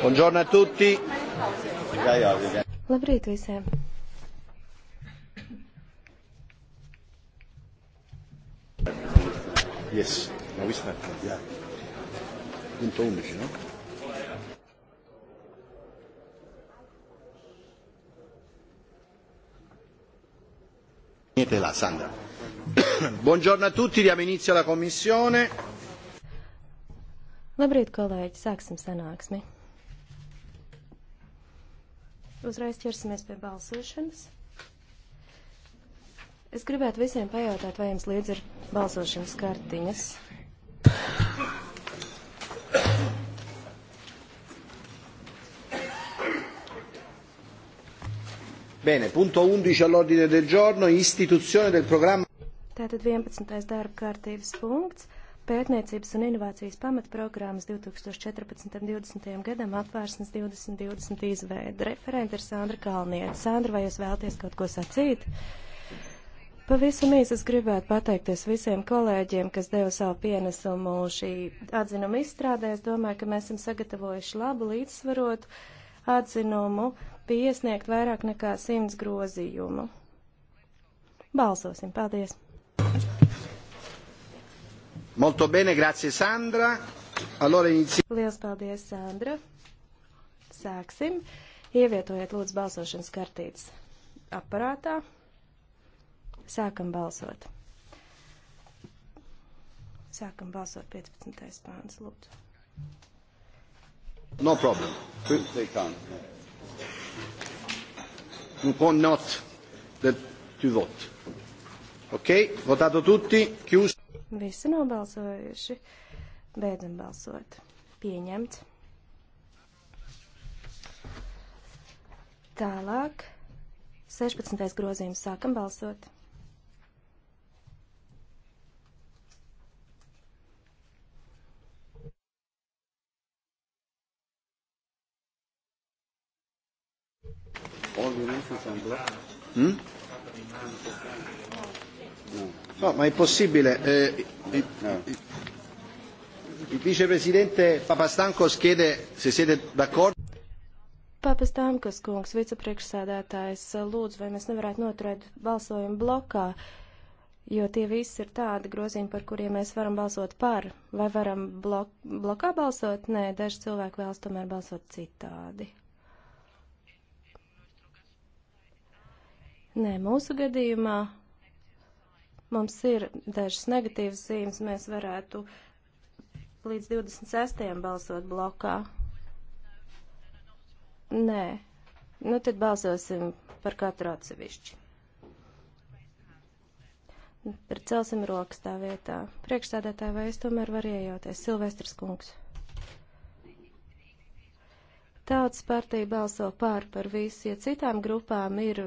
Buongiorno a tutti. Labrīt visiem. Yes, ma vista, yeah. Punto 11, no? Niente là, Sandra. Buongiorno a tutti, diamo inizio alla commissione. Labrīt, kolēģi, sāksim sanāksmi. Uzreiz ķersimies pie balsošanas. Es gribētu visiem pajautāt, vai jums līdz ir balsošanas kartiņas. Bene, punto 11 all'ordine del giorno, istituzione del programma. Tātad 11. darba kārtības punkts pētniecības un inovācijas pamatprogrammas 2014. un 2020. gadam apvērsnes 2020 izveida. Referenta ir Sandra Kalnieta. Sandra, vai jūs vēlties kaut ko sacīt? Pavisam īsi es gribētu pateikties visiem kolēģiem, kas deva savu pienesumu šī atzinuma izstrādē. Es domāju, ka mēs esam sagatavojuši labu līdzsvarotu atzinumu, bija iesniegt vairāk nekā simts grozījumu. Balsosim, paldies! Molto bene, grazie Sandra. Allora inizi... Lielas paldies, Sandra. Sāksim. Ievietojiet lūdzu balsošanas kartītes aparātā. Sākam balsot. Sākam balsot 15. pāns, lūdzu. No problem. They can't. You cannot that you vote. Ok? Votato tutti? Chiuso. Visi nobalsojuši. Beidzam balsot. Pieņemts. Tālāk. 16. grozījums. Sākam balsot. All the nations are black. Hmm? No, ma è possibile. Eh, eh, no. Ah. Il vicepresidente Papastankos chiede se siete d'accordo. Papastāmkas kungs, vicepriekšsēdētājs, lūdzu, vai mēs nevarētu noturēt balsojumu blokā, jo tie visi ir tādi grozījumi, par kuriem mēs varam balsot par. Vai varam blok blokā balsot? Nē, daži cilvēki vēlas tomēr balsot citādi. Nē, mūsu gadījumā Mums ir dažas negatīvas zīmes, mēs varētu līdz 26. balsot blokā. Nē, nu tad balsosim par katru atsevišķi. Par celsim rokas tā vietā. Priekšstādātāji, vai es tomēr varu iejauties? Silvestris kungs. Tautas partija balso pār par visu, ja citām grupām ir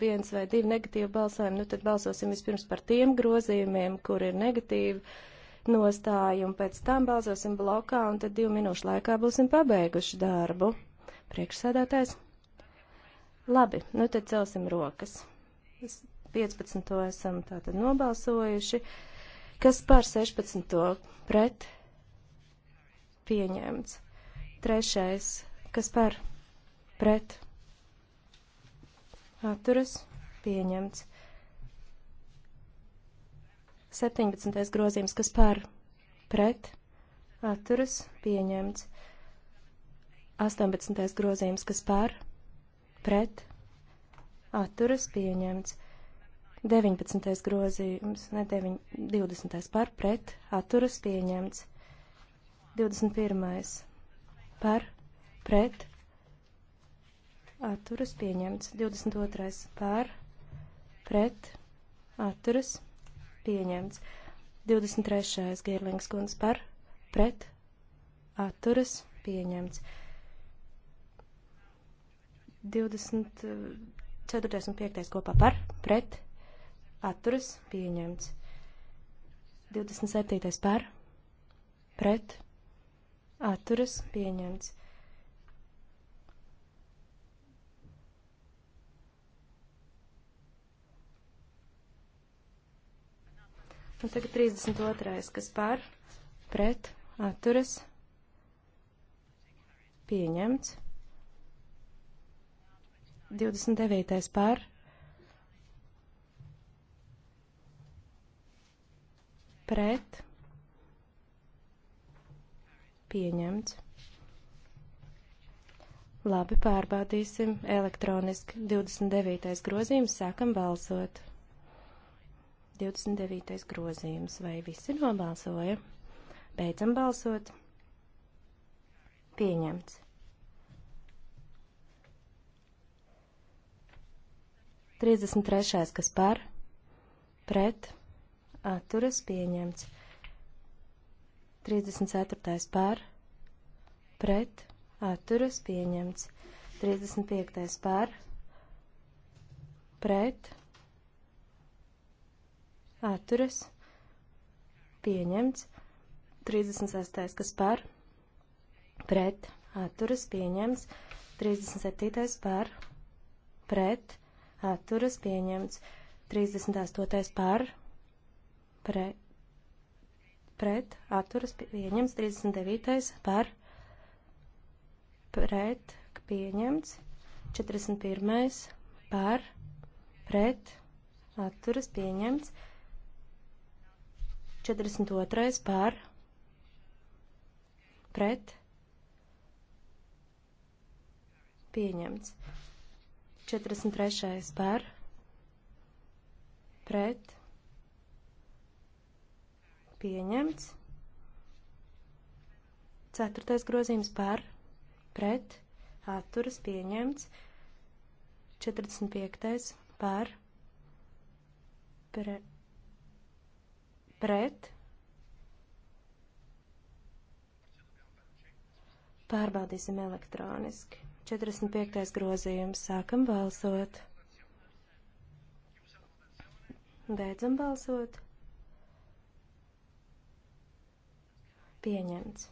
viens vai divi negatīvi balsojumi, nu tad balsosim vispirms par tiem grozījumiem, kur ir negatīvi nostāju, un pēc tam balsosim blokā, un tad divu minūšu laikā būsim pabeiguši darbu. Priekšsēdētājs. Labi, nu tad celsim rokas. 15. esam tātad nobalsojuši. Kas par 16. pret? Pieņemts. Trešais. Kas par? Pret? atturas pieņemts. 17. grozījums, kas par pret atturas pieņemts. 18. grozījums, kas par pret atturas pieņemts. 19. grozījums, ne 9, 20. par pret atturas pieņemts. 21. par pret atturas pieņemts. 22. pār, pret, atturas pieņemts. 23. Gierlings kundz par, pret, atturas pieņemts. 24. un 5. kopā par, pret, atturas pieņemts. 27. par, pret, atturas pieņemts. Un tagad 32. kas par, pret, atturas, pieņemts. 29. par, pret, pieņemts. Labi, pārbaudīsim elektroniski 29. grozījums, sākam balsot. 29. grozījums. Vai visi nobalsoja? Beidzam balsot. Pieņemts. 33. kas par, pret, atturas pieņemts. 34. par, pret, atturas pieņemts. 35. par, pret, atturas, pieņemts. 36. kas par, pret, atturas, pieņemts. 37. par, pret, atturas, pieņemts. 38. par, pre, pret, atturas, pieņemts. 39. par, pret, pieņemts. 41. par, pret, atturas, pieņemts. 42. par pret pieņemts. 43. par pret pieņemts. 4. grozījums par pret atturas pieņemts. 45. par pret pret. Pārbaudīsim elektroniski. 45. grozījums. Sākam balsot. Beidzam balsot. Pieņemts.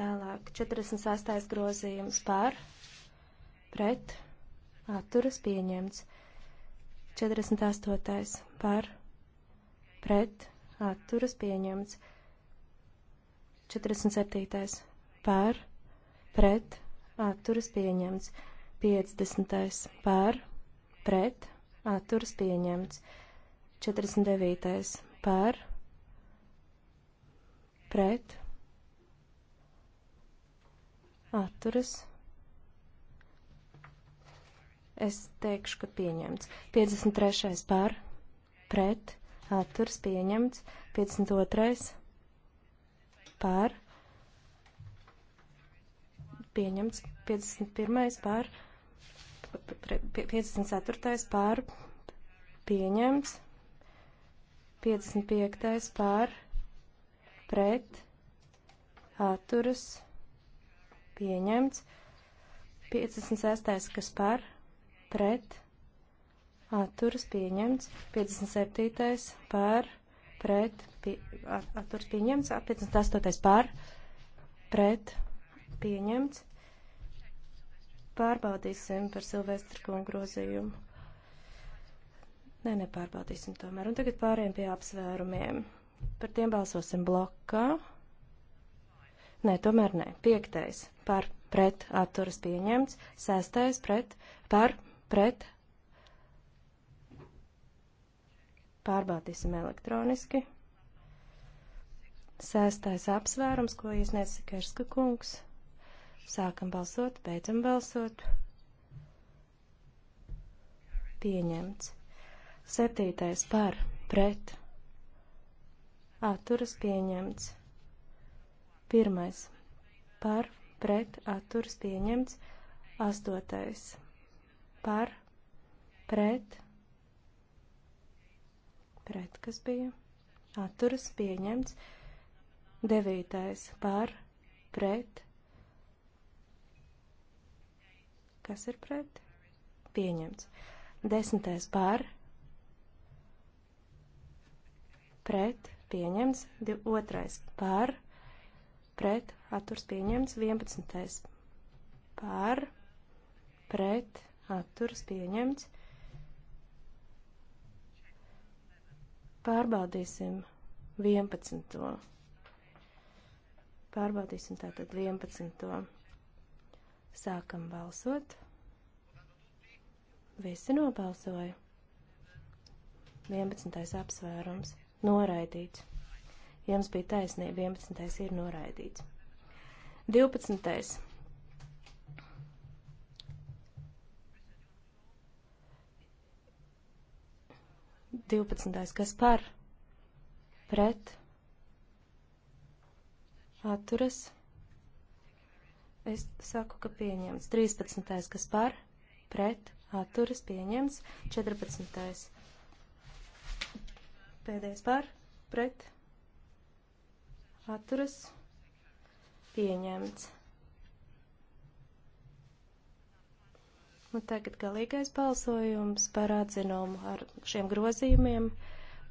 Tālāk 46. grozījums par, pret, atturas pieņemts. 48. par pret atturas pieņemts. 47. par pret atturas pieņemts. 50. par pret atturas pieņemts. 49. par pret atturas pieņemts. Es teikšu, ka pieņemts. 53. par, pret, atturs pieņemts. 52. par, pieņemts. 51. par, 54. par, pieņemts. 55. par, pret, atturas pieņemts. 56. kas par, pieņemts pret, atturas pieņemts, 57. par, pret, pie, atturas pieņemts, 58. par, pret, pieņemts. Pārbaudīsim par Silvestru kungu grozījumu. Nē, ne, nepārbaudīsim tomēr. Un tagad pārējiem pie apsvērumiem. Par tiem balsosim blokā. Nē, tomēr nē. Piektais par pret atturas pieņemts. Sestais pret par pret. Pārbaudīsim elektroniski. Sēstais apsvērums, ko iesniedz Sikerska kungs. Sākam balsot, beidzam balsot. Pieņemts. Septītais par, pret. Atturas pieņemts. Pirmais par, pret, atturas pieņemts. Astotais par, pret, pret, kas bija, atturas pieņemts, devītais par, pret, kas ir pret, pieņemts, desmitais par, pret, pieņemts, div, otrais par, pret, atturs pieņemts, vienpadsmitais par, pret, atturas pieņemts. Pārbaudīsim 11. Pārbaudīsim tātad 11. Sākam balsot. Visi nobalsoja. 11. apsvērums. Noraidīts. Jums bija taisnība, 11. ir noraidīts. 12. 12. kas par pret atturas. Es saku, ka pieņemts. 13. kas par pret atturas pieņemts. 14. pēdējais par pret atturas pieņemts. Un nu, tagad galīgais balsojums par atzinumu ar šiem grozījumiem.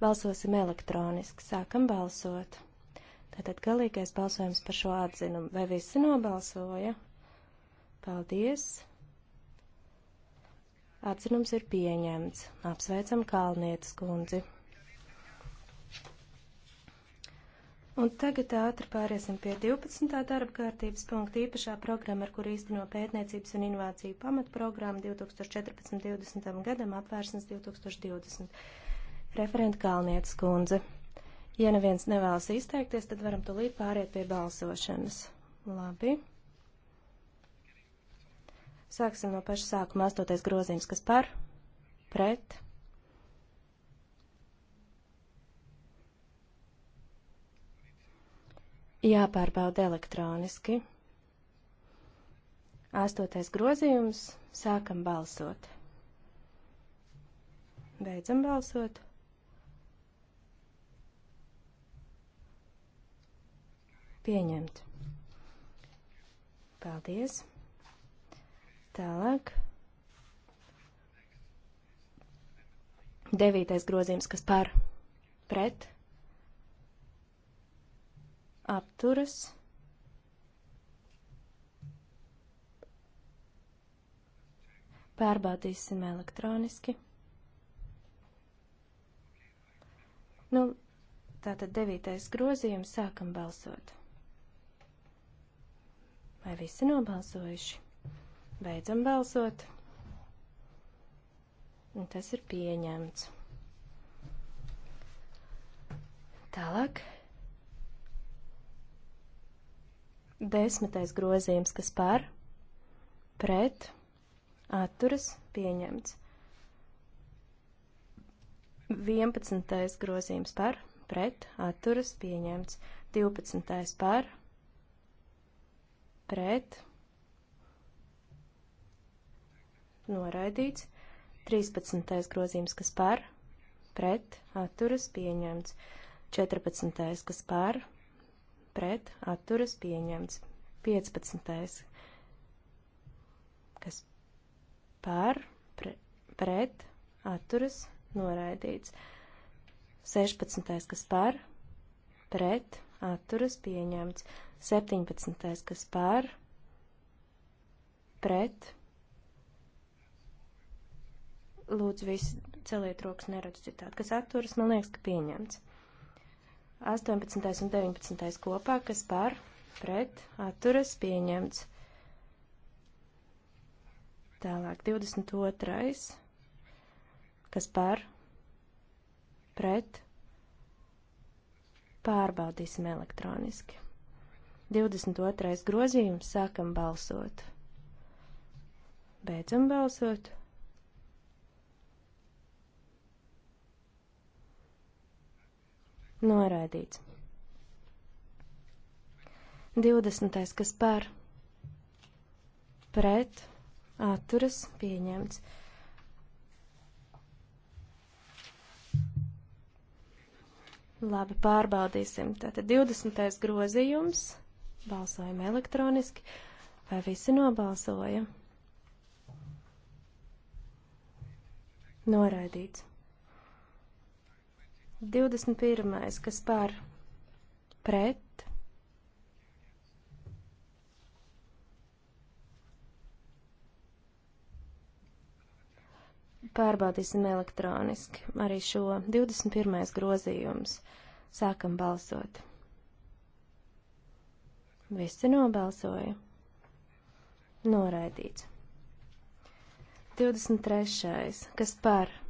Balsosim elektroniski. Sākam balsot. Tātad galīgais balsojums par šo atzinumu. Vai visi nobalsoja? Paldies! Atzinums ir pieņemts. Apsveicam Kalnietes kundzi. Un tagad ātri pāriesim pie 12. darba kārtības punkta īpašā programma, ar kuru īsteno pētniecības un inovāciju pamatprogrammu 2014-2020 gadam apvērsnes 2020. Referenta Kalnietes kundze. Ja neviens nevēlas izteikties, tad varam tulīt pāriet pie balsošanas. Labi. Sāksim no paša sākuma 8. grozījums, kas par, pret, jāpārbauda elektroniski. Astotais grozījums. Sākam balsot. Beidzam balsot. Pieņemt. Paldies. Tālāk. Devītais grozījums, kas par pret apturas. Pārbaudīsim elektroniski. Nu, tātad devītais grozījums sākam balsot. Vai visi nobalsojuši? Beidzam balsot. Un tas ir pieņemts. Tālāk Desmitais grozījums, kas par, pret, atturas, pieņemts. Vienpadsmitais grozījums par, pret, atturas, pieņemts. Divpadsmitais par, pret, noraidīts. Trīspadsmitais grozījums, kas par, pret, atturas, pieņemts. Četrpadsmitais, kas par, pret pret atturas pieņemts. 15. kas par pre, pret atturas noraidīts. 16. kas par pret atturas pieņemts. 17. kas par pret Lūdzu, visi celiet rokas neredzu citādi. Kas atturas, man liekas, ka pieņemts. 18. un 19. kopā, kas par, pret, atturas pieņemts. Tālāk 22. kas par, pret, pārbaudīsim elektroniski. 22. grozījums sākam balsot. Beidzam balsot. Noraidīts. 20. kas par pret atturas pieņemts. Labi, pārbaudīsim. Tātad 20. grozījums. Balsojam elektroniski. Vai visi nobalsoja? Noraidīts. 21. kas par pret Pārbaudīsim elektroniski arī šo 21. grozījums. Sākam balsot. Visi nobalsoja. Noraidīts. 23. kas par pret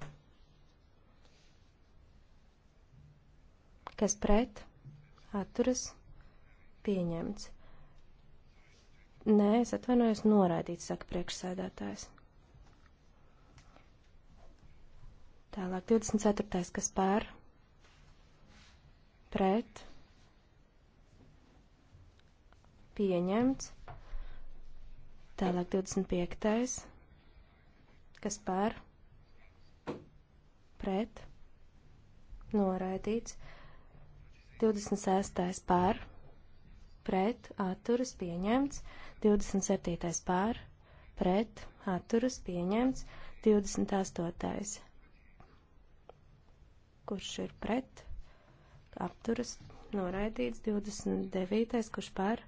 kas pret, atturas, pieņemts. Nē, es atvainojos, noraidīts, saka priekšsēdētājs. Tālāk, 24. kas pār, pret, pieņemts. Tālāk, 25. kas pār, pret, noraidīts. 26. pār, pret, atturas pieņemts, 27. pār, pret, atturas pieņemts, 28. kurš ir pret, apturas noraidīts, 29. kurš par,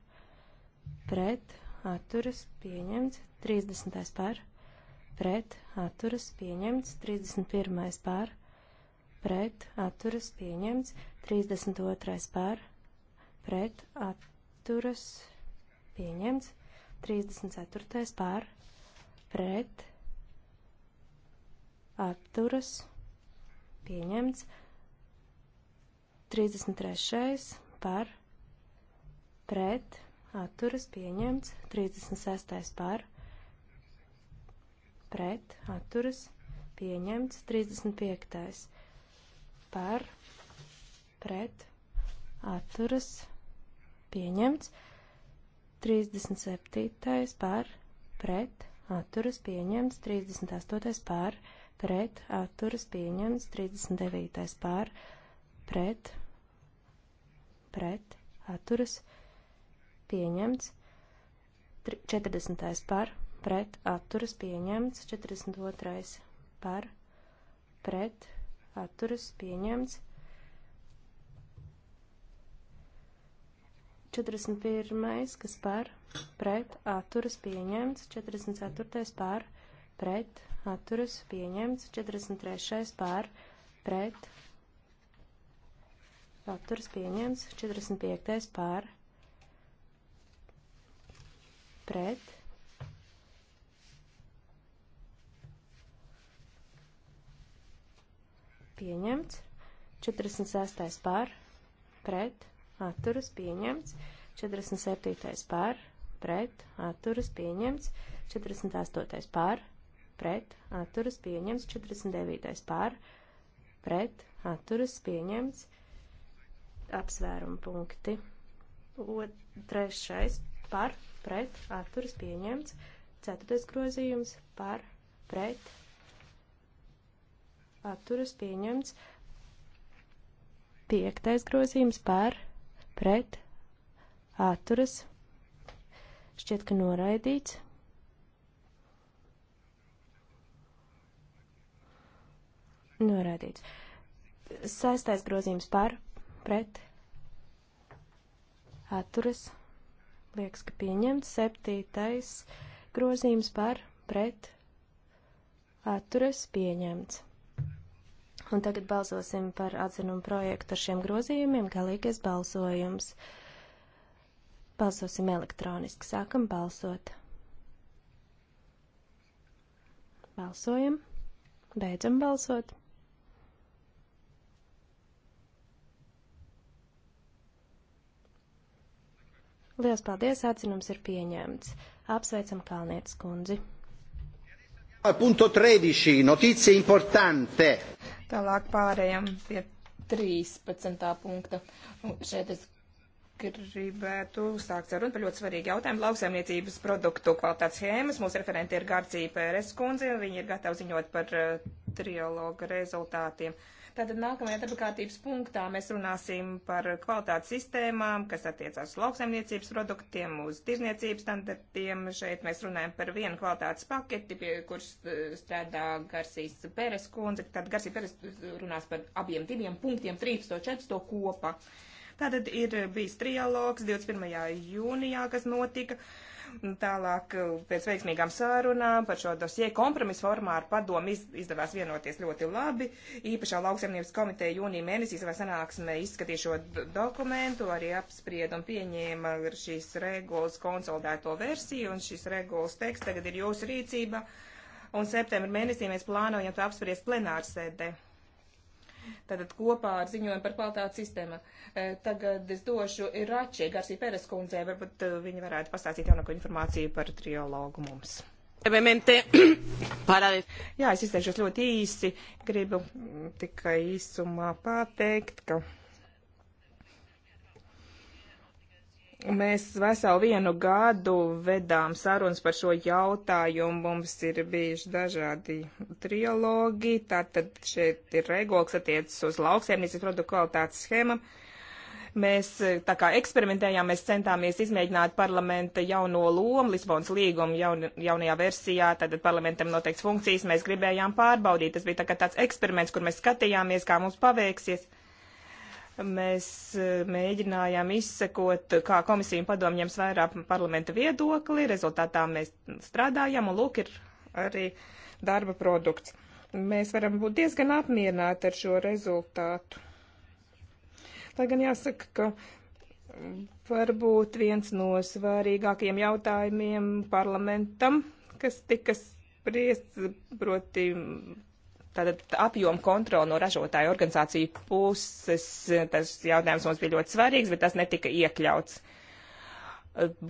pret, atturas pieņemts, 30. par, pret, atturas pieņemts, 31. par, pret atturas pieņemts, 32. par pret atturas pieņemts, 34. par pret atturas pieņemts, 33. par pret atturas pieņemts, 36. par pret atturas pieņemts, 35 par pret atturas pieņemts. 37. par pret atturas pieņemts. 38. par pret atturas pieņemts. 39. par pret pret atturas pieņemts. 40. par pret atturas pieņemts. 42. par pret atturas pieņemts. 41. kas par pret atturas pieņemts, 44. par pret atturas pieņemts, 43. par pret atturas pieņemts, 45. par pret pieņemts. 46. par, pret, atturas, pieņemts. 47. par, pret, atturas, pieņemts. 48. par, pret, atturas, pieņemts. 49. par, pret, atturas, pieņemts. Apsvērumu punkti. O, trešais par, pret, atturas, pieņemts. Ceturtais grozījums par, pret, atturas pieņemts. Piektais grozījums par pret atturas šķiet, ka noraidīts. Noraidīts. Sestais grozījums par pret atturas liekas, ka pieņemts. Septītais grozījums par pret atturas pieņemts. Un tagad balsosim par atzinumu projektu ar šiem grozījumiem, galīgais balsojums. Balsosim elektroniski, sākam balsot. Balsojam, beidzam balsot. Lielas paldies, atzinums ir pieņemts. Apsveicam Kalnietes kundzi. Punto 13. Notizie importante. Tālāk pārējām pie 13. punkta. Un nu, šeit es gribētu sākt sarunu par ļoti svarīgu jautājumu. Lauksaimniecības produktu kvalitātes schēmas. Mūsu referenti ir Garcija Pēres kundze. Viņi ir gatavi ziņot par eh, trialoga rezultātiem. Uh, Tātad nākamajā darba kārtības punktā mēs runāsim par kvalitātes sistēmām, kas attiecās uz lauksaimniecības produktiem, uz tirzniecības standartiem. Šeit mēs runājam par vienu kvalitātes paketi, pie kuras e, strādā Garsīs Peres kundze. Tad Garsī Peres runās par abiem diviem punktiem, 13. un 14. kopā. Tātad ir bijis trialogs 21. jūnijā, kas notika. Uh, Tālāk eh, pēc veiksmīgām sārunām par šo dosie kompromisu formā ar padomu izdevās vienoties ļoti labi. Īpašā lauksaimniecības komiteja jūnija mēnesī savā sanāksmē izskatīja šo dokumentu, arī apsprieda un pieņēma šīs regulas konsolidēto versiju, un šis regulas teksts tagad ir jūsu rīcība. Un septembra mēnesī mēs plānojam to apspriest plenārsēdē tātad kopā ar ziņojumu par kvalitātes sistēmu. E, tagad es došu Račie Garsī Pēres kundzē, varbūt e, viņi varētu pastāstīt jaunāko informāciju par triologu mums. Jā, es izteikšos ļoti īsi. Gribu tikai īsumā pateikt, ka Mēs veselu vienu gadu vedām sarunas par šo jautājumu. Mums ir bijuši dažādi trilogi. Tātad šeit ir regulas attiecas uz lauksēmniecības produktu kvalitātes schēmām mēs tā kā eksperimentējām, mēs centāmies izmēģināt parlamenta jauno lomu, Lisbonas līguma jaun, jaunajā versijā, tad parlamentam noteikts funkcijas mēs gribējām pārbaudīt. Tas bija tā kā tāds eksperiments, kur mēs skatījāmies, kā mums paveiksies. Mēs e, mēģinājām izsekot, kā komisija un padomu ņems vērā parlamenta viedokli, rezultātā mēs strādājam, un lūk ir arī darba produkts. Mēs varam būt diezgan apmierināti ar šo rezultātu. Lai gan jāsaka, ka varbūt viens no svarīgākajiem jautājumiem parlamentam, kas tika spriests, proti Tātad apjomu kontroli no ražotāju organizāciju puses, tas jautājums mums bija ļoti svarīgs, bet tas netika iekļauts.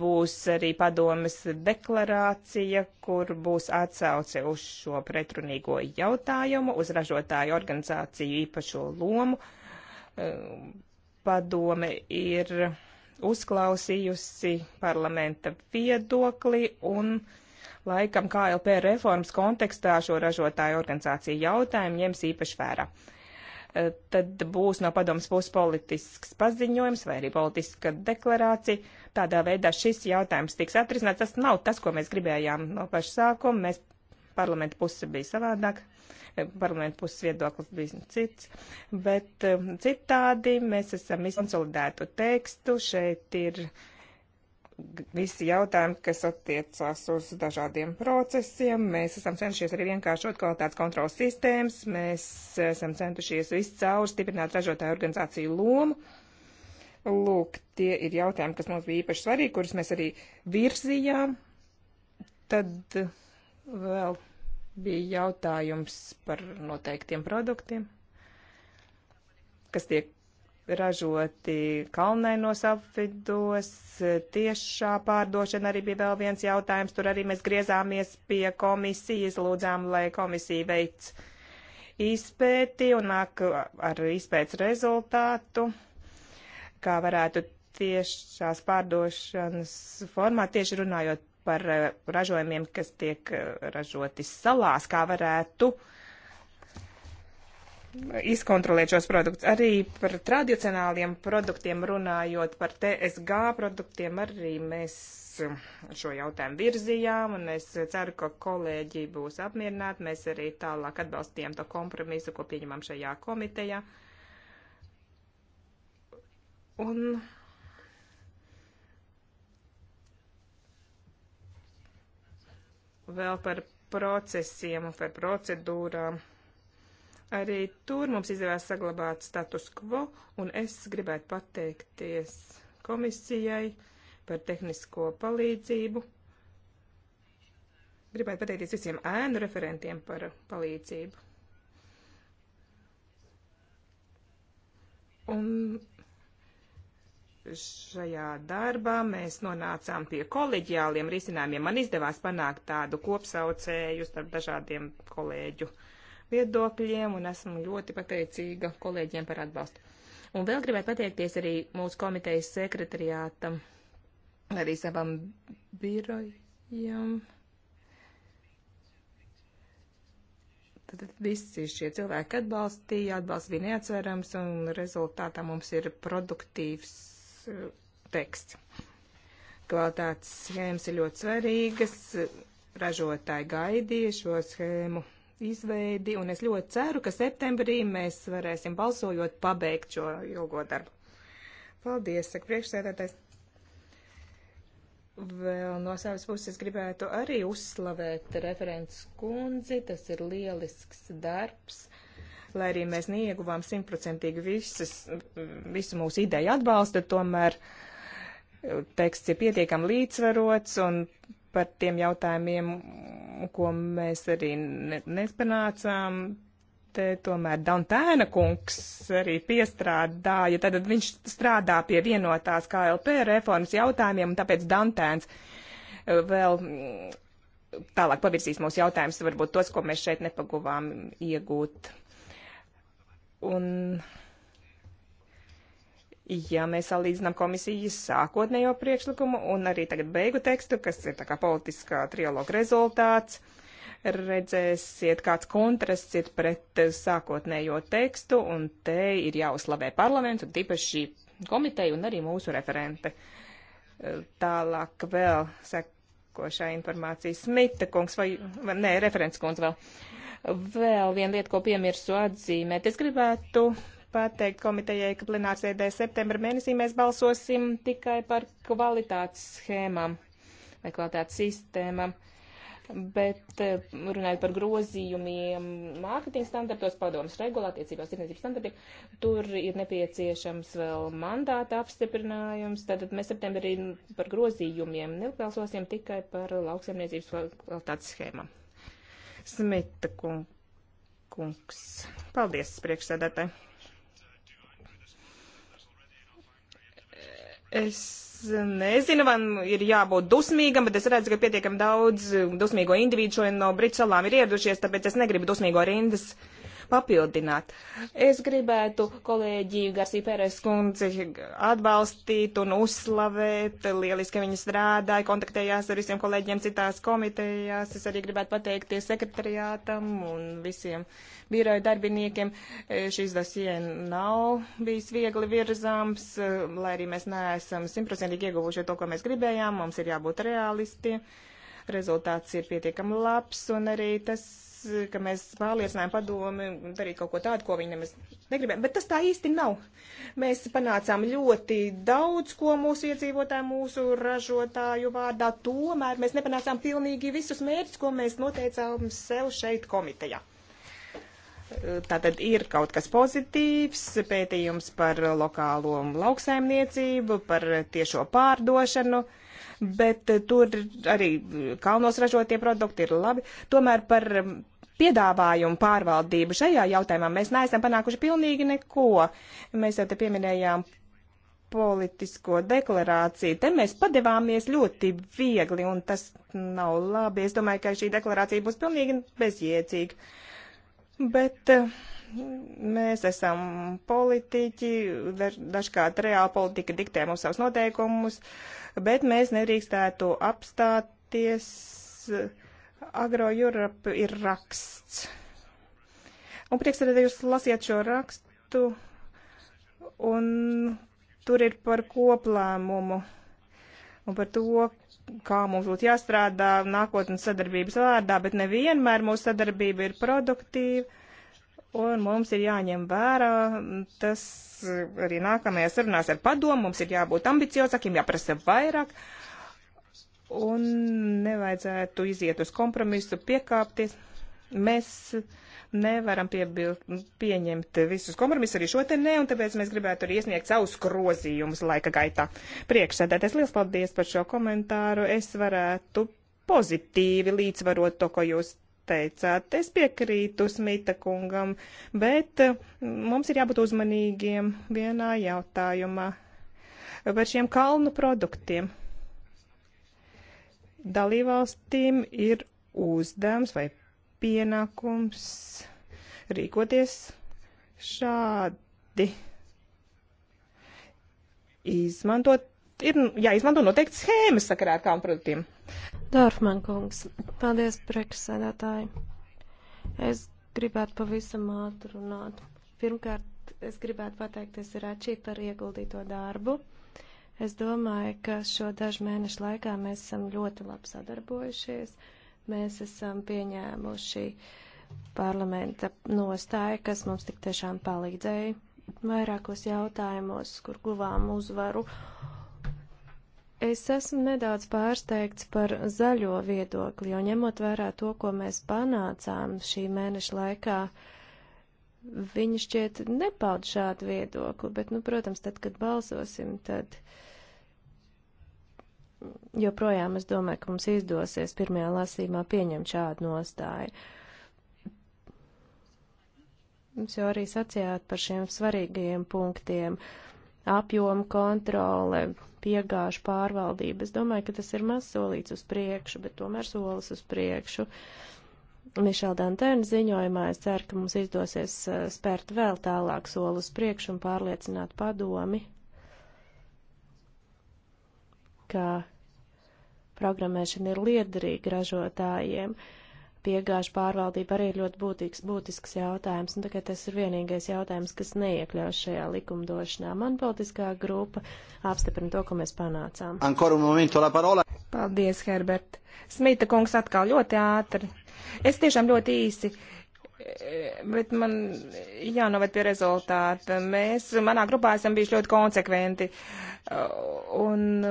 Būs arī padomas deklarācija, kur būs atsauce uz šo pretrunīgo jautājumu, uz ražotāju organizāciju īpašo lomu. Padome ir uzklausījusi parlamenta viedokli un uh, laikam KLP reformas kontekstā šo ražotāju organizāciju jautājumu ņems īpaši vērā. Eh, tad būs no padomas puses politisks paziņojums vai arī politiska deklarācija. Tādā veidā šis jautājums tiks atrisināts. Tas nav tas, ko mēs gribējām no paša sākuma. Mēs parlamenta puse bija savādāk, eh, parlamenta puses viedoklis bija cits, bet eh, citādi mēs esam izkonsolidētu tekstu, šeit ir visi jautājumi, kas attiecās uz dažādiem procesiem. Mēs esam cenšies arī vienkāršot kvalitātes kontrolas sistēmas, mēs esam centušies viscaur stiprināt ražotāju organizāciju lomu. Lūk, tie ir jautājumi, kas mums bija īpaši svarīgi, kurus mēs arī virzījām. Tad vēl bija jautājums par noteiktiem produktiem, kas tiek ražoti kalnainos apvidos, tiešā pārdošana arī bija vēl viens jautājums. Tur arī mēs griezāmies pie komisijas, lūdzām, lai komisija veic izpēti un nāk ar izpētes rezultātu, kā varētu tiešās pārdošanas formā, tieši runājot par eh, ražojumiem, kas tiek eh, ražoti salās, kā varētu uh, izkontrolēt šos produktus. Arī par tradicionāliem produktiem runājot, par TSG produktiem arī mēs šo jautājumu virzījām, un es ceru, ka kolēģi būs apmierināti. Mēs arī tālāk atbalstījām to kompromisu, ko pieņemam šajā komitejā. Un vēl par procesiem un par procedūrām Arī tur mums izdevās saglabāt status quo, un es gribētu pateikties komisijai par tehnisko palīdzību. Gribētu pateikties visiem ēnu referentiem par palīdzību. Un šajā darbā mēs nonācām pie koleģiāliem risinājumiem. Man izdevās panākt tādu kopsaucēju starp dažādiem kolēģu uh, viedokļiem un esmu ļoti pateicīga kolēģiem par atbalstu. Un vēl gribētu pateikties arī mūsu komitejas sekretariātam, arī savam birojam. Tad visi šie cilvēki atbalstīja, atbalsts bija neatsverams un rezultātā mums ir produktīvs eh, teksts. Kvalitātes schēmas ir ļoti svarīgas, ražotāji gaidīja šo schēmu izveidi, un es ļoti ceru, ka septembrī mēs varēsim balsojot pabeigt šo ilgo darbu. Paldies, saka priekšsēdētājs. Vēl no savas puses gribētu arī uzslavēt referents kundzi, tas ir lielisks darbs lai arī mēs neieguvām simtprocentīgi visu mūsu ideju atbalstu, tomēr eh, teksts ir pietiekami līdzsvarots un par tiem jautājumiem ko mēs arī ne, nespanācām. Te tomēr Dantēna kungs arī piestrādāja, tad viņš strādā pie vienotās KLP reformas jautājumiem, un tāpēc Dantēns eh, vēl mm, tālāk pavirzīs mūsu jautājumus, varbūt tos, ko mēs šeit nepaguvām iegūt. Un Ja mēs salīdzinām komisijas sākotnējo priekšlikumu un arī tagad beigu tekstu, kas ir tā kā politiskā trialoga rezultāts, redzēsiet, kāds kontrasts ir pret sākotnējo tekstu, un te ir jāuzslavē parlaments un tīpaši komiteja un arī mūsu referente. Tālāk vēl sekošā informācija. Smita kungs vai, vai nē, referents kungs vēl. Vēl viena lieta, ko piemirsu atzīmēt. Es gribētu pateikt komitejai, ka plenārsēdē septembra mēnesī mēs balsosim tikai par kvalitātes schēmām vai kvalitātes sistēmām. Bet eh, runājot par grozījumiem mārketinga standartos, padomas regulā, attiecībās tirdzniecības standartiem, tur ir nepieciešams vēl mandāta apstiprinājums. Tātad mēs septembrī par grozījumiem nebalsosim tikai par lauksaimniecības kvalitātes schēmām. Smita kungs. Paldies, priekšsēdētāji. Es nezinu, man nu ir jābūt dusmīgam, bet es redzu, ka pietiekami daudz dusmīgo individu šodien no Britu salām ir ieradušies, tāpēc es negribu dusmīgo rindas uh, papildināt. Es gribētu kolēģi Garsī Pērēs kundzi atbalstīt un uzslavēt. Lieliski, ka viņa strādāja, kontaktējās ar visiem kolēģiem citās komitejās. Es arī gribētu pateikties sekretariātam un visiem biroja darbiniekiem. Šis dosie nav bijis viegli virzāms, lai arī mēs neesam simtprocentīgi ieguvuši to, ko mēs gribējām. Mums ir jābūt realistiem. Rezultāts ir pietiekami labs un arī tas ka mēs pārliecinājām padomi darīt kaut ko tādu, ko viņi nemaz negribēja. Bet tas tā īsti nav. Mēs panācām ļoti daudz, ko mūsu iedzīvotāju, mūsu ražotāju vārdā. Tomēr mēs nepanācām pilnīgi visus mērķus, ko mēs noteicām sev šeit komitejā. Tātad ir kaut kas pozitīvs, pētījums par lokālo lauksaimniecību, par tiešo pārdošanu bet tur arī kalnos ražotie produkti ir labi. Tomēr par piedāvājumu pārvaldību. Šajā jautājumā mēs neesam panākuši pilnīgi neko. Mēs jau te pieminējām politisko deklarāciju. Te mēs padevāmies ļoti viegli, un tas nav labi. Es domāju, ka šī deklarācija būs pilnīgi bezjēdzīga. Bet eh, mēs esam politiķi, dažkārt reāla politika diktē mums savus noteikumus, bet mēs nedrīkstētu apstāties Agro Europe ir raksts. Un priekšsēdētāji, jūs lasiet šo rakstu, un tur ir par koplēmumu un par to, kā mums būtu jāstrādā nākotnes sadarbības vārdā, bet nevienmēr mūsu sadarbība ir produktīva, un mums ir jāņem vērā tas arī nākamajās sarunās ar padomu, mums ir jābūt ambiciozākiem, jāprasa vairāk. Uh, un nevajadzētu iziet uz kompromisu, piekāpties. Mēs nevaram piebilt, pieņemt visus kompromisus arī šo te ne, un tāpēc mēs gribētu arī iesniegt savus grozījumus laika gaitā. Priekšsēdētājs, liels paldies par šo komentāru. Es varētu pozitīvi līdzvarot to, ko jūs teicāt. Es piekrītu Smita kungam, bet mm, mums ir jābūt uzmanīgiem vienā jautājumā par šiem kalnu produktiem Dalībvalstīm ir uzdevums vai pienākums rīkoties šādi. Izmantot, ir jāizmanto noteikti schēmas sakarā ar kādiem produktiem. Dārfman kungs, paldies priekšsēdētāji. Es gribētu pavisam ātri runāt. Pirmkārt, es gribētu pateikties Račī par ieguldīto darbu. Es domāju, ka šo dažu mēnešu laikā mēs esam ļoti labi sadarbojušies. Mēs esam pieņēmuši parlamenta nostāju, kas mums tik tiešām palīdzēja vairākos jautājumos, kur guvām uzvaru. Es esmu nedaudz pārsteigts par zaļo viedokli, jo ņemot vērā to, ko mēs panācām šī mēneša laikā, viņi šķiet nepaud šādu viedokli, bet, nu, protams, tad, kad balsosim, tad. Uh, joprojām es domāju, ka mums izdosies pirmajā lasīmā pieņemt šādu nostāju. Jūs jau arī sacījāt par šiem svarīgajiem punktiem - apjomu kontrole, piegāžu pārvaldība. Es domāju, ka tas ir maz solīts uz priekšu, bet tomēr solis uz priekšu. Mišela Dantēna ziņojumā es ceru, ka mums izdosies uh, spērt vēl tālāk soli uz priekšu un pārliecināt padomi, ka programmēšana ir liederīga ražotājiem. Piegāžu pārvaldība arī ir ļoti būtīgs, būtisks jautājums, un tagad tas ir vienīgais jautājums, kas neiekļaus šajā likumdošanā. Man politiskā grupa apstiprina to, ko mēs panācām. Paldies, Herbert. Smita kungs atkal ļoti ātri. Es tiešām ļoti īsi bet man jānovērt pie rezultāta. Mēs manā grupā esam bijuši ļoti konsekventi. Uh, Un,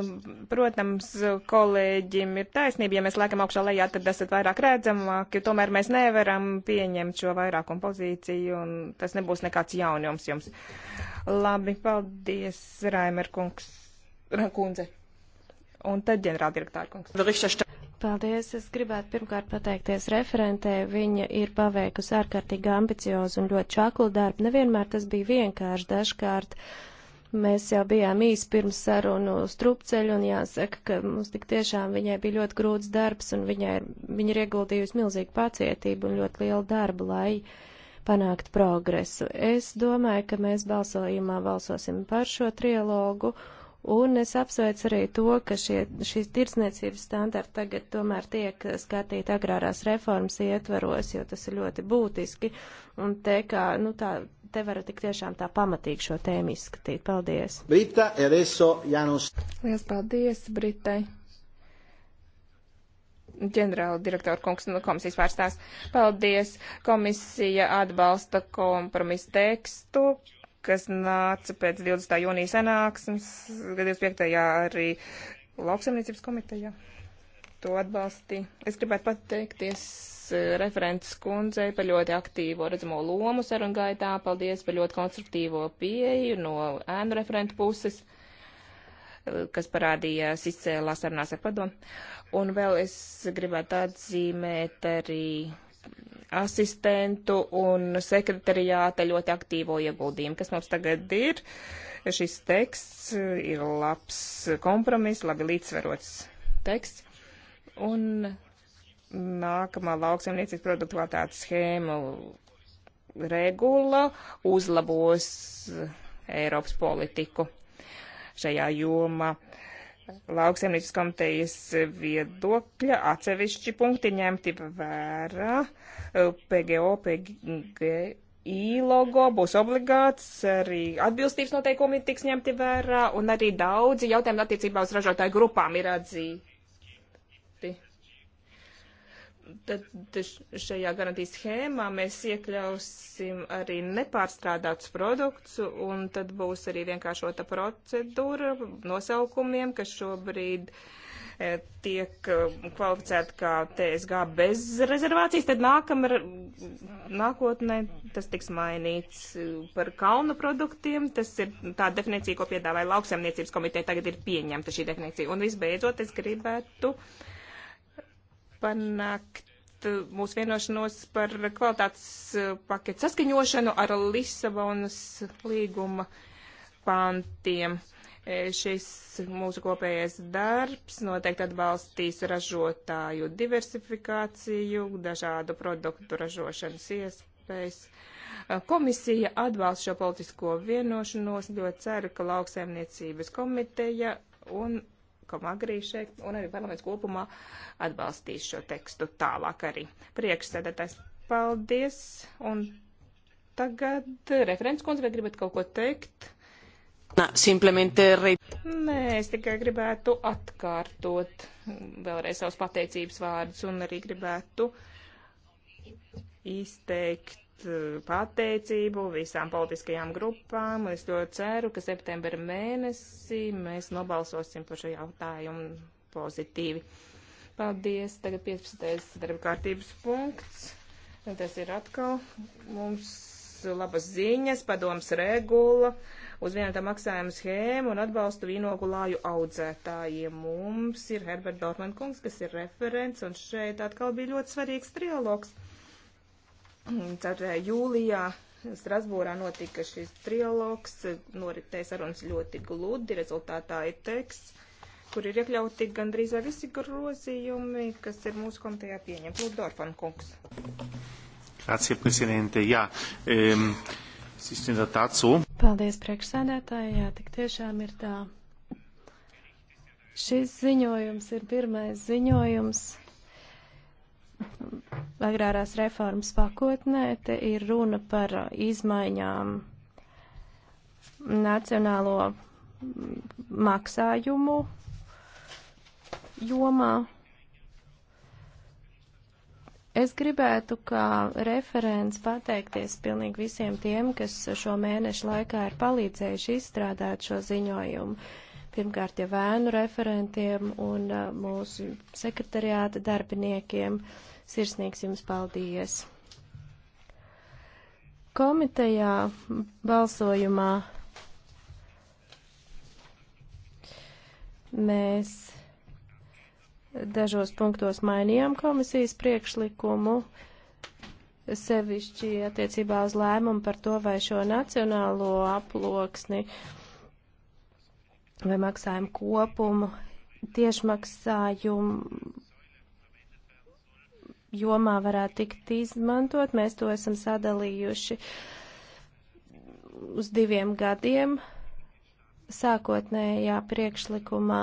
protams, kolēģim ir taisnība, ja mēs laikam augšā lejā, tad esat vairāk redzamāki, tomēr mēs nevaram pieņemt šo vairākumu pozīciju, un tas nebūs nekāds jaunums jums. Labi, paldies, Raimer kungs, kundze. Un tad ģenerāldirektāra kungs. Paldies! Es gribētu pirmkārt pateikties referentē. Viņa ir paveikusi ārkārtīgi ambiciozu un ļoti čaklu darbu. Nevienmēr tas bija vienkārši. Dažkārt Mēs jau bijām īsi pirms sarunu strupceļu un jāsaka, ka mums tik tiešām viņai bija ļoti grūts darbs un viņai ir, viņa ir ieguldījusi milzīgu pacietību un ļoti lielu darbu, lai panākt progresu. Es domāju, ka mēs balsojumā balsosim par šo trilogu un es apsveicu arī to, ka šie, šīs tirsniecības standarti tagad tomēr tiek skatīt agrārās reformas ietvaros, jo tas ir ļoti būtiski un te kā, nu tā, te varu tik tiešām tā pamatīgi šo tēmu izskatīt. Paldies! Brita, Ereso, Janus. Lielas paldies, Britai! ģenerāla direktora kungs no komisijas pārstāvs. Paldies! Komisija atbalsta kompromisu tekstu, kas nāca pēc 20. jūnija sanāksmes, 25. arī lauksaimniecības komiteja to atbalstīja. Es gribētu pateikties Eh, referents kundzei par ļoti aktīvo redzamo lomu sarunu gaitā. Paldies par ļoti konstruktīvo pieeju no ēnu referentu puses, eh, kas parādījās eh, izcēlā sarunās ar padomu. Un vēl es gribētu atzīmēt arī asistentu un sekretariāta ļoti aktīvo ieguldījumu, kas mums tagad ir. Šis teksts ir labs kompromiss, labi līdzsverots teksts. Un nākamā lauksaimniecības produktivitātes schēmu regula uzlabos Eiropas politiku šajā jomā. Lauksaimniecības komitejas viedokļa atsevišķi punkti ņemti vērā. PGO, PGI logo būs obligāts, arī atbilstības noteikumi tiks ņemti vērā, un arī daudzi jautājumi attiecībā uz ražotāju grupām ir atzīti tad šajā garantijas schēmā mēs iekļausim arī nepārstrādātus produktus, un tad būs arī vienkāršota procedūra nosaukumiem, kas šobrīd e, tiek e, kvalificēti kā TSG bez rezervācijas, tad nākam, nākotnē tas tiks mainīts par kalnu produktiem. Tas ir tā definīcija, ko piedāvāja lauksaimniecības komiteja, tagad ir pieņemta šī definīcija. Un visbeidzot, es gribētu uh, panākt mūsu vienošanos par kvalitātes uh, paketu saskaņošanu ar Lisabonas līguma pantiem. E, šis mūsu kopējais darbs noteikti atbalstīs ražotāju diversifikāciju, dažādu produktu ražošanas iespējas. E, komisija atbalsta šo politisko vienošanos, ļoti ceru, ka lauksaimniecības komiteja un komagrī šeit un arī parlaments kopumā atbalstīs šo tekstu tālāk arī. Priekšsēdētājs, paldies. Un tagad referents kundze, vai gribat kaut ko teikt? Nā, simplemente re... Nē, es tikai gribētu atkārtot vēlreiz savus pateicības vārdus un arī gribētu izteikt Eh, pateicību visām politiskajām grupām. Es ļoti ceru, ka septembra mēnesī mēs nobalsosim par šo jautājumu pozitīvi. Paldies. Tagad 15. darba kārtības punkts. Tas ir atkal mums labas ziņas, padoms regula uz vienotā maksājuma schēmu un atbalstu vīnogulāju audzētājiem. Mums ir Herbert Dortmann kungs, kas ir referents, un šeit atkal bija ļoti svarīgs trialogs. 4. jūlijā Strasbūrā notika šis trialogs, noritēja sarunas ļoti gludi, rezultātā ir teksts, kur ir iekļauti gandrīz visi grozījumi, kas ir mūsu komitejā pieņemti. Lūdzu, Dorfan kungs. Grazie, prezidente. Jā, um, ehm, sistēma tācu. Paldies, priekšsēdētāji. Jā, tik tiešām ir tā. Šis ziņojums ir pirmais ziņojums agrārās reformas pakotnē, te ir runa par izmaiņām nacionālo maksājumu jomā. Es gribētu kā referents pateikties pilnīgi visiem tiem, kas šo mēnešu laikā ir palīdzējuši izstrādāt šo ziņojumu. Uh, pirmkārt jau vēnu referentiem un uh, mūsu sekretariāta darbiniekiem. Sirsnīgs jums paldies! Komitejā balsojumā mēs dažos punktos mainījām komisijas priekšlikumu, sevišķi attiecībā uz lēmumu par to, vai šo nacionālo aploksni uh, vai maksājumu kopumu tiešmaksājumu jomā varētu tikt izmantot. Mēs to esam sadalījuši uz diviem gadiem. Sākotnējā priekšlikumā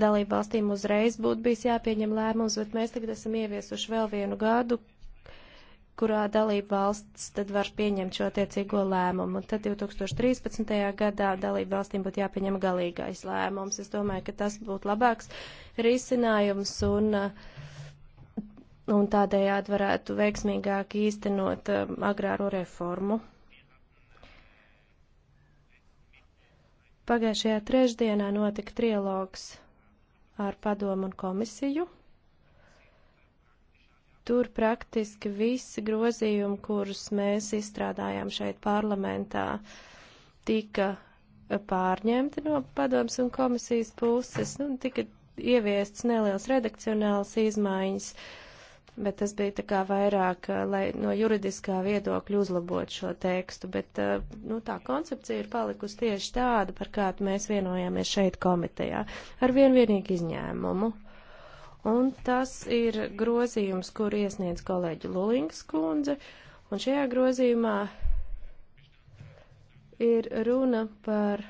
dalību valstīm uzreiz būtu bijis jāpieņem lēmums, bet mēs tagad esam ieviesuši vēl vienu gadu, kurā dalība valsts tad var pieņemt šo attiecīgo lēmumu. Un tad 2013. gadā dalība valstīm būtu jāpieņem galīgais lēmums. Es domāju, ka tas būtu labāks risinājums un, uh, un tādējādi varētu veiksmīgāk īstenot um, agrāro reformu. Pagājušajā trešdienā notika trialogs ar padomu un komisiju. Tur praktiski visi grozījumi, kurus mēs izstrādājām šeit parlamentā, tika pārņemti no padomas un komisijas puses, nu, tika ieviests neliels redakcionāls izmaiņas, bet tas bija tā kā vairāk, eh, lai no juridiskā viedokļa uzlabot šo tekstu, bet, eh, nu, tā koncepcija ir palikusi tieši tāda, par kādu mēs vienojāmies šeit komitejā, ar vien vienīgu izņēmumu. Uh, Un tas ir grozījums, kur iesniedz kolēģi Lulings kundze. Un šajā grozījumā ir runa par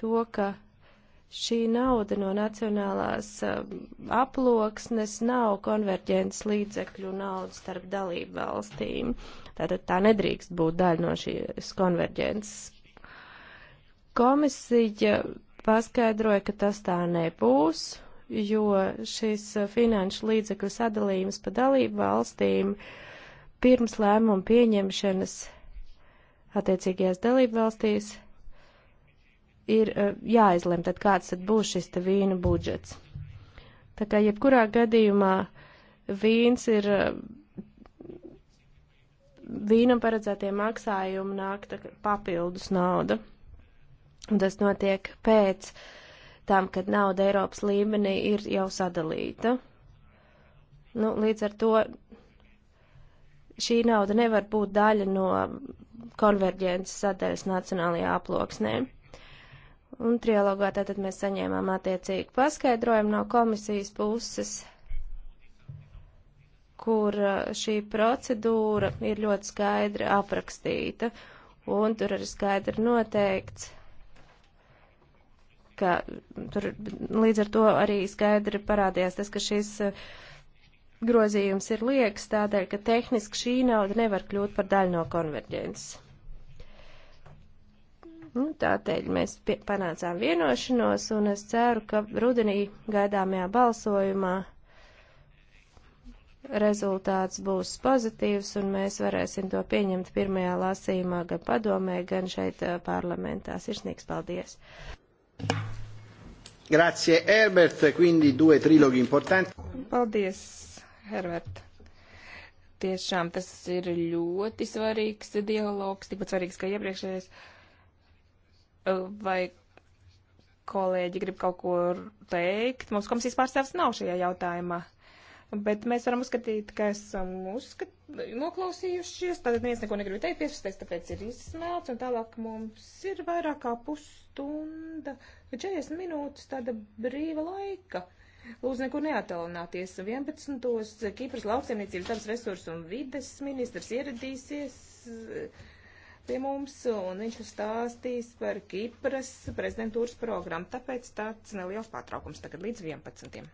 to, ka šī nauda no nacionālās eh, aploksnes nav konverģents līdzekļu nauda starp dalību valstīm. Tātad tā nedrīkst būt daļa no šīs konverģences. Komisija paskaidroja, ka tas tā nebūs, jo šis finanšu līdzekļu sadalījums pa dalību valstīm pirms lēmumu pieņemšanas attiecīgajās dalību valstīs ir eh, jāizlem, tad kāds tad būs šis te vīnu budžets. Tā kā jebkurā gadījumā vīns ir, eh, vīnam paredzētie maksājumi nāk tā, papildus nauda. Un tas notiek pēc uh, tam, kad nauda Eiropas līmenī ir jau sadalīta. Nu, līdz ar to šī nauda nevar būt daļa no konverģences sadaļas nacionālajā aploksnē. Un trialogā tātad mēs saņēmām attiecīgi paskaidrojumu no komisijas puses, kur uh, šī procedūra ir ļoti skaidri aprakstīta, un tur ir skaidri noteikts, ka tur līdz ar to arī skaidri parādījās tas, ka šis uh, grozījums ir liekas tādēļ, ka tehniski šī nauda nevar kļūt par daļu no konverģences. Nu, tādēļ mēs pie, panācām vienošanos, un es ceru, ka rudenī gaidāmajā balsojumā rezultāts būs pozitīvs, un mēs varēsim to pieņemt pirmajā lasījumā gan padomē, gan šeit uh, parlamentā. Sirsnīgs paldies! Grazie Herbert, quindi due triloghi importanti. Paldies, Herbert. Tiešām tas ir ļoti svarīgs dialogs, tikpat svarīgs kā iepriekšējais. Uh, vai kolēģi grib kaut ko teikt? Mums komisijas pārstāvs nav šajā jautājumā bet mēs varam uzskatīt, ka esam uzskat... noklausījušies, tad neviens neko negrib teikt, 15. tāpēc ir izsnāts, un tālāk mums ir vairāk kā pusstunda, 40 minūtes tāda brīva laika. Lūdzu, nekur neatalināties. 11. Kipras lauksaimniecības dabas resursu un vides ministrs ieradīsies eh, pie mums, un viņš stāstīs par Kipras prezidentūras programmu. Tāpēc tāds neliels pārtraukums tagad līdz 11.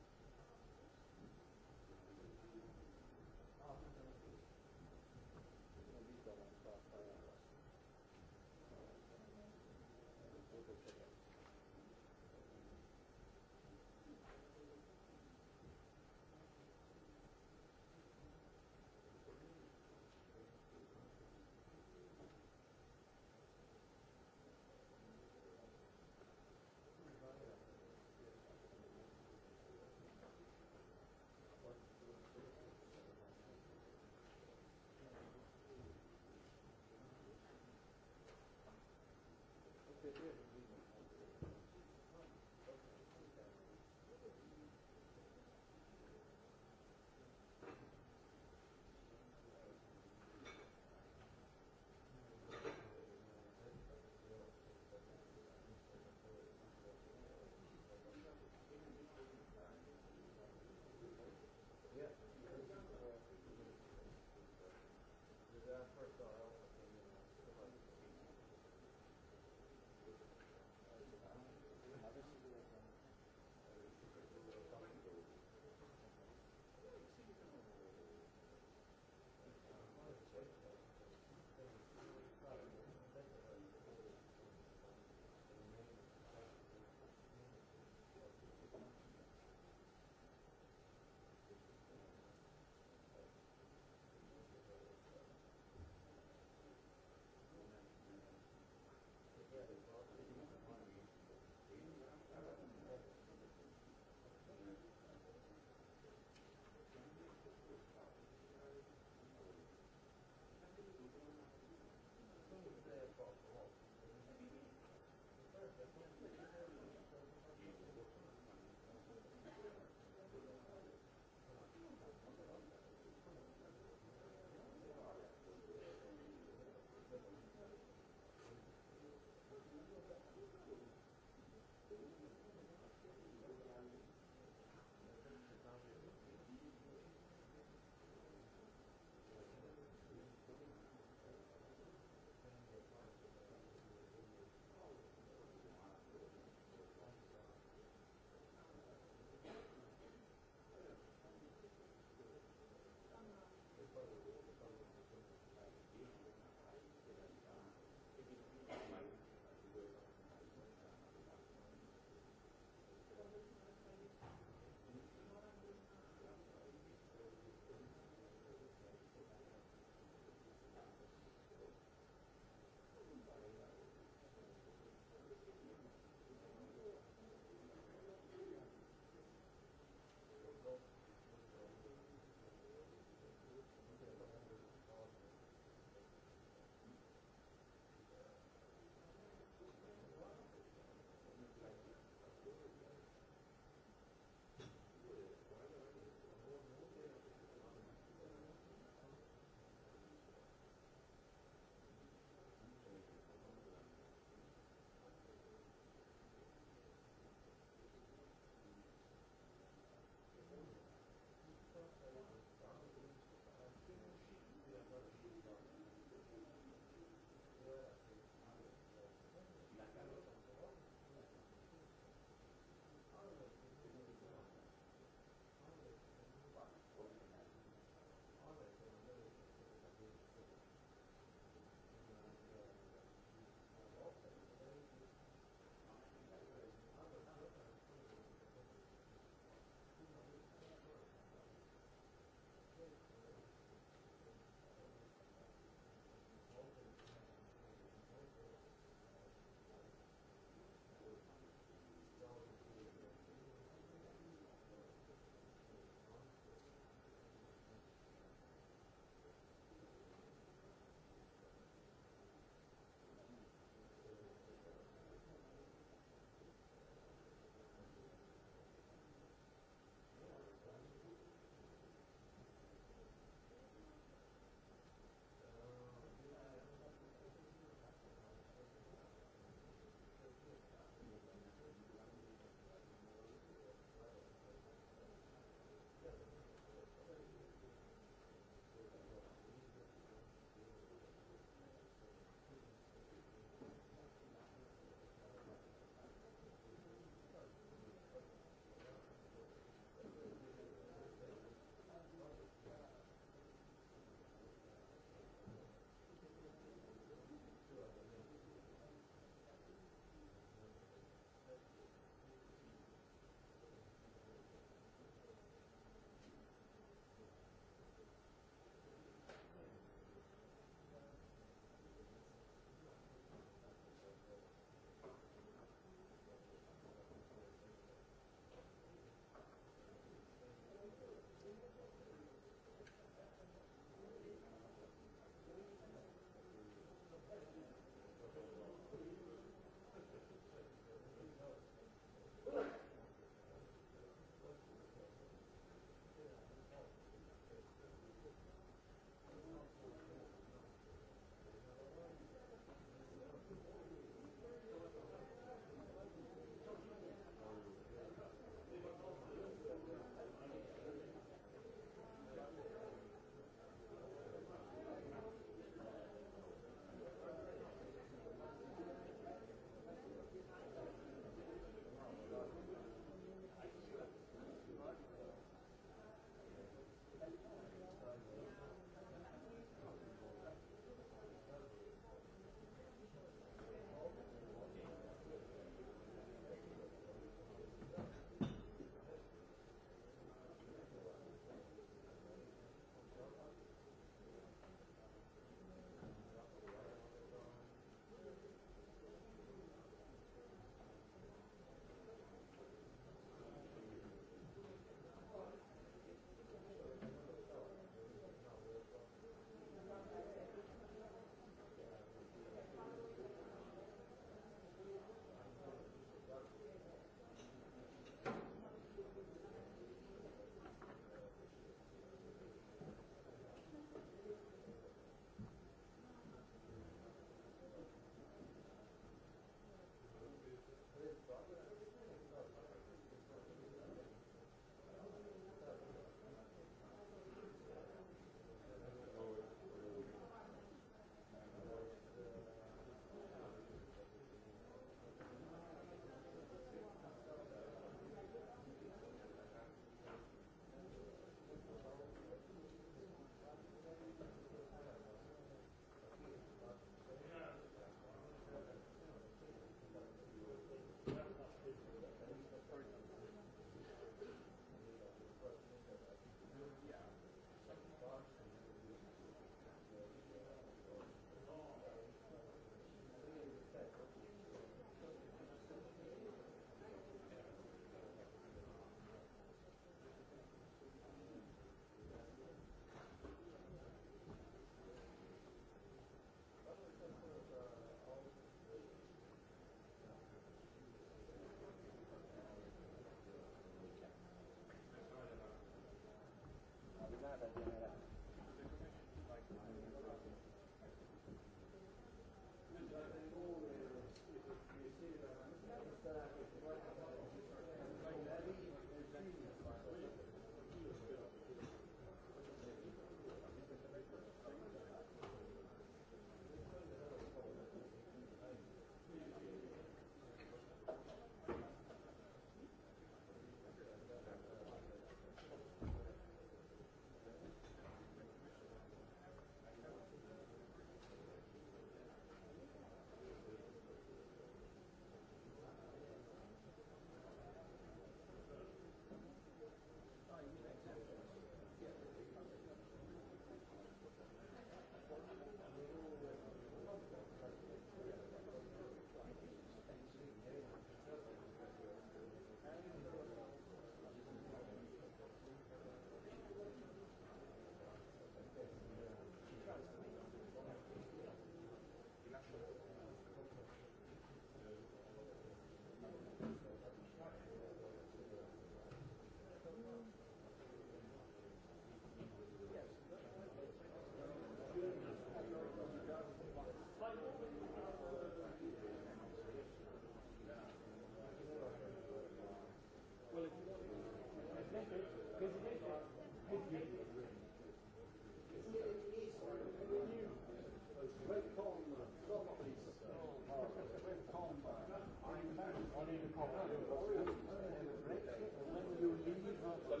Thank you.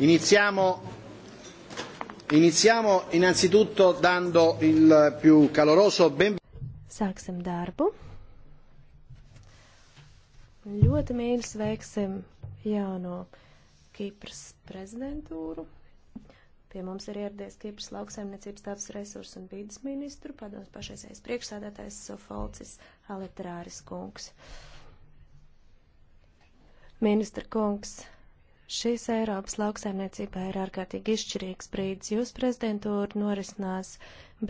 Iniziamo, iniziamo innanzitutto dando il più caloroso benvenuto. Sāksim darbu. Ļoti mīļi sveiksim jauno Kipras prezidentūru. Pie mums ir ieradies Kipras lauksaimniecības tādas resursu un vīdas ministru, padoms pašreizējais priekšsādātājs Sofolcis Aletrāris kungs. Ministra kungs, Šīs Eiropas lauksaimniecībā ir ārkārtīgi izšķirīgs brīdis. Jūs prezidentūra norisinās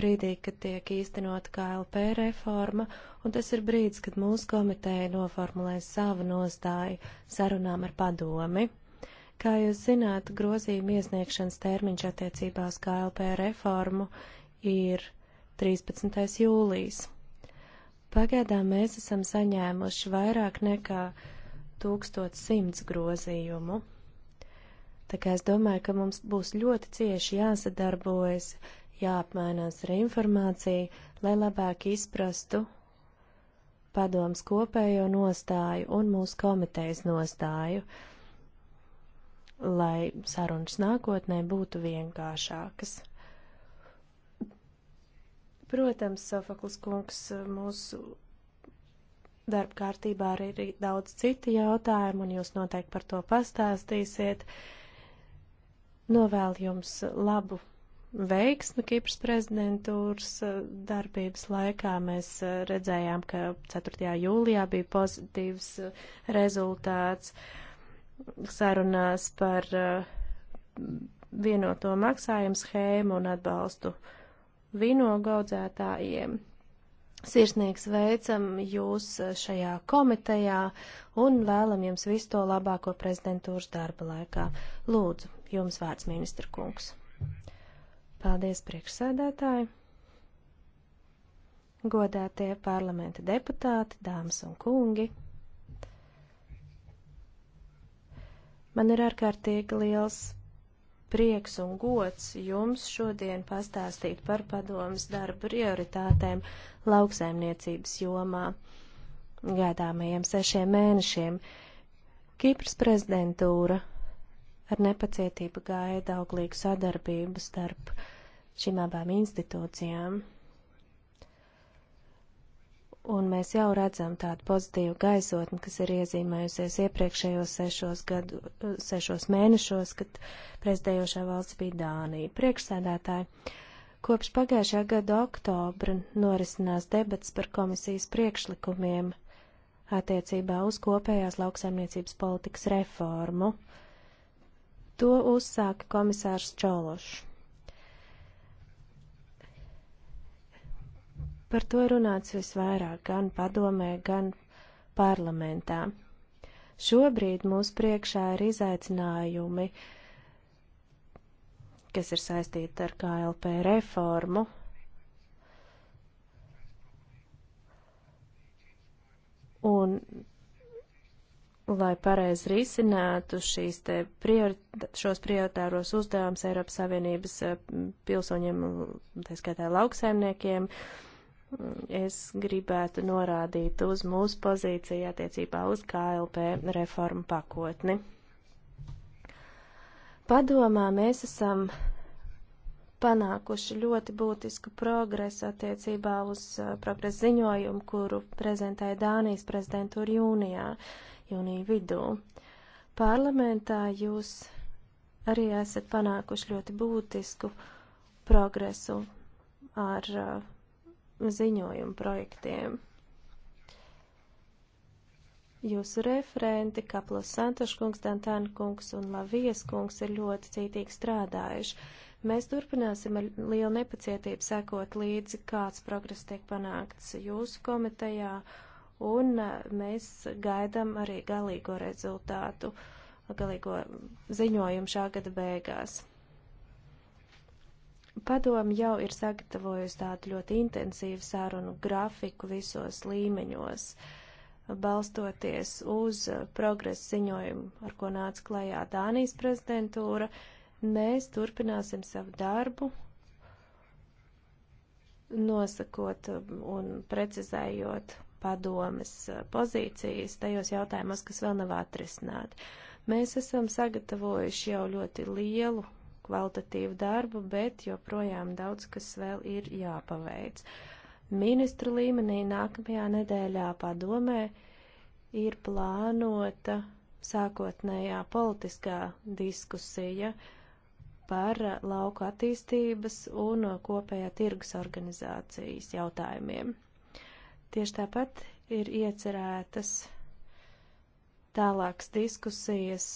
brīdī, kad tiek īstenot KLP reforma, un tas ir brīdis, kad mūsu komiteja noformulēs savu nostāju sarunām ar padomi. Kā jūs zināt, grozījuma iesniegšanas termiņš attiecībā uz KLP reformu ir 13. jūlijas. Pagaidām mēs esam saņēmuši vairāk nekā 1100 grozījumu. Tā kā es domāju, ka mums būs ļoti cieši jāsadarbojas, jāapmainās ar informāciju, lai labāk izprastu padoms kopējo nostāju un mūsu komitejas nostāju, lai sarunas nākotnē būtu vienkāršākas. Protams, Sofaklis kungs mūsu darba kārtībā arī ir daudz citu jautājumu, un jūs noteikti par to pastāstīsiet. Uh, Novēlu jums labu veiksmi Kipras prezidentūras eh, darbības laikā. Mēs eh, redzējām, ka 4. jūlijā bija pozitīvs eh, rezultāts sarunās par vienoto maksājumu schēmu un atbalstu vīnogu audzētājiem. Sirsnīgs veicam jūs šajā komitejā un vēlam jums visu to labāko prezidentūras darba laikā. Lūdzu! Jums vārds, ministra kungs. Paldies, priekšsēdētāji! Godātie parlamenta deputāti, dāmas un kungi! Man ir ārkārtīgi liels prieks un gods jums šodien pastāstīt par padomas darba prioritātēm lauksaimniecības jomā gaidāmajiem sešiem mēnešiem. Kipras prezidentūra ar nepacietību gaida auglīgu sadarbību starp šīm abām institūcijām. Un mēs jau redzam tādu pozitīvu gaisotni, kas ir iezīmējusies iepriekšējos sešos, gadu, sešos mēnešos, kad prezidējošā valsts bija Dānija. Priekšsēdētāji, kopš pagājušā gada oktobra norisinās debats par komisijas priekšlikumiem attiecībā uz kopējās lauksaimniecības politikas reformu. Uh, To uzsāka komisārs Čološs. Par to ir runāts visvairāk gan padomē, gan parlamentā. Šobrīd mūsu priekšā ir izaicinājumi, kas ir saistīti ar KLP reformu. Un lai pareizi risinātu šīs te prioritā, šos prioritāros uzdevumus Eiropas Savienības eh, pilsoņiem, tā skaitā lauksaimniekiem, es gribētu norādīt uz mūsu pozīciju attiecībā uz KLP reformu pakotni. Padomā mēs esam panākuši ļoti būtisku progresu attiecībā uz eh, progresu ziņojumu, kuru prezentēja Dānijas prezidentūra jūnijā. Uh, jūnija vidū. Parlamentā jūs arī esat panākuši ļoti būtisku progresu ar uh, ziņojumu projektiem. Jūsu referenti, Kaplos Santoškungs, Dantēna kungs un Lavijas kungs ir ļoti cītīgi strādājuši. Mēs turpināsim ar lielu nepacietību sekot līdzi, kāds progress tiek panākts jūsu komitejā un uh, mēs gaidām arī galīgo rezultātu, galīgo ziņojumu šā gada beigās. Padomi jau ir sagatavojusi tādu ļoti intensīvu sarunu grafiku visos līmeņos, balstoties uz progresa ziņojumu, ar ko nāca klajā Dānijas prezidentūra. Mēs turpināsim savu darbu, nosakot un precizējot padomes eh, pozīcijas tajos jautājumos, kas vēl nav atrisināti. Mēs esam sagatavojuši jau ļoti lielu kvalitatīvu darbu, bet joprojām daudz, kas vēl ir jāpaveic. Ministru līmenī nākamajā nedēļā padomē ir plānota sākotnējā politiskā diskusija par lauku attīstības un kopējā tirgus organizācijas jautājumiem. Tieši tāpat ir iecerētas tālākas diskusijas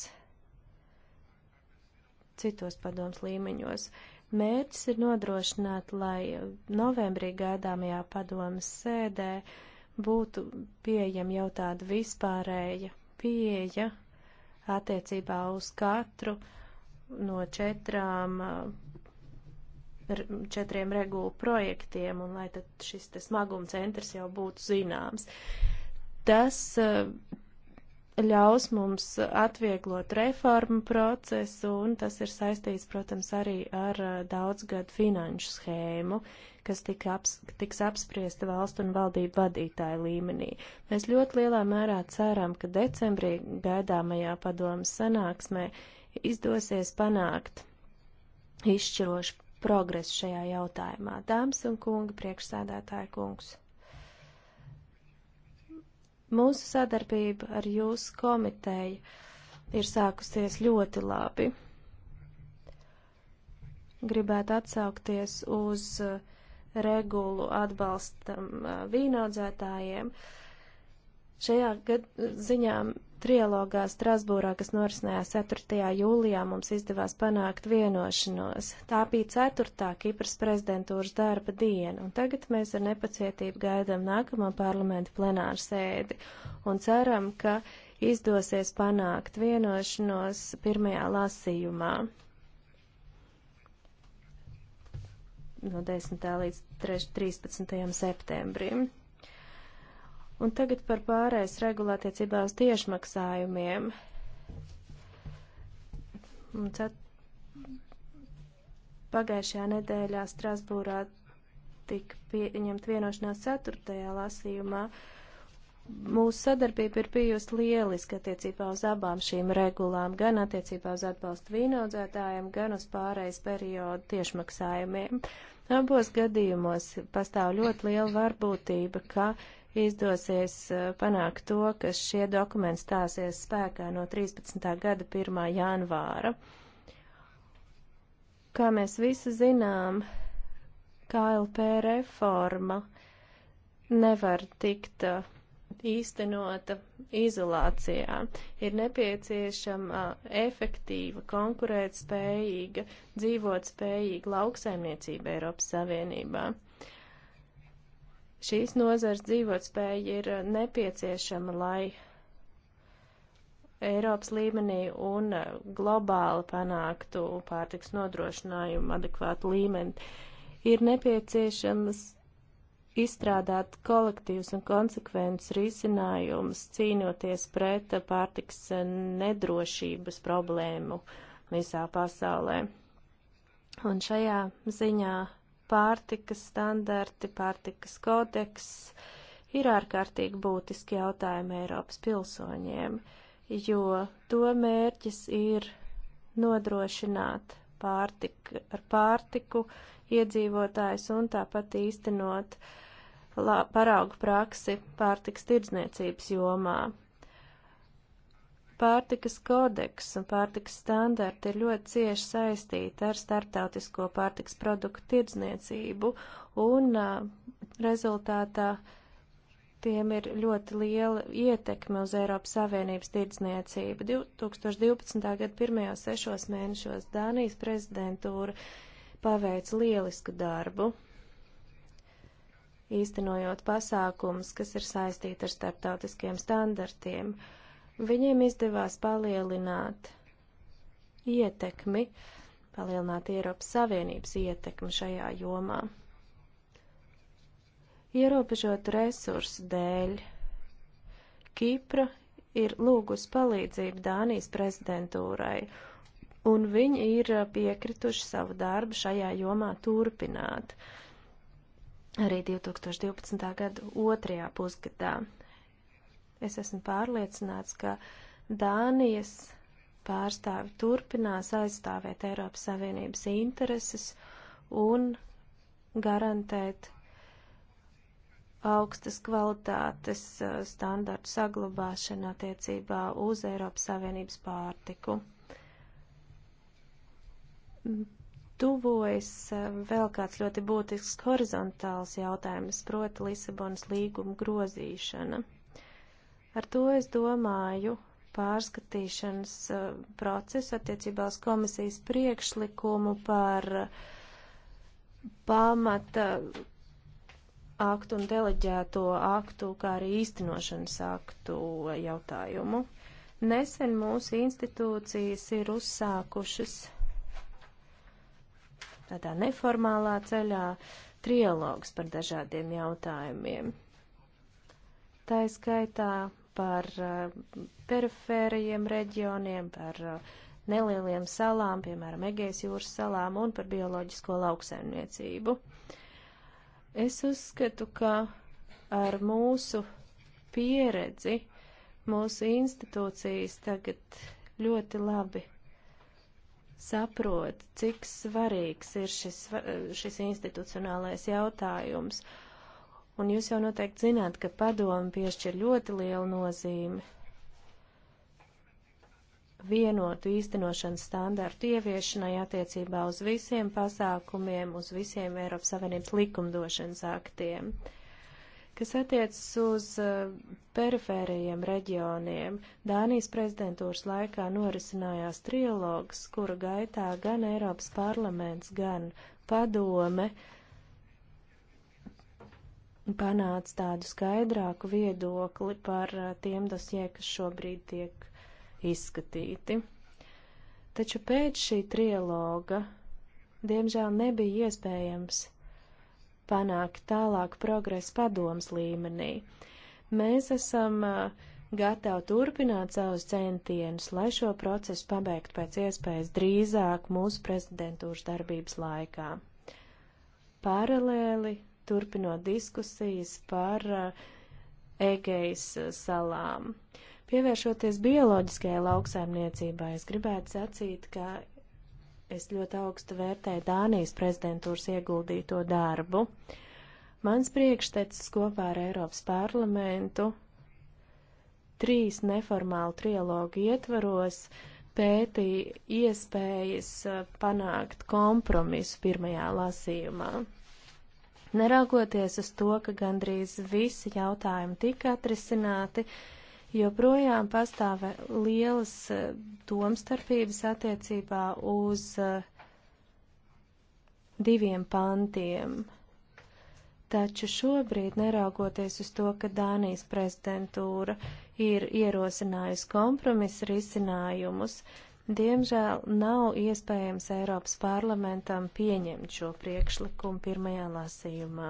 citos padoms līmeņos. Mērķis ir nodrošināt, lai novembrī gaidāmajā padomas sēdē būtu pieejama jau tāda vispārēja pieeja attiecībā uz katru no četrām uh, četriem regulu projektiem un lai tad šis te smaguma centrs jau būtu zināms. Tas e, ļaus mums atvieglot reformu procesu un tas ir saistīts, protams, arī ar e, daudzgadu finanšu schēmu, kas tika aps, tiks apspriesta valstu un valdību vadītāju līmenī. Mēs ļoti lielā mērā ceram, ka decembrī gaidāmajā padomas sanāksmē izdosies panākt izšķirošu progresu šajā jautājumā. Dāmas un kungi, priekšsēdētāja kungs. Mūsu sadarbība ar jūsu komiteju ir sākusies ļoti labi. Gribētu atsaukties uz uh, regulu atbalstam uh, vīnaudzētājiem. Šajā ziņā Trialogā Strasbūrā, kas norisinājās 4. jūlijā, mums izdevās panākt vienošanos. Tā bija 4. Kipras prezidentūras darba diena, un tagad mēs ar nepacietību gaidām nākamo parlamentu plenāru sēdi un ceram, ka izdosies panākt vienošanos pirmajā lasījumā. No 10. līdz 13. septembrim. Un tagad par pārējais regulātiecībā uz tiešmaksājumiem. Cet... Pagājušajā nedēļā Strasbūrā tika pieņemta vienošanās ceturtajā lasījumā. Mūsu sadarbība ir bijusi lieliska attiecībā uz abām šīm regulām, gan attiecībā uz atbalstu vīnaudzētājiem, gan uz pārējais periodu tiešmaksājumiem. Abos gadījumos pastāv ļoti liela varbūtība, ka izdosies eh, panākt to, ka šie dokumenti stāsies spēkā no 13. gada 1. janvāra. Kā mēs visi zinām, KLP reforma nevar tikt eh, īstenota izolācijā. Ir nepieciešama eh, efektīva, konkurētspējīga, dzīvotspējīga lauksaimniecība Eiropas Savienībā. Šīs nozars dzīvotspēja ir eh, nepieciešama, lai Eiropas līmenī un eh, globāli panāktu pārtiks nodrošinājumu adekvātu līmeni, ir nepieciešams izstrādāt kolektīvs un konsekvents risinājums cīnoties pret pārtiks eh, nedrošības problēmu visā pasaulē. Un šajā ziņā pārtikas standarti, pārtikas kodeks ir ārkārtīgi būtiski jautājumi Eiropas pilsoņiem, jo to mērķis ir nodrošināt pārtika, ar pārtiku iedzīvotājs un tāpat īstenot la, paraugu praksi pārtiks tirdzniecības jomā. Pārtikas kodeks un pārtikas standarti ir ļoti cieši saistīti ar starptautisko pārtikas produktu tirdzniecību, un rezultātā tiem ir ļoti liela ietekme uz Eiropas Savienības tirdzniecību. 2012. gada pirmajos sešos mēnešos Dānijas prezidentūra paveica lielisku darbu, īstenojot pasākums, kas ir saistīti ar starptautiskiem standartiem. Uh, Viņiem izdevās palielināt ietekmi, palielināt Eiropas Savienības ietekmi šajā jomā. Ierobežotu resursu dēļ Kipra ir lūgusi palīdzību Dānijas prezidentūrai, un viņi ir piekrituši savu darbu šajā jomā turpināt arī 2012. gada otrajā pusgadā. Es esmu pārliecināts, ka Dānijas pārstāvi turpinās aizstāvēt Eiropas Savienības intereses un garantēt augstas kvalitātes standartu saglabāšanu attiecībā uz Eiropas Savienības pārtiku. Tuvojas vēl kāds ļoti būtisks horizontāls jautājums, proti Lisabonas līguma grozīšana. Ar to es domāju pārskatīšanas eh, procesu attiecībā uz komisijas priekšlikumu par eh, pamata aktu un deleģēto aktu, kā arī īstenošanas aktu jautājumu. Nesen mūsu institūcijas ir uzsākušas tādā neformālā ceļā trialogs par dažādiem jautājumiem. Tā ir skaitā par eh, perifērajiem reģioniem, par eh, nelieliem salām, piemēram, Egejas jūras salām un par bioloģisko lauksaimniecību. Es uzskatu, ka ar mūsu pieredzi mūsu institūcijas tagad ļoti labi saprot, cik svarīgs ir šis, šis institucionālais jautājums. Uh, Un jūs jau noteikti zināt, ka padomi piešķir ļoti lielu nozīmi vienotu īstenošanas standartu ieviešanai attiecībā uz visiem pasākumiem, uz visiem Eiropas Savienības likumdošanas aktiem. Kas attiecas uz eh, perifērajiem reģioniem, Dānijas prezidentūras laikā norisinājās trilogs, kura gaitā gan Eiropas parlaments, gan padome uh, panāca tādu skaidrāku viedokli par eh, tiem dosie, kas šobrīd tiek izskatīti. Taču pēc šī trialoga, diemžēl, nebija iespējams panākt tālāk progresu padomas līmenī. Mēs esam eh, gatavi turpināt savus centienus, lai šo procesu pabeigtu pēc iespējas drīzāk mūsu prezidentūras darbības laikā. Paralēli turpinot diskusijas par eh, Egejas eh, salām. Pievēršoties bioloģiskajai lauksaimniecībai, es gribētu sacīt, ka es ļoti augstu vērtēju Dānijas prezidentūras ieguldīto darbu. Mans priekštecis kopā ar Eiropas parlamentu trīs neformālu trilogu ietvaros pētīja iespējas eh, panākt kompromisu pirmajā lasījumā. Neraugoties uz to, ka gandrīz visi jautājumi tika atrisināti, joprojām pastāv lielas eh, domstarpības attiecībā uz eh, diviem pantiem. Taču šobrīd, neraugoties uz to, ka Dānijas prezidentūra ir ierosinājusi kompromisa risinājumus, Diemžēl nav iespējams Eiropas parlamentam pieņemt šo priekšlikumu pirmajā lasījumā.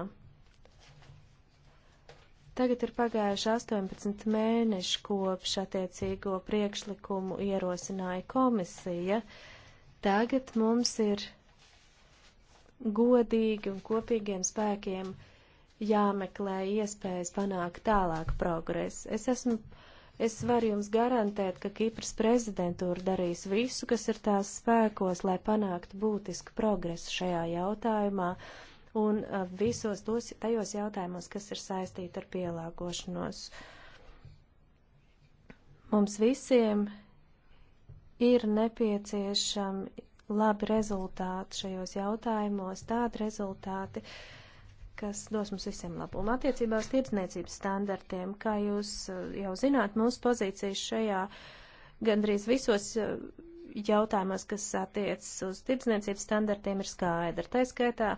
Tagad ir pagājuši 18 mēneši, kopš attiecīgo priekšlikumu ierosināja komisija. Tagad mums ir godīgi un kopīgiem spēkiem jāmeklē iespējas panākt tālāk progresu. Es esmu Es varu jums garantēt, ka Kipras prezidentūra darīs visu, kas ir tās spēkos, lai panāktu būtisku progresu šajā jautājumā un visos tos, tajos jautājumos, kas ir saistīti ar pielāgošanos. Mums visiem ir nepieciešami labi rezultāti šajos jautājumos, tādi rezultāti, uh, kas dos mums visiem labumu. Attiecībā uz tirdzniecības standartiem, kā jūs eh, jau zināt, mūsu pozīcijas šajā gandrīz visos eh, jautājumos, kas attiecas uz tirdzniecības standartiem, ir skaidra. Tā skaitā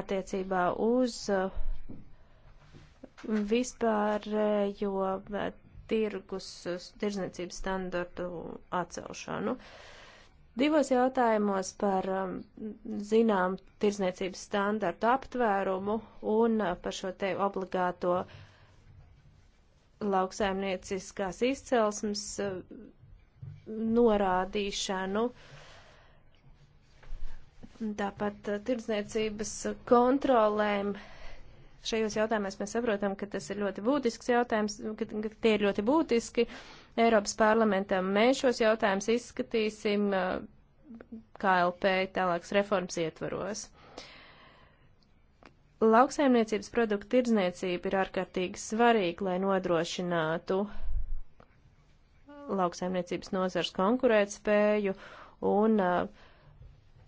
attiecībā uz eh, vispārējo tirgus, tirdzniecības standartu atcelšanu. Uh, Divos jautājumos par um, zinām tirzniecības standartu aptvērumu un uh, par šo te obligāto lauksaimnieciskās izcelsmes uh, norādīšanu. Tāpat uh, tirdzniecības kontrolēm. Šajos jautājumos mēs saprotam, ka tas ir ļoti būtisks jautājums, ka, ka tie ir ļoti būtiski, Eiropas parlamentam. Mēs šos jautājumus izskatīsim eh, KLP tālākas reformas ietvaros. Lauksaimniecības produktu tirdzniecība ir ārkārtīgi svarīga, lai nodrošinātu lauksaimniecības nozars konkurētspēju un uh,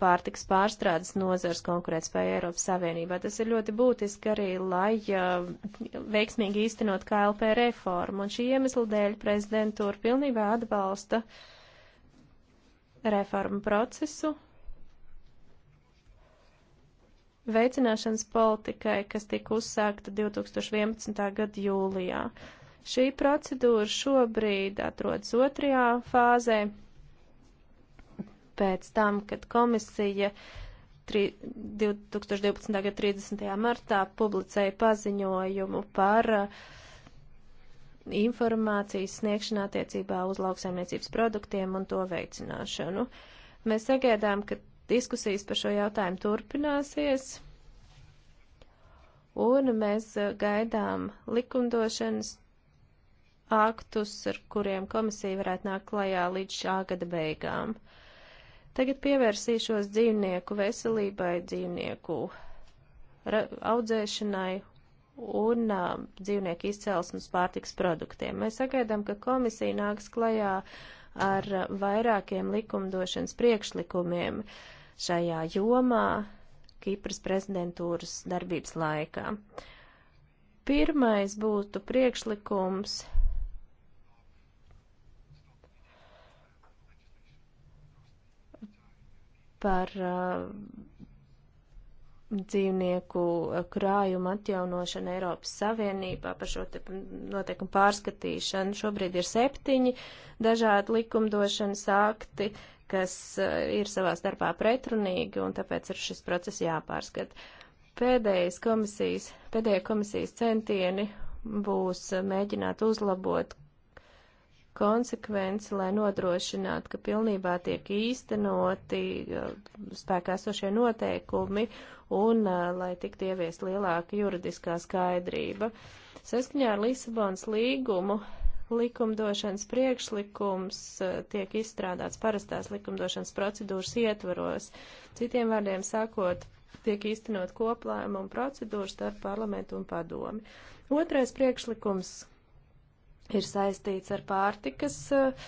pārtiks pārstrādes nozars konkurētspēja Eiropas Savienībā. Tas ir ļoti būtiski arī, lai uh, veiksmīgi īstenot KLP reformu, un šī iemesla dēļ prezidentūra pilnībā atbalsta reformu procesu veicināšanas politikai, kas tika uzsākta 2011. gada jūlijā. Šī procedūra šobrīd atrodas otrajā fāzē, pēc tam, kad komisija 2012. gada 30. martā publicēja paziņojumu par uh, informācijas sniegšanu attiecībā uz lauksaimniecības produktiem un to veicināšanu. Mēs sagaidām, ka diskusijas par šo jautājumu turpināsies, un mēs uh, gaidām likumdošanas aktus, ar kuriem komisija varētu nākt klajā līdz šā gada beigām. Uh, Tagad pievērsīšos dzīvnieku veselībai, dzīvnieku audzēšanai un uh, dzīvnieku izcelsmes pārtiks produktiem. Mēs sagaidām, ka komisija nāks klajā ar uh, vairākiem likumdošanas priekšlikumiem šajā jomā Kipras prezidentūras darbības laikā. Pirmais būtu priekšlikums par uh, dzīvnieku uh, krājumu atjaunošanu Eiropas Savienībā, par šo notiekumu pārskatīšanu. Šobrīd ir septiņi dažādi likumdošanas akti, kas uh, ir savā starpā pretrunīgi, un tāpēc ir šis process jāpārskat. Pēdējais komisijas, pēdējie komisijas centieni būs uh, mēģināt uzlabot konsekvenci, lai nodrošinātu, ka pilnībā tiek īstenoti spēkā sošie noteikumi un uh, lai tiktu ieviest lielāka juridiskā skaidrība. Saskaņā ar Lisabonas līgumu likumdošanas priekšlikums uh, tiek izstrādāts parastās likumdošanas procedūras ietvaros. Citiem vārdiem sakot, tiek īstenot koplēmumu procedūru starp parlamentu un padomi. Otrais priekšlikums ir saistīts ar pārtikas eh,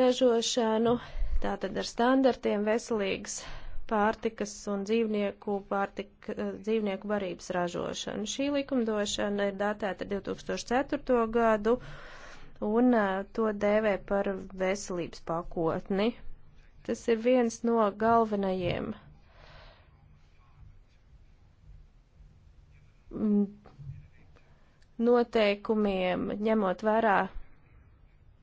ražošanu, tātad ar standartiem veselīgas pārtikas un dzīvnieku, pārtika, eh, dzīvnieku barības ražošanu. Šī likumdošana ir datēta 2004. gadu un eh, to dēvē par veselības pakotni. Tas ir viens no galvenajiem noteikumiem, ņemot vērā,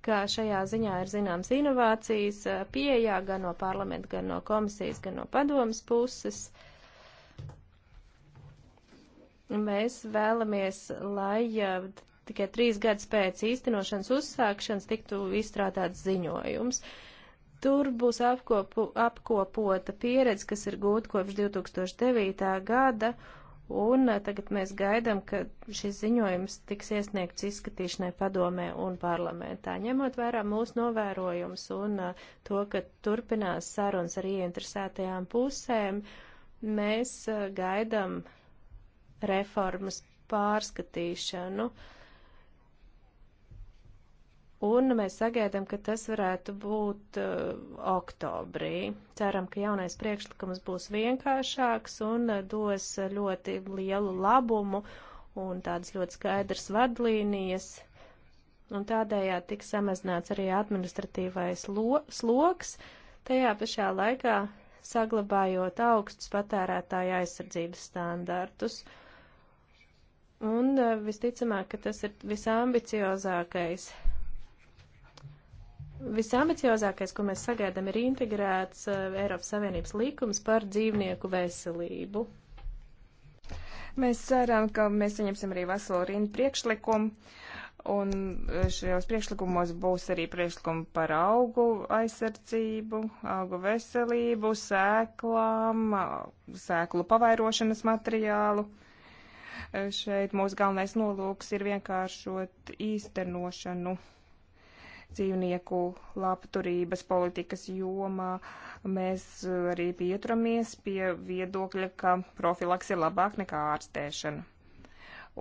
ka šajā ziņā ir zināms inovācijas pieejā gan no parlamenta, gan no komisijas, gan no padomas puses. Mēs vēlamies, lai tikai trīs gadus pēc īstenošanas uzsākšanas tiktu izstrādāts ziņojums. Tur būs apkopu, apkopota pieredze, kas ir gūta kopš 2009. gada, Un eh, tagad mēs gaidām, ka šis ziņojums tiks iesniegts izskatīšanai padomē un parlamentā. Ņemot vērā mūsu novērojums un eh, to, ka turpinās sarunas ar ieinteresētajām pusēm, mēs eh, gaidām reformas pārskatīšanu. Uh, un mēs sagaidām, ka tas varētu būt uh, oktobrī. Ceram, ka jaunais priekšlikums būs vienkāršāks un uh, dos ļoti lielu labumu un tādas ļoti skaidras vadlīnijas. Un tādējādi tiks samazināts arī administratīvais sloks, tajā pašā laikā saglabājot augstus patērētāju aizsardzības standartus. Un uh, visticamāk, ka tas ir visambiciozākais Visambiciozākais, ko mēs sagaidām, ir integrēts eh, Eiropas Savienības likums par dzīvnieku veselību. Mēs ceram, ka mēs saņemsim arī veselu rindu priekšlikumu. Un eh, šajos priekšlikumos būs arī priekšlikumi par augu aizsardzību, augu veselību, sēklām, sēklu pavairošanas materiālu. Eh, šeit mūsu galvenais nolūks ir vienkāršot īstenošanu dzīvnieku labturības politikas jomā. Mēs eh, arī pieturamies pie viedokļa, ka profilaks ir labāk nekā ārstēšana.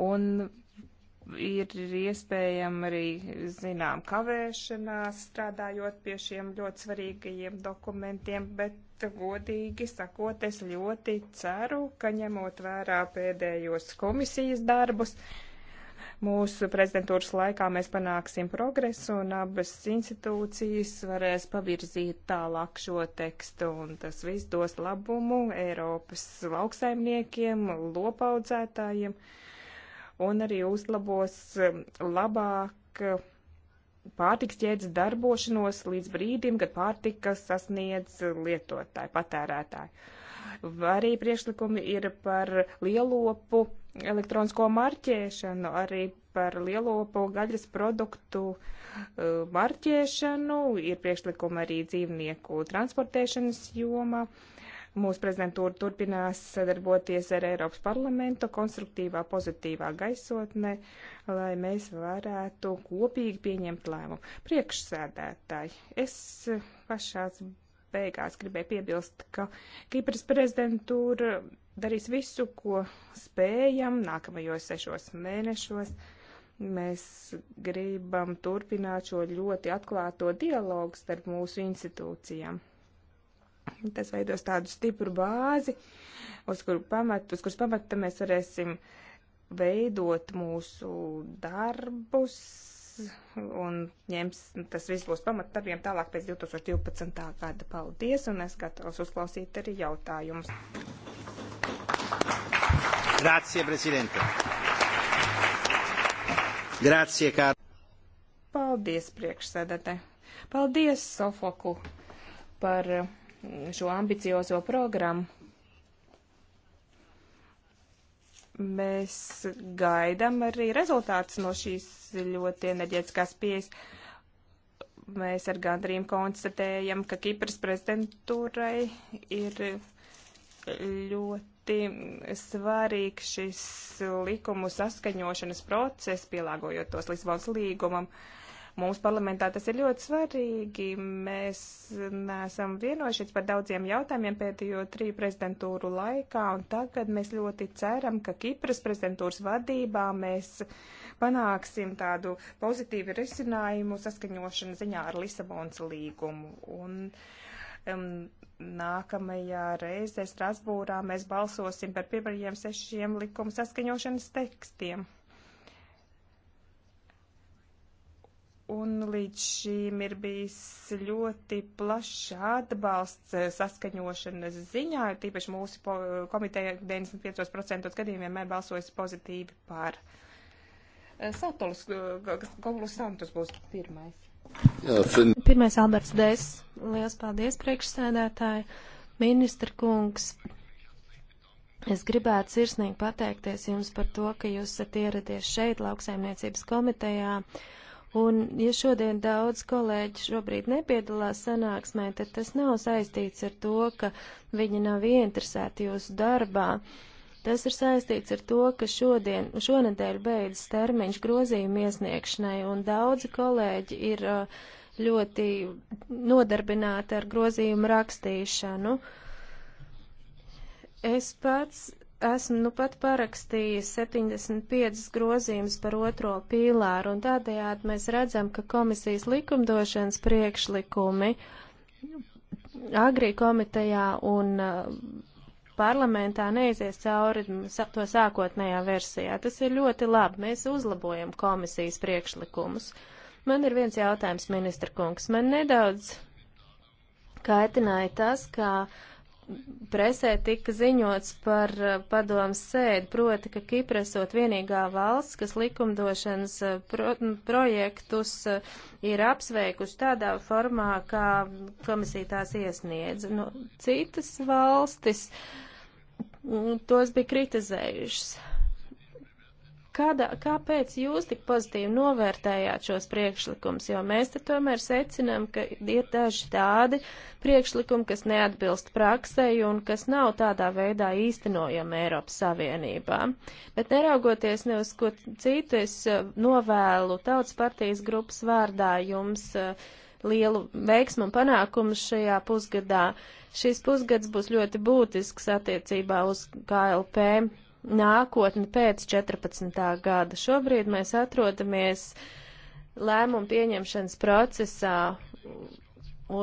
Un ir iespējama arī, zinām, kavēšanās strādājot pie šiem ļoti svarīgajiem dokumentiem, bet godīgi sakot, es ļoti ceru, ka ņemot vērā pēdējos komisijas darbus, uh, Mūsu prezidentūras laikā mēs panāksim progresu un abas institūcijas varēs pavirzīt tālāk šo tekstu un tas viss dos labumu Eiropas lauksaimniekiem, lopaudzētājiem un arī uzlabos um, labāk uh, pārtiks ķēdes darbošanos līdz brīdim, kad pārtika sasniedz lietotāju, patērētāju. Arī priekšlikumi ir par lielopu elektronisko marķēšanu, arī par lielopu gaļas produktu uh, marķēšanu, ir priekšlikumi arī dzīvnieku transportēšanas jomā. Mūsu prezidentūra turpinās sadarboties ar Eiropas parlamentu konstruktīvā, pozitīvā gaisotnē, lai mēs varētu kopīgi pieņemt lēmumu. Priekšsēdētāji, es pašās beigās gribēju piebilst, ka Kipras prezidentūra darīs visu, ko spējam nākamajos sešos mēnešos. Mēs gribam turpināt šo ļoti atklāto dialogu starp mūsu institūcijām. Tas veidos tādu stipru bāzi, uz, kur pamat, uz kuras pamata mēs varēsim veidot mūsu darbus, un ņems, tas viss būs pamat darbiem tālāk pēc 2012. gada. Paldies, un es gatavs uzklausīt arī jautājumus. Grazie, prezidente. Grazie, kā. Paldies, priekšsēdētē. Paldies, Sofoku, par eh, šo ambiciozo programmu mēs gaidām arī rezultātus no šīs ļoti enerģētiskās pieejas. Mēs ar gandrību konstatējam, ka Kipras prezidentūrai ir ļoti svarīgs šis likumu saskaņošanas process, pielāgojot tos Lisbonas līgumam. Uh, Mums parlamentā tas ir ļoti svarīgi. Mēs neesam vienojušies par daudziem jautājumiem pēdējo triju prezidentūru laikā, un tagad mēs ļoti ceram, ka Kipras prezidentūras vadībā mēs panāksim tādu pozitīvu risinājumu saskaņošanu ziņā ar Lisabonas līgumu. Un, um, nākamajā reizē Strasbūrā mēs balsosim par pirmajiem sešiem likuma saskaņošanas tekstiem. un līdz šīm ir bijis ļoti plašs atbalsts eh, saskaņošanas ziņā, tīpaši mūsu komiteja 95% gadījumiem vienmēr balsojas pozitīvi par. Eh, Satolis, eh, Goblus Santos būs pirmais. Jā, fin... Pirmais Alberts Dēs. Lielas paldies, priekšsēdētāji. Ministra kungs, Es gribētu sirsnīgi pateikties jums par to, ka jūs esat ieradies šeit, lauksaimniecības komitejā, Un, ja šodien daudz kolēģi šobrīd nepiedalās sanāksmē, tad tas nav saistīts ar to, ka viņi nav ieinteresēti jūsu darbā. Tas ir saistīts ar to, ka šodien, šonadēļ beidzas termiņš grozījuma iesniegšanai, un daudzi kolēģi ir uh, ļoti nodarbināti ar grozījumu rakstīšanu. Es pats esmu nu pat parakstījis 75 grozījumus par otro pīlāru, un tādējādi mēs redzam, ka komisijas likumdošanas priekšlikumi agrī komitejā un uh, parlamentā neizies cauri to sākotnējā versijā. Tas ir ļoti labi, mēs uzlabojam komisijas priekšlikumus. Man ir viens jautājums, ministra kungs. Man nedaudz kaitināja tas, ka uh, presē tika ziņots par eh, padomu sēdi, proti, ka Kipra esot vienīgā valsts, kas likumdošanas eh, pro projektus eh, ir apsveikuši tādā formā, kā komisija tās iesniedz. Nu, citas valstis mm, tos bija kritizējušas. Kādā, kāpēc jūs tik pozitīvi novērtējāt šos priekšlikumus? Jo mēs te tomēr secinām, ka ir daži tādi priekšlikumi, kas neatbilst praksē un kas nav tādā veidā īstenojami Eiropas Savienībā. Bet neraugoties ne uz ko citu, es eh, novēlu Tautas partijas grupas vārdā jums eh, lielu veiksmu un panākumu šajā pusgadā. Šis pusgads būs ļoti būtisks attiecībā uz KLP nākotni pēc 14. gada. Šobrīd mēs atrodamies lēmumu pieņemšanas procesā,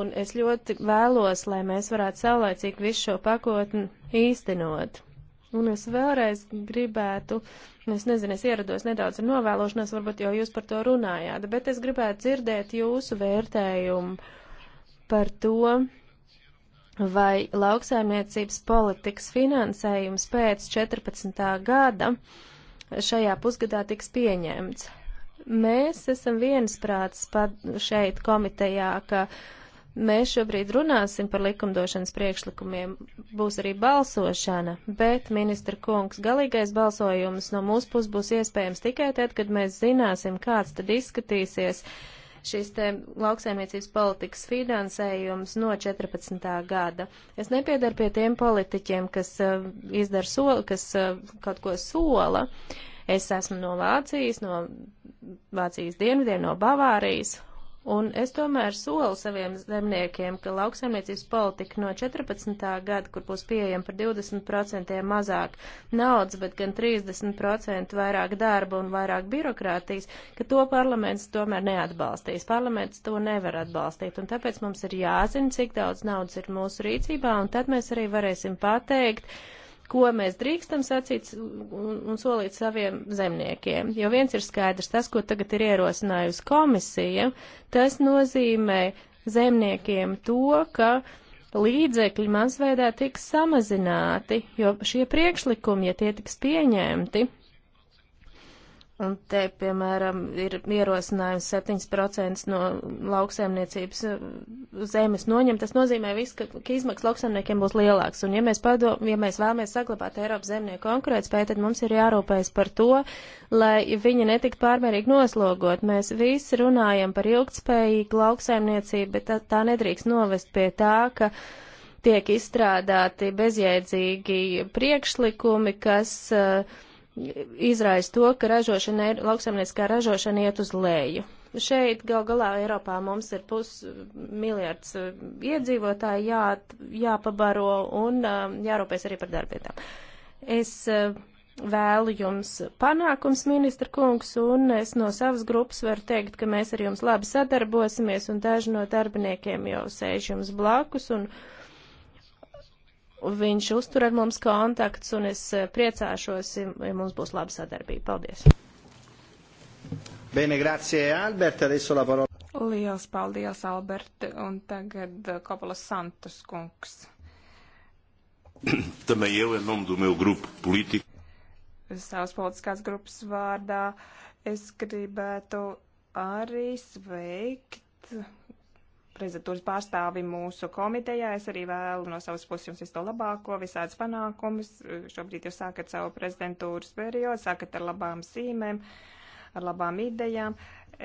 un es ļoti vēlos, lai mēs varētu saulēcīgi visu šo pakotni īstenot. Un es vēlreiz gribētu, es nezinu, es ierados nedaudz ar novēlošanos, varbūt jau jūs par to runājāt, bet es gribētu dzirdēt jūsu vērtējumu par to, vai lauksaimniecības politikas finansējums pēc 14. gada šajā pusgadā tiks pieņemts. Mēs esam viensprāts šeit komitejā, ka mēs šobrīd runāsim par likumdošanas priekšlikumiem, būs arī balsošana, bet, ministra kungs, galīgais balsojums no mūsu puses būs iespējams tikai tad, kad mēs zināsim, kāds tad izskatīsies uh, šīs te lauksaimniecības politikas finansējums no 14. gada. Es nepiedaru pie tiem politiķiem, kas uh, izdara soli, kas uh, kaut ko sola. Es esmu no Vācijas, no Vācijas dienvidiem, no Bavārijas, Un es tomēr solu saviem zemniekiem, ka lauksaimniecības politika no 14. gada, kur būs pieejama par 20% mazāk naudas, bet gan 30% vairāk darba un vairāk birokrātijas, ka to parlaments tomēr neatbalstīs. Parlaments to nevar atbalstīt, un tāpēc mums ir jāzina, cik daudz naudas ir mūsu rīcībā, un tad mēs arī varēsim pateikt, uh, ko mēs drīkstam sacīt un, un solīt saviem zemniekiem. Jo viens ir skaidrs, tas, ko tagad ir ierosinājusi komisija, tas nozīmē zemniekiem to, ka līdzekļi mazveidā tiks samazināti, jo šie priekšlikumi, ja tie tiks pieņemti, Un te, piemēram, ir ierosinājums 7% no lauksaimniecības eh, zemes noņemt. Tas nozīmē, visu, ka, ka izmaksas lauksaimniekiem būs lielāks. Un ja mēs, padom, ja mēs vēlamies saglabāt Eiropas zemnieku konkurētspēju, tad mums ir jārūpējas par to, lai viņi netiktu pārmērīgi noslogot. Mēs visi runājam par ilgtspējīgu lauksaimniecību, bet tā, tā nedrīkst novest pie tā, ka tiek izstrādāti bezjēdzīgi priekšlikumi, kas uh, izraisa to, ka ražošana, lauksaimnieciskā ražošana iet uz leju. Šeit gal galā Eiropā mums ir pusmiljards eh, iedzīvotāji jā, jāpabaro un um, jārūpēs arī par darbietām. Es eh, vēlu jums panākums, ministra kungs, un es no savas grupas varu teikt, ka mēs ar jums labi sadarbosimies, un daži no darbiniekiem jau sēž jums blakus, un uh, viņš uztur ar mums kontakts, un es eh, priecāšos, ja mums būs laba sadarbība. Paldies! Bene, grazie, Albert. Adesso la parola. Lielas paldies, Albert, un tagad Kopolas eh, Santos kungs. Também eu, em nome do meu grupo político. Savas politiskās grupas vārdā es gribētu arī sveikt prezidentūras pārstāvi mūsu komitejā. Es arī vēlu no savas puses jums visu to labāko, visādas panākumus. Šobrīd jūs sākat savu prezidentūras periodu, sākat ar labām zīmēm, ar labām idejām.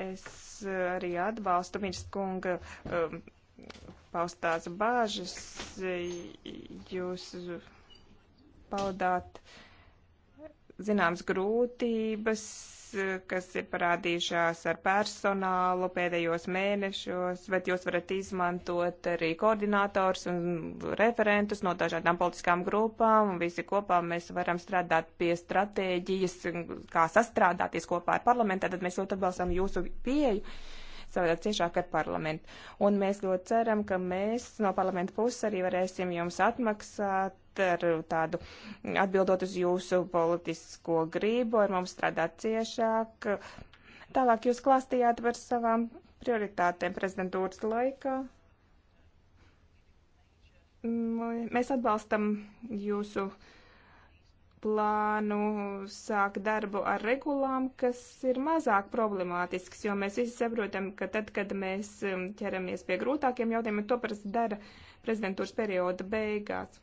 Es eh, arī atbalstu Mirskunga um, paustās bāžas. Jūs paudāt eh, zināmas grūtības kas ir parādījušās ar personālu pēdējos mēnešos, bet jūs varat izmantot arī koordinators un referentus no dažādām politiskām grupām, un visi kopā mēs varam strādāt pie stratēģijas, kā sastrādāties kopā ar parlamentā, tad mēs ļoti atbalstam jūsu pieeju strādāt ciešāk ar parlamentu. Un mēs ļoti ceram, ka mēs no parlamenta puses arī varēsim jums atmaksāt ar tādu atbildot uz jūsu politisko gribu, ar mums strādāt ciešāk. Tālāk jūs klāstījāt par savām prioritātēm prezidentūras laikā. Nu, mēs atbalstam jūsu plānu sāk darbu ar regulām, kas ir mazāk problemātisks, jo mēs visi saprotam, ka tad, kad mēs um, ķeramies pie grūtākiem jautājumiem, to parasti dara prezidentūras perioda beigās.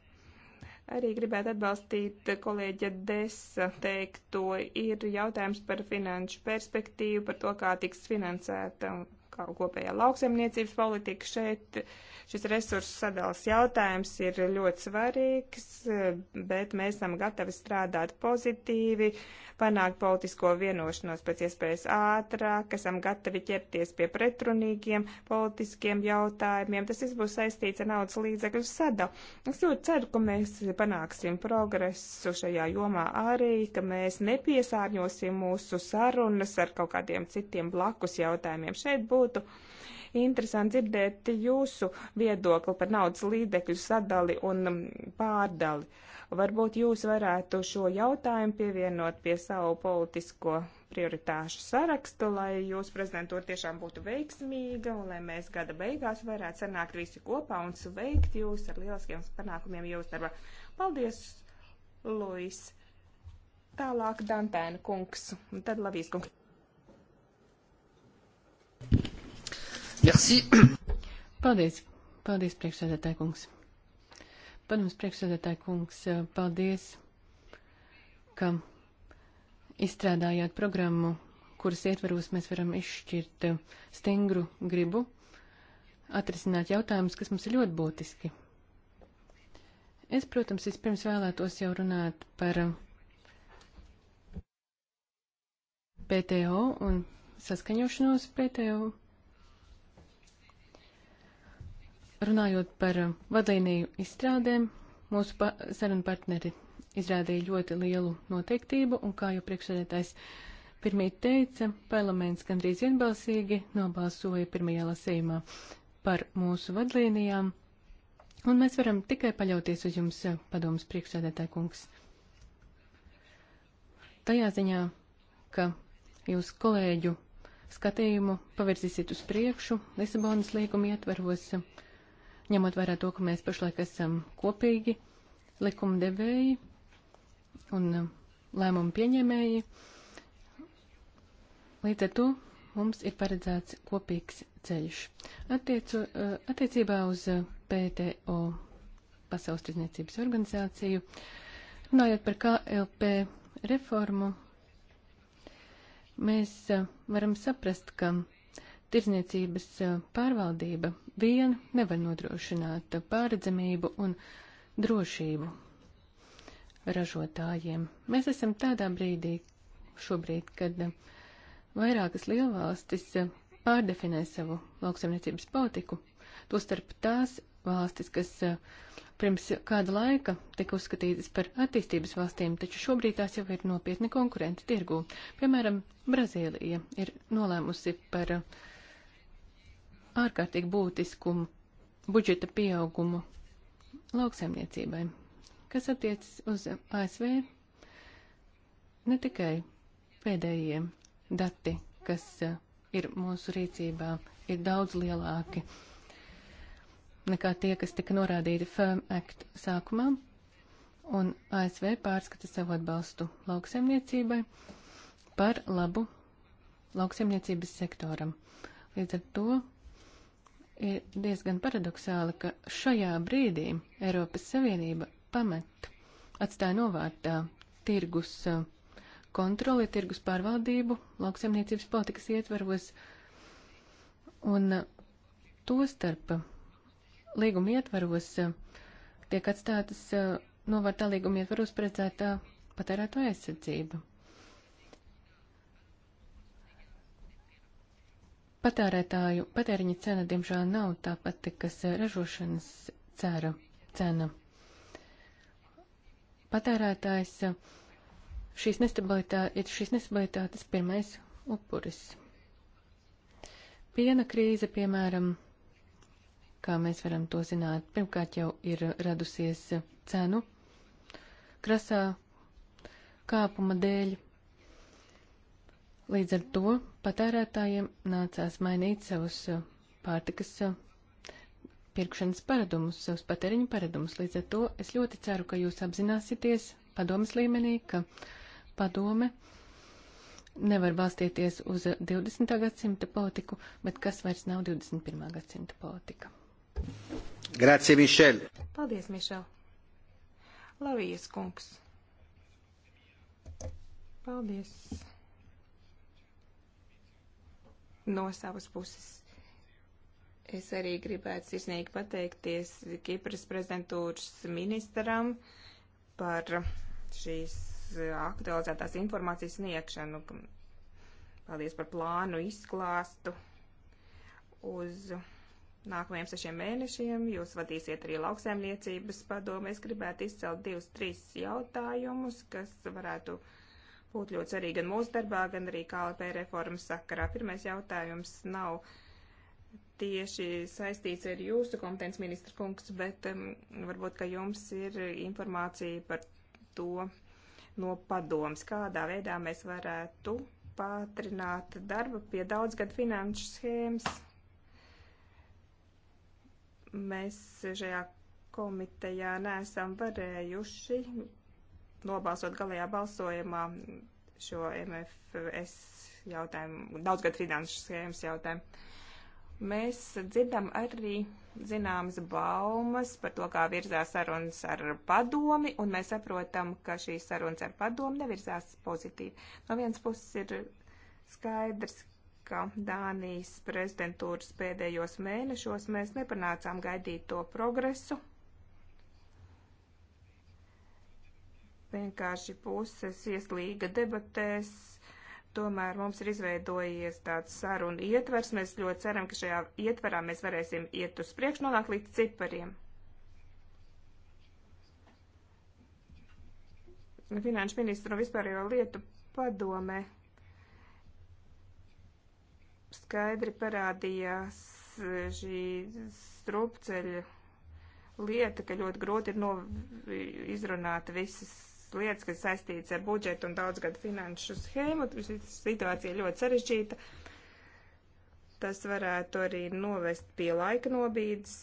Arī gribētu atbalstīt kolēģa Desa teikto, ir jautājums par finanšu perspektīvu, par to, kā tiks finansēta kā kopējā lauksaimniecības politika šeit. Šis resursu sadalas jautājums ir ļoti svarīgs, bet mēs esam gatavi strādāt pozitīvi, panākt politisko vienošanos pēc iespējas ātrāk, esam gatavi ķerties pie pretrunīgiem politiskiem jautājumiem. Tas viss būs saistīts ar naudas līdzekļu sadalu. Es ļoti ceru, ka mēs panāksim progresu šajā jomā arī, ka mēs nepiesārņosim mūsu sarunas ar kaut kādiem citiem blakus jautājumiem. Šeit būtu būtu interesanti dzirdēt jūsu viedokli par naudas līdzekļu sadali un um, pārdali. Varbūt jūs varētu šo jautājumu pievienot pie savu politisko prioritāšu sarakstu, lai jūsu prezidentūra tiešām būtu veiksmīga un lai mēs gada beigās varētu sanākt visi kopā un sveikt jūs ar lieliskiem panākumiem jūsu darbā. Paldies, Luis! Tālāk Dantēna kungs un tad Lavijas kungs. Merci. Paldies. Paldies, priekšsēdētāji kungs. Padoms priekšsēdētāji kungs, paldies, ka izstrādājāt programmu, kuras ietvaros mēs varam izšķirt stingru gribu, atrisināt jautājumus, kas mums ir ļoti būtiski. Es, protams, vispirms vēlētos jau runāt par PTO un saskaņošanos PTO runājot par um, vadlīniju izstrādēm, mūsu pa sarunu partneri izrādīja ļoti lielu noteiktību, un kā jau priekšsēdētājs pirmīt teica, parlaments gandrīz vienbalsīgi nobalsoja pirmajā lasījumā par mūsu vadlīnijām, un mēs varam tikai paļauties uz jums, uh, padomas priekšsēdētāja kungs. Tajā ziņā, ka jūs kolēģu skatījumu pavirzīsiet uz priekšu Lisabonas līguma ietvaros, ņemot vērā to, ka mēs pašlaik esam kopīgi likumdevēji un uh, lēmumu pieņēmēji. Līdz ar to mums ir paredzēts kopīgs ceļš. Attiecu, uh, attiecībā uz uh, PTO Pasaules tirdzniecības organizāciju, runājot par KLP reformu, mēs varam saprast, ka tirdzniecības pārvaldība vien nevar nodrošināt pārredzamību un drošību ražotājiem. Mēs esam tādā brīdī šobrīd, kad vairākas lielvalstis pārdefinē savu lauksaimniecības politiku, tostarp tās valstis, kas pirms kāda laika tika uzskatītas par attīstības valstīm, taču šobrīd tās jau ir nopietni konkurenti tirgū. Piemēram, Brazīlija ir nolēmusi par uh, ārkārtīgi būtisku budžeta pieaugumu lauksaimniecībai, kas attiecas uz ASV ne tikai pēdējie dati, kas e, ir mūsu rīcībā, ir daudz lielāki nekā tie, kas tika norādīti Firm Act sākumā, un ASV pārskata savu atbalstu lauksaimniecībai par labu lauksaimniecības sektoram. Līdz ar to Ir diezgan paradoxāli, ka šajā brīdī Eiropas Savienība pamet, atstāja novārtā tirgus uh, kontroli, tirgus pārvaldību, lauksaimniecības politikas ietvaros, un uh, to starp līguma ietvaros uh, tiek atstātas novārtā līguma ietvaros paredzētā patērēto aizsardzība. Patērētāju patēriņa cena, diemžēl, nav tā pati, kas eh, ražošanas cēra, cena. Patērētājs eh, šīs, nestabilitā, šīs nestabilitātes pirmais upuris. Piena krīze, piemēram, kā mēs varam to zināt, pirmkārt jau ir radusies cenu krasā kāpuma dēļ, Līdz ar to patērētājiem nācās mainīt savus uh, pārtikas uh, pirkšanas paradumus, savus patēriņu paradumus. Līdz ar to es ļoti ceru, ka jūs apzināsieties padomas līmenī, ka padome nevar balstīties uz 20. gadsimta politiku, bet kas vairs nav 21. gadsimta politika. Grazie, Mišel! Paldies, Mišel! Lavijas kungs! Paldies! no savas puses. Es arī gribētu sirsnīgi pateikties Kipras prezidentūras ministram par šīs eh, aktualizētās informācijas sniegšanu. Paldies par plānu izklāstu uz nākamajiem sešiem mēnešiem. Jūs vadīsiet arī lauksēmniecības padomu. Es gribētu izcelt divus, trīs jautājumus, kas varētu uh, būtu ļoti svarīgi gan mūsu darbā, gan arī KLP reformas sakarā. Pirmais jautājums nav tieši saistīts ar jūsu kompetences ministra kungs, bet um, varbūt, ka jums ir informācija par to no padoms, kādā veidā mēs varētu pātrināt darbu pie daudzgad finanšu schēmas. Mēs šajā komitejā neesam varējuši nobalsot galējā balsojumā šo MFS jautājumu, daudzgad finanšu schēmas jautājumu. Mēs dzirdam arī zināmas baumas par to, kā virzās sarunas ar padomi, un mēs saprotam, ka šīs sarunas ar padomi nevirzās pozitīvi. No vienas puses ir skaidrs, ka Dānijas prezidentūras pēdējos mēnešos mēs nepanācām gaidīto progresu vienkārši puses ieslīga debatēs. Tomēr mums ir izveidojies tāds saruna ietvers. Mēs ļoti ceram, ka šajā ietverā mēs varēsim iet uz priekšu, nonākt līdz cipariem. Finanšu ministru un vispārējo lietu padome skaidri parādījās šī strupceļa lieta, ka ļoti grūti ir no, izrunāt visas lietas, kas saistīts ar budžetu un daudzgadu finanšu schēmu. Situācija ļoti sarežģīta. Tas varētu arī novest pie laika nobīdes.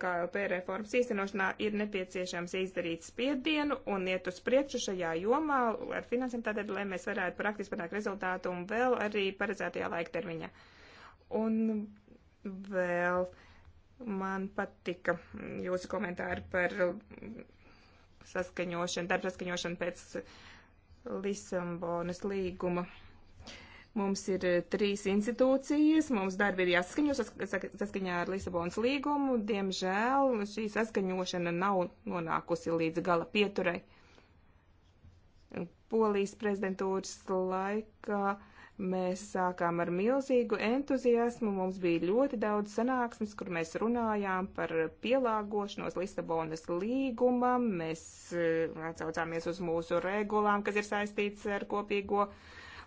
KLP reformas īstenošanā ir nepieciešams izdarīt spiedienu un iet uz priekšu šajā jomā ar finansēm tādēļ, lai mēs varētu praktiski panākt rezultātu un vēl arī paredzētajā laika termiņā. Un vēl man patika jūsu komentāri par saskaņošana, darba saskaņošana pēc Lisabonas līguma. Mums ir eh, trīs institūcijas, mums darbi ir jāsaskaņo saskaņā ar Lisabonas līgumu. Diemžēl šī saskaņošana nav nonākusi līdz gala pieturai. Polijas prezidentūras laikā uh, Mēs sākām ar milzīgu entuziasmu, mums bija ļoti daudz sanāksmes, kur mēs runājām par pielāgošanos Lisabonas līgumam, mēs eh, atcaucāmies uz mūsu regulām, kas ir saistīts ar kopīgo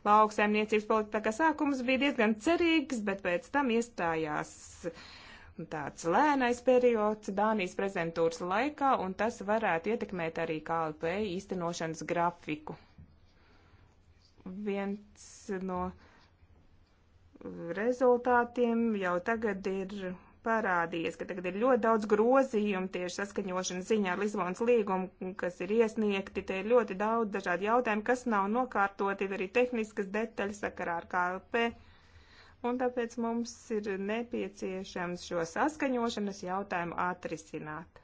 lauksaimniecības politiku. Tā kā sākums bija diezgan cerīgs, bet pēc tam iestājās tāds lēnais periods Dānijas prezentūras laikā, un tas varētu ietekmēt arī KLP īstenošanas grafiku viens no rezultātiem jau tagad ir parādījies, ka tagad ir ļoti daudz grozījumu tieši saskaņošana ziņā ar Lisbonas līgumu, kas ir iesniegti. Te ir ļoti daudz dažādu jautājumu, kas nav nokārtoti, ir arī tehniskas detaļas sakarā ar KLP. Un tāpēc mums ir nepieciešams šo saskaņošanas jautājumu atrisināt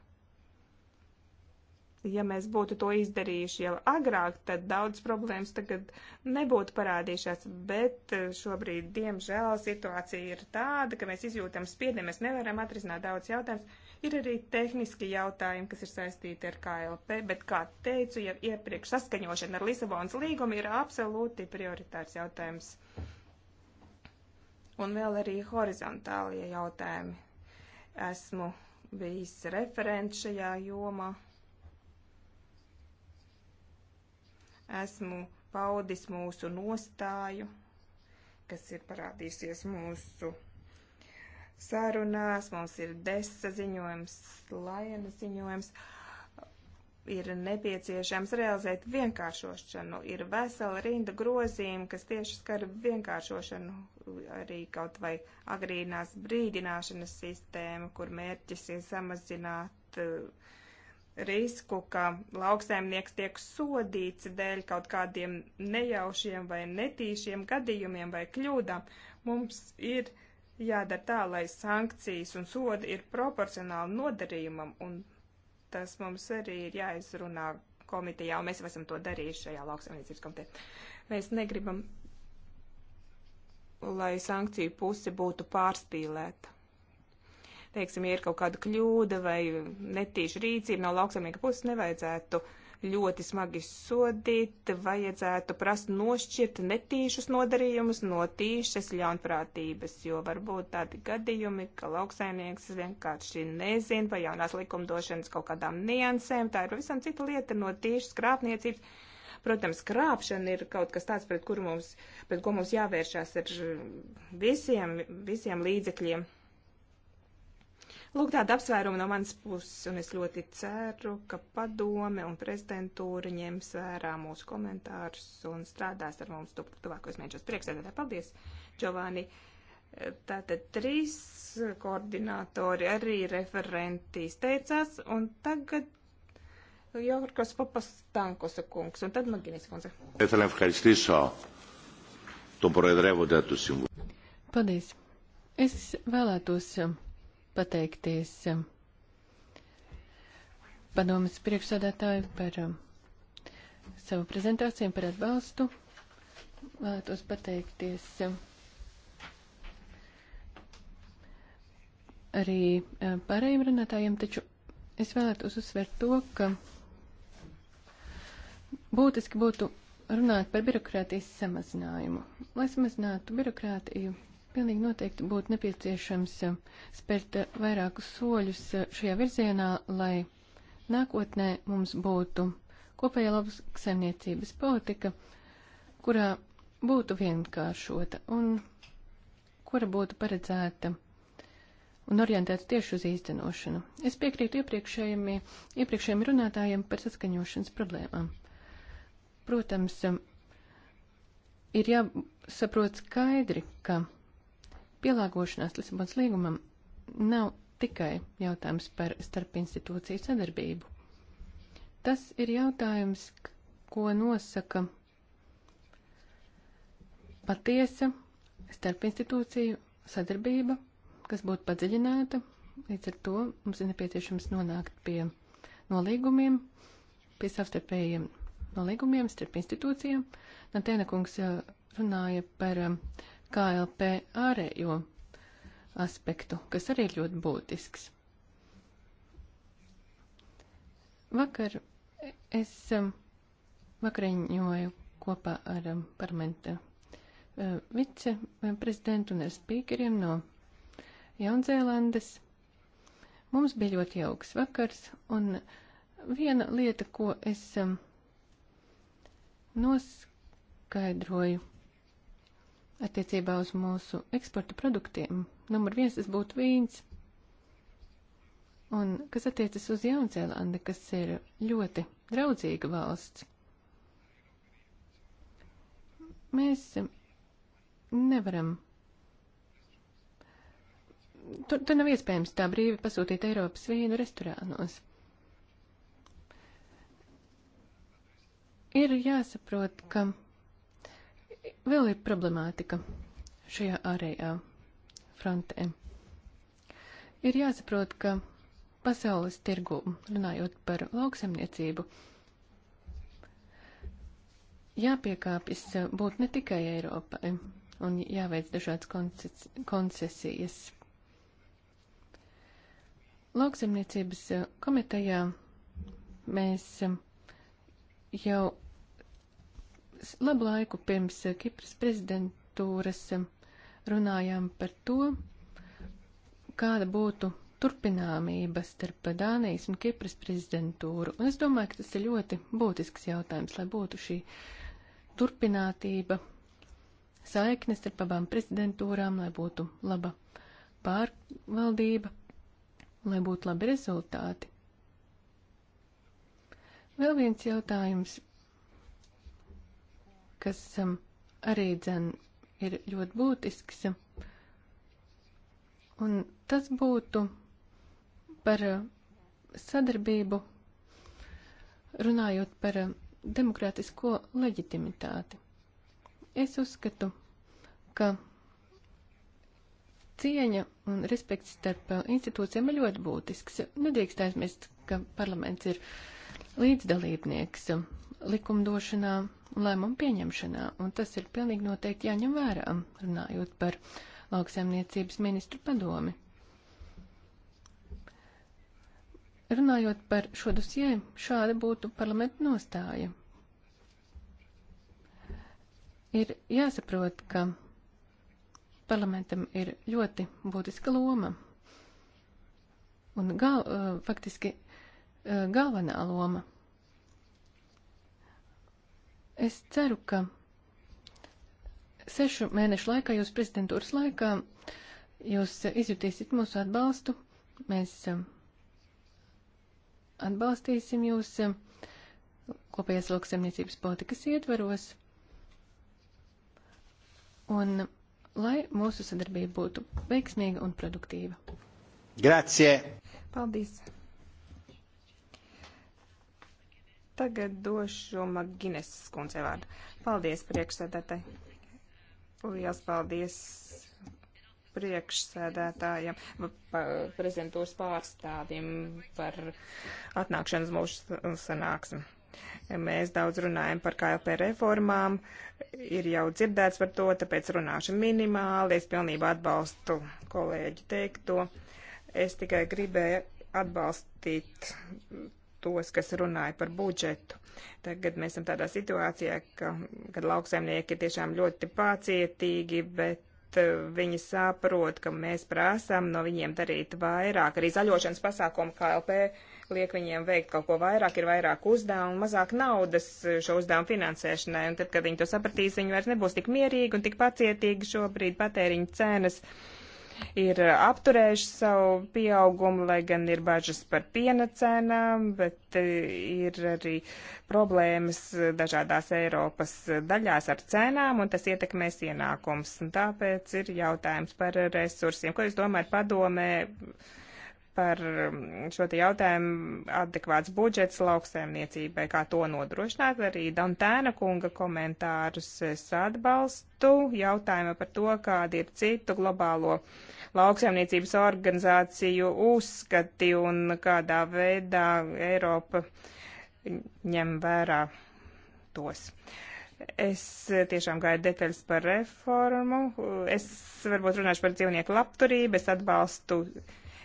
ja mēs būtu to izdarījuši jau agrāk, tad daudz problēmas tagad nebūtu parādījušās, bet eh, šobrīd, diemžēl, situācija ir tāda, ka mēs izjūtam spiedienu, mēs nevaram atrisināt daudz jautājumus. Ir arī tehniski jautājumi, kas ir saistīti ar KLP, bet, kā teicu, jau iepriekš saskaņošana ar Lisabonas līgumu ir absolūti prioritārs jautājums. Un vēl arī horizontālie jautājumi. Esmu bijis referents šajā jomā. esmu paudis mūsu nostāju, kas ir parādīsies mūsu sarunās. Mums ir desa ziņojums, laiena ziņojums. Ir nepieciešams realizēt vienkāršošanu. Ir vesela rinda grozījumi, kas tieši skar vienkāršošanu, arī kaut vai agrīnās brīdināšanas sistēmu, kur mērķis ir samazināt uh, risku, ka lauksaimnieks tiek sodīts dēļ kaut kādiem nejaušiem vai netīšiem gadījumiem vai kļūdām, mums ir jādara tā, lai sankcijas un sodi ir proporcionāli nodarījumam, un tas mums arī ir jāizrunā komitejā, un mēs jau esam to darījuši šajā lauksaimniecības komitejā. Mēs negribam, lai sankciju puse būtu pārspīlēta. Teiksim, ja ir kaut kāda kļūda vai netīša rīcība no lauksamnieka puses, nevajadzētu ļoti smagi sodīt, vajadzētu prast nošķirt netīšus nodarījumus no tīšas ļaunprātības, jo varbūt tādi gadījumi, ka lauksaimnieks vienkārši nezina vai jaunās likumdošanas kaut kādām niansēm, tā ir pavisam cita lieta no tīšas krāpniecības. Protams, krāpšana ir kaut kas tāds, pret, mums, pret ko mums jāvēršās ar visiem, visiem līdzekļiem. Lūk, tāda apsvēruma no manas puses, un es ļoti ceru, ka padome un prezidentūra ņems vērā mūsu komentārus un strādās ar mums tuvākos mēnešos. Priekšsēdētāji, paldies, Giovanni. Tātad trīs koordinātori arī referenti izteicās, un tagad Jorgos Papastankosa kungs, un tad Maginis kundze. Paldies. Es vēlētos pateikties um, padomas priekšsādātāju par um, savu prezentāciju, par atbalstu. Vēlētos pateikties um, arī pārējiem runātājiem, taču es vēlētos uzsvērt to, ka būtiski būtu runāt par birokrātijas samazinājumu. Lai samazinātu birokrātiju, Pilnīgi noteikti būtu nepieciešams eh, spērt eh, vairākus soļus eh, šajā virzienā, lai nākotnē mums būtu kopēja lauksaimniecības politika, kurā būtu vienkāršota un kura būtu paredzēta un orientēta tieši uz īstenošanu. Es piekrītu iepriekšējiem, iepriekšējiem runātājiem par saskaņošanas problēmām. Protams, ir jāsaprot skaidri, ka Pielāgošanās Lisabons līgumam nav tikai jautājums par starpinstitūciju sadarbību. Tas ir jautājums, ko nosaka patiesa starpinstitūciju sadarbība, kas būtu padziļināta. Līdz ar to mums ir nepieciešams nonākt pie nolīgumiem, pie savstarpējiem nolīgumiem starp institūcijām. Natēna kungs eh, runāja par eh, KLP ārējo aspektu, kas arī ir ļoti būtisks. Vakar es um, vakariņoju kopā ar um, parlamenta uh, viceprezidentu un ar spīkeriem no Jaunzēlandes. Mums bija ļoti jauks vakars, un viena lieta, ko es um, noskaidroju, attiecībā uz mūsu eksporta produktiem. Numur viens tas būtu vīns. Un kas attiecas uz Jaunzēlandi, kas ir ļoti draudzīga valsts. Mēs nevaram. Tur, tur nav iespējams tā brīvi pasūtīt Eiropas vīnu restorānos. Ir jāsaprot, ka Vēl ir problemātika šajā ārējā frontē. Ir jāsaprot, ka pasaules tirgu, runājot par lauksemniecību, jāpiekāpjas būt ne tikai Eiropai un jāveic dažādas konces koncesijas. Lauksemniecības komitejā mēs jau labu laiku pirms eh, Kipras prezidentūras eh, runājām par to, kāda būtu turpināmība starp Dānijas un Kipras prezidentūru. Un es domāju, ka tas ir ļoti būtisks jautājums, lai būtu šī turpinātība, saiknes starp abām prezidentūrām, lai būtu laba pārvaldība, lai būtu labi rezultāti. Vēl viens jautājums kas um, arī dzen ir ļoti būtisks. Un tas būtu par uh, sadarbību, runājot par uh, demokrātisko leģitimitāti. Es uzskatu, ka cieņa un respekts starp uh, institūcijām ir ļoti būtisks. Nedrīkst aizmirst, ka parlaments ir līdzdalībnieks likumdošanā, lēmumu pieņemšanā, un tas ir pilnīgi noteikti jāņem vērā, runājot par lauksaimniecības ministru padomi. Runājot par šo dosiju, šāda būtu parlamenta nostāja. Ir jāsaprot, ka parlamentam ir ļoti būtiska loma un gal, eh, faktiski eh, galvenā loma Es ceru, ka sešu mēnešu laikā, jūs prezidentūras laikā, jūs izjutīsiet mūsu atbalstu. Mēs um, atbalstīsim jūs um, kopējās lauksaimniecības politikas ietvaros. Un lai mūsu sadarbība būtu veiksmīga un produktīva. Grazie! Paldies! Tagad došu Magineses kundze vārdu. Paldies priekšsēdētāji. Liels paldies priekšsēdētājiem, prezentūras pārstāvjiem par atnākšanas mūsu sanāksmi. Mēs daudz runājam par KLP reformām, ir jau dzirdēts par to, tāpēc runāšu minimāli, es pilnībā atbalstu kolēģi teikto. Es tikai gribēju atbalstīt tos, kas runāja par budžetu. Tagad mēs esam tādā situācijā, ka, kad lauksaimnieki ir tiešām ļoti pacietīgi, bet eh, viņi saprot, ka mēs prasām no viņiem darīt vairāk. Arī zaļošanas pasākumu KLP liek viņiem veikt kaut ko vairāk, ir vairāk uzdevumu, mazāk naudas eh, šo uzdevumu finansēšanai. Un tad, kad viņi to sapratīs, viņi vairs nebūs tik mierīgi un tik pacietīgi šobrīd patēriņa cenas. Uh, ir eh, apturējuši savu pieaugumu, lai gan ir bažas par piena cenām, bet eh, ir arī problēmas eh, dažādās Eiropas daļās ar cenām, un tas ietekmēs ienākums. Un tāpēc ir jautājums par resursiem. Ko jūs domājat padomē? par um, šo te jautājumu adekvāts budžets lauksēmniecībai, kā to nodrošināt. Arī Dantēna kunga komentārus es atbalstu jautājuma par to, kādi ir citu globālo lauksēmniecības organizāciju uzskati un kādā veidā Eiropa ņem vērā tos. Uh, Es tiešām gaidu detaļas par reformu. Es varbūt runāšu par dzīvnieku labturību. Es atbalstu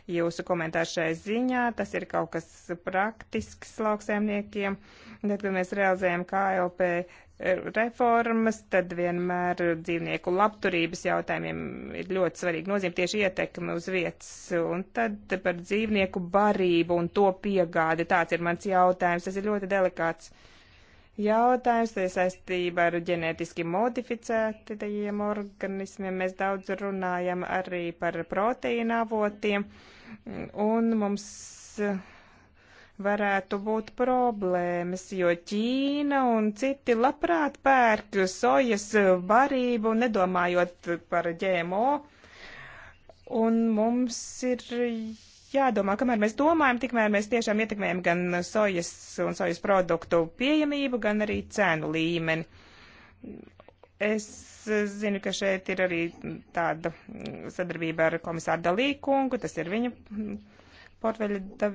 jūsu komentārs šai ziņā. Tas ir kaut kas praktisks lauksēmniekiem. Tad, kad mēs realizējam KLP eh, reformas, tad vienmēr dzīvnieku labturības jautājumiem ir ļoti svarīgi nozīme tieši ietekme uz vietas. Un tad par dzīvnieku barību un to piegādi. Tāds ir mans jautājums. Tas ir ļoti delikāts jautājums saistībā ar ģenētiski modificētajiem organismiem. Mēs daudz runājam arī par proteīna avotiem. Uh, un mums eh, varētu būt problēmas, jo Ķīna un citi labprāt pērk sojas barību, nedomājot par ģēmo. Un mums ir jādomā, kamēr mēs domājam, tikmēr mēs tiešām ietekmējam gan sojas un sojas produktu pieejamību, gan arī cēnu līmeni. Es zinu, ka šeit ir arī tāda sadarbība ar komisāru Dalīkungu, tas ir viņa portfeļa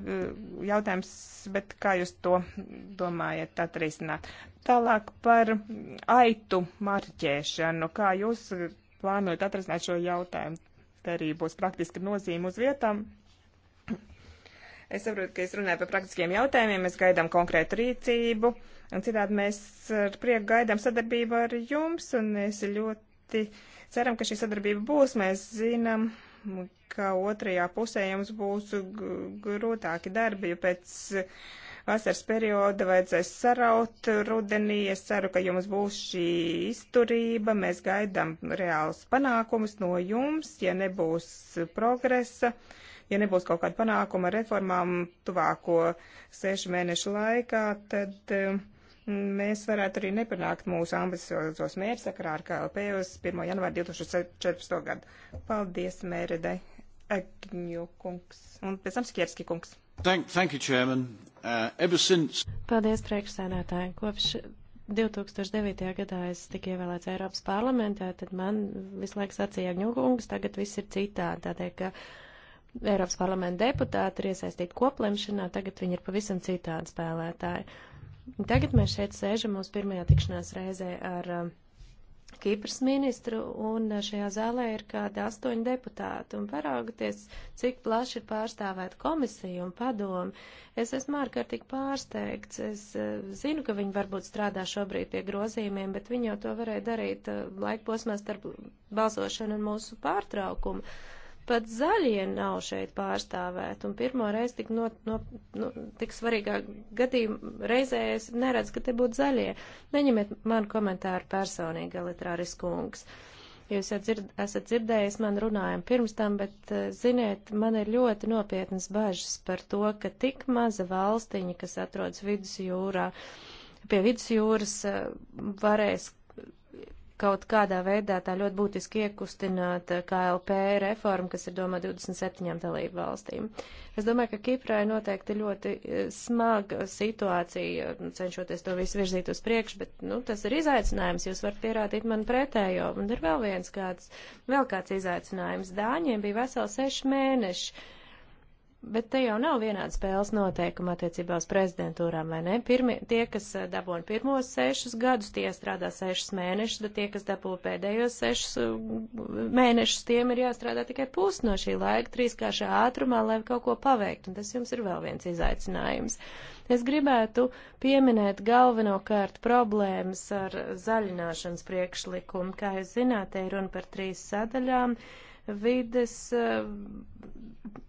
jautājums, bet kā jūs to domājat atrisināt? Tālāk par aitu marķēšanu, kā jūs plānojat atrisināt šo jautājumu? Te arī būs praktiska nozīme uz vietām. Es saprotu, ka es runāju par praktiskiem jautājumiem, mēs gaidām konkrētu rīcību. Uh, Un citādi mēs ar prieku gaidām sadarbību ar jums, un es ļoti ceram, ka šī sadarbība būs. Mēs zinām, ka otrajā pusē jums būs grūtāki darbi, jo pēc vasaras perioda vajadzēs saraut rudenī. Es ceru, ka jums būs šī izturība. Mēs gaidām reālus panākumus no jums, ja nebūs progresa. Ja nebūs kaut kāda panākuma reformām tuvāko sešu mēnešu laikā, tad uh, mēs varētu arī nepanākt mūsu ambiciozos mērķus sakarā ar KLP uz 1. janvāru 2014. gadu. Paldies, Mēredai Agņu kungs un pēc tam Skierski kungs. Thank, thank you, Chairman. Uh, ever since... Paldies, priekšsēdētāji. Kopš 2009. gadā es tiku ievēlēts Eiropas parlamentā, tad man visu laiku sacīja Agņu kungs, tagad viss ir citādi. Tādēļ, ka Eiropas parlamenta deputāti ir iesaistīti koplemšanā, tagad viņi ir pavisam citādi spēlētāji. Uh, Tagad mēs šeit sēžam mūsu pirmajā tikšanās reizē ar uh, Kipras ministru, un uh, šajā zālē ir kāda astoņa deputāta, un paraugoties, cik plaši ir pārstāvēta komisija un padomu, es esmu ārkārtīgi pārsteigts. Es uh, zinu, ka viņi varbūt strādā šobrīd pie grozījumiem, bet viņi jau to varēja darīt uh, laikposmā starp balsošanu un mūsu pārtraukumu pat zaļie nav šeit pārstāvēti, un pirmo reizi tik, no, no, nu, no, tik svarīgā gadījuma reizē es neredzu, ka te būtu zaļie. Neņemiet man komentāru personīgi, elitrāris kungs. Jūs jau dzird, esat dzirdējis man runājumu pirms tam, bet, eh, ziniet, man ir ļoti nopietnas bažas par to, ka tik maza valstiņa, kas atrodas vidusjūrā, pie vidusjūras eh, varēs kaut kādā veidā tā ļoti būtiski iekustināt eh, KLP reformu, kas ir domā 27 dalību valstīm. Es domāju, ka Kiprai noteikti ļoti eh, smaga situācija, nu, cenšoties to visu virzīt uz priekšu, bet, nu, tas ir izaicinājums, jūs varat pierādīt man pretējo. Un ir vēl viens kāds, vēl kāds izaicinājums. Dāņiem bija veseli seši mēneši Bet te jau nav vienāda spēles noteikuma attiecībā uz prezidentūrām, vai ne? Pirmi, tie, kas eh, dabūna pirmos sešus gadus, tie strādā sešus mēnešus, bet tie, kas dabū pēdējos sešus eh, mēnešus, tiem ir jāstrādā tikai pus no šī laika, trīskāršā ātrumā, lai kaut ko paveiktu. Un tas jums ir vēl viens izaicinājums. Es gribētu pieminēt galvenokārt problēmas ar zaļināšanas priekšlikumu. Kā jūs zināt, te ir runa par trīs sadaļām. Uh, vides, eh,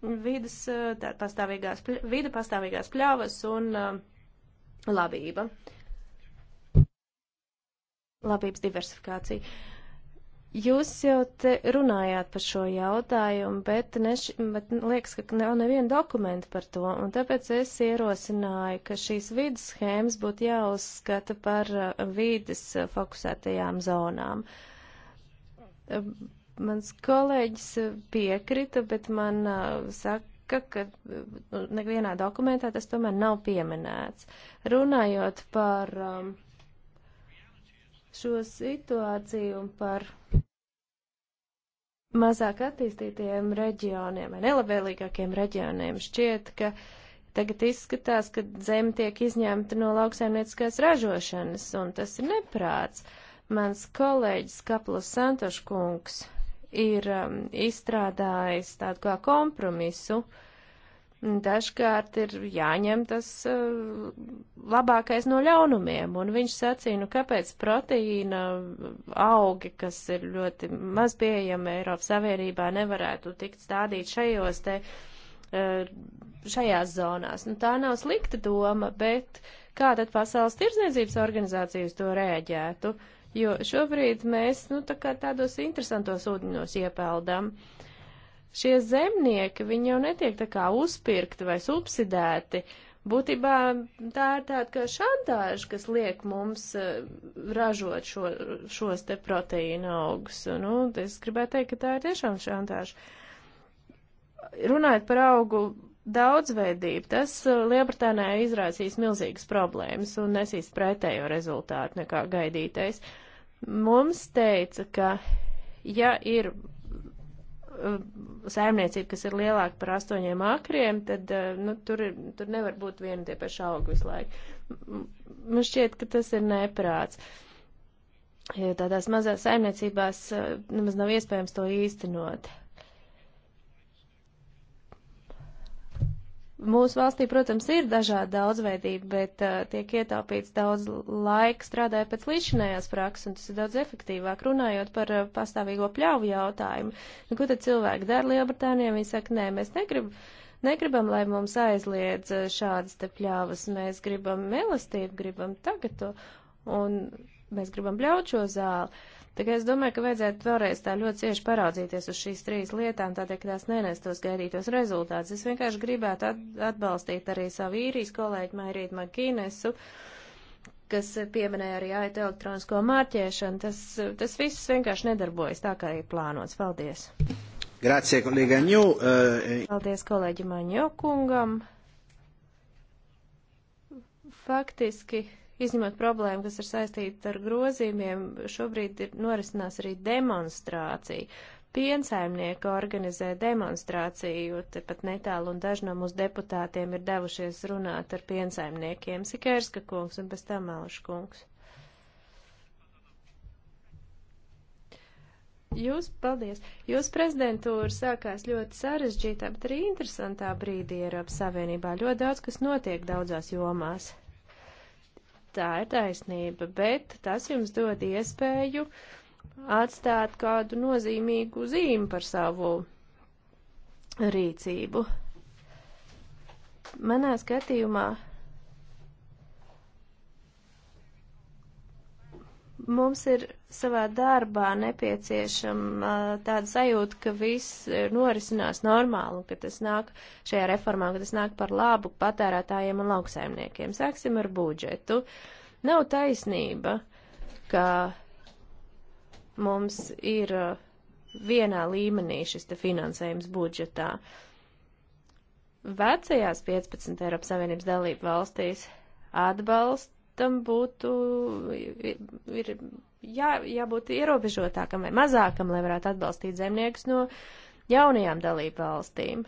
vides eh, tā, pastāvīgās, vida pastāvīgās pļavas un eh, labība. Labības diversifikācija. Jūs jau te runājāt par šo jautājumu, bet, neš, bet liekas, ka nav neviena dokumenta par to, un tāpēc es ierosināju, ka šīs vidas schēmas būtu jāuzskata par vidas fokusētajām zonām. Mans kolēģis piekrita, bet man uh, saka, ka uh, nu, nevienā dokumentā tas tomēr nav pieminēts. Runājot par um, šo situāciju un par mazāk attīstītiem reģioniem vai nelabvēlīgākiem reģioniem, šķiet, ka tagad izskatās, ka zeme tiek izņemta no lauksaimnieciskās ražošanas, un tas ir neprāts. Mans kolēģis Kaplos Santoškungs ir um, izstrādājis tādu kā kompromisu. Dažkārt ir jāņem tas uh, labākais no ļaunumiem, un viņš sacīja, nu kāpēc proteīna augi, kas ir ļoti maz pieejami Eiropas Savienībā, nevarētu tikt stādīt šajos te, uh, šajās zonās. Nu tā nav slikta doma, bet kā tad Pasaules tirzniecības organizācijas to rēģētu? Uh, jo šobrīd mēs, nu, tā kā tādos interesantos ūdeņos iepeldam. Šie zemnieki, viņi jau netiek tā kā uzpirkti vai subsidēti, Būtībā tā ir tāda kā šantāža, kas liek mums eh, ražot šo, šos te proteīna augus. Nu, es gribētu teikt, ka tā ir tiešām šantāža. Runājot par augu daudzveidību, tas eh, Lielbritānijā izrāsīs milzīgas problēmas un nesīs pretējo rezultātu nekā gaidītais. Uh, Mums teica, ka ja ir uh, saimniecība, kas ir lielāka par astoņiem akriem, tad uh, nu, tur, ir, tur nevar būt viena tie paši augi visu laiku. Man šķiet, ka tas ir neprāts. Jo tādās mazās saimniecībās uh, nemaz nav iespējams to īstenot. Mūsu valstī, protams, ir dažāda daudzveidība, bet uh, tiek ietaupīts daudz laika strādājot pēc līdzinējās prakses, un tas ir daudz efektīvāk. Runājot par uh, pastāvīgo pļauju jautājumu, nu, ko tad cilvēki dara Lielbritānijā? Viņi saka, nē, mēs negrib, negribam, lai mums aizliedz uh, šādas te pļāvas, mēs gribam melastību, gribam tagad to, un mēs gribam bļaut šo zāli. Tikai es domāju, ka vajadzētu vēlreiz tā ļoti cieši paraudzīties uz šīs trīs lietām, tādēļ, ka tās nenestos gaidītos rezultātus. Es vienkārši gribētu at atbalstīt arī savu īrijas kolēģi Mairītu Makīnesu kas pieminēja arī IT elektronisko mārķēšanu, tas, tas viss vienkārši nedarbojas tā, kā ir plānots. Paldies! Grazie, eh, eh. kolēģi Aņu! Uh... Paldies kolēģim Aņokungam! Faktiski izņemot problēmu, kas ir saistīta ar grozījumiem, šobrīd ir norisinās arī demonstrācija. Piensaimnieki organizē demonstrāciju, tepat netālu un daži no mūsu deputātiem ir devušies runāt ar piensaimniekiem - Sikerska kungs un pēc tam Malš kungs. Jūs, paldies, jūs prezidentūra sākās ļoti sarežģītā, bet arī interesantā brīdī Eiropas Savienībā. Ļoti daudz, kas notiek daudzās jomās tā ir taisnība, bet tas jums dod iespēju atstāt kādu nozīmīgu zīmi par savu rīcību. Manā skatījumā Mums ir savā darbā nepieciešama uh, tāda sajūta, ka viss uh, norisinās normāli, ka tas nāk šajā reformā, ka tas nāk par labu patērētājiem un lauksaimniekiem. Sāksim ar budžetu. Nav taisnība, ka mums ir uh, vienā līmenī šis te finansējums budžetā. Vecajās 15 Eiropas Savienības dalību valstīs atbalsts tam būtu, ir jā, jābūt ierobežotākam vai mazākam, lai varētu atbalstīt zemniekus no jaunajām dalību valstīm.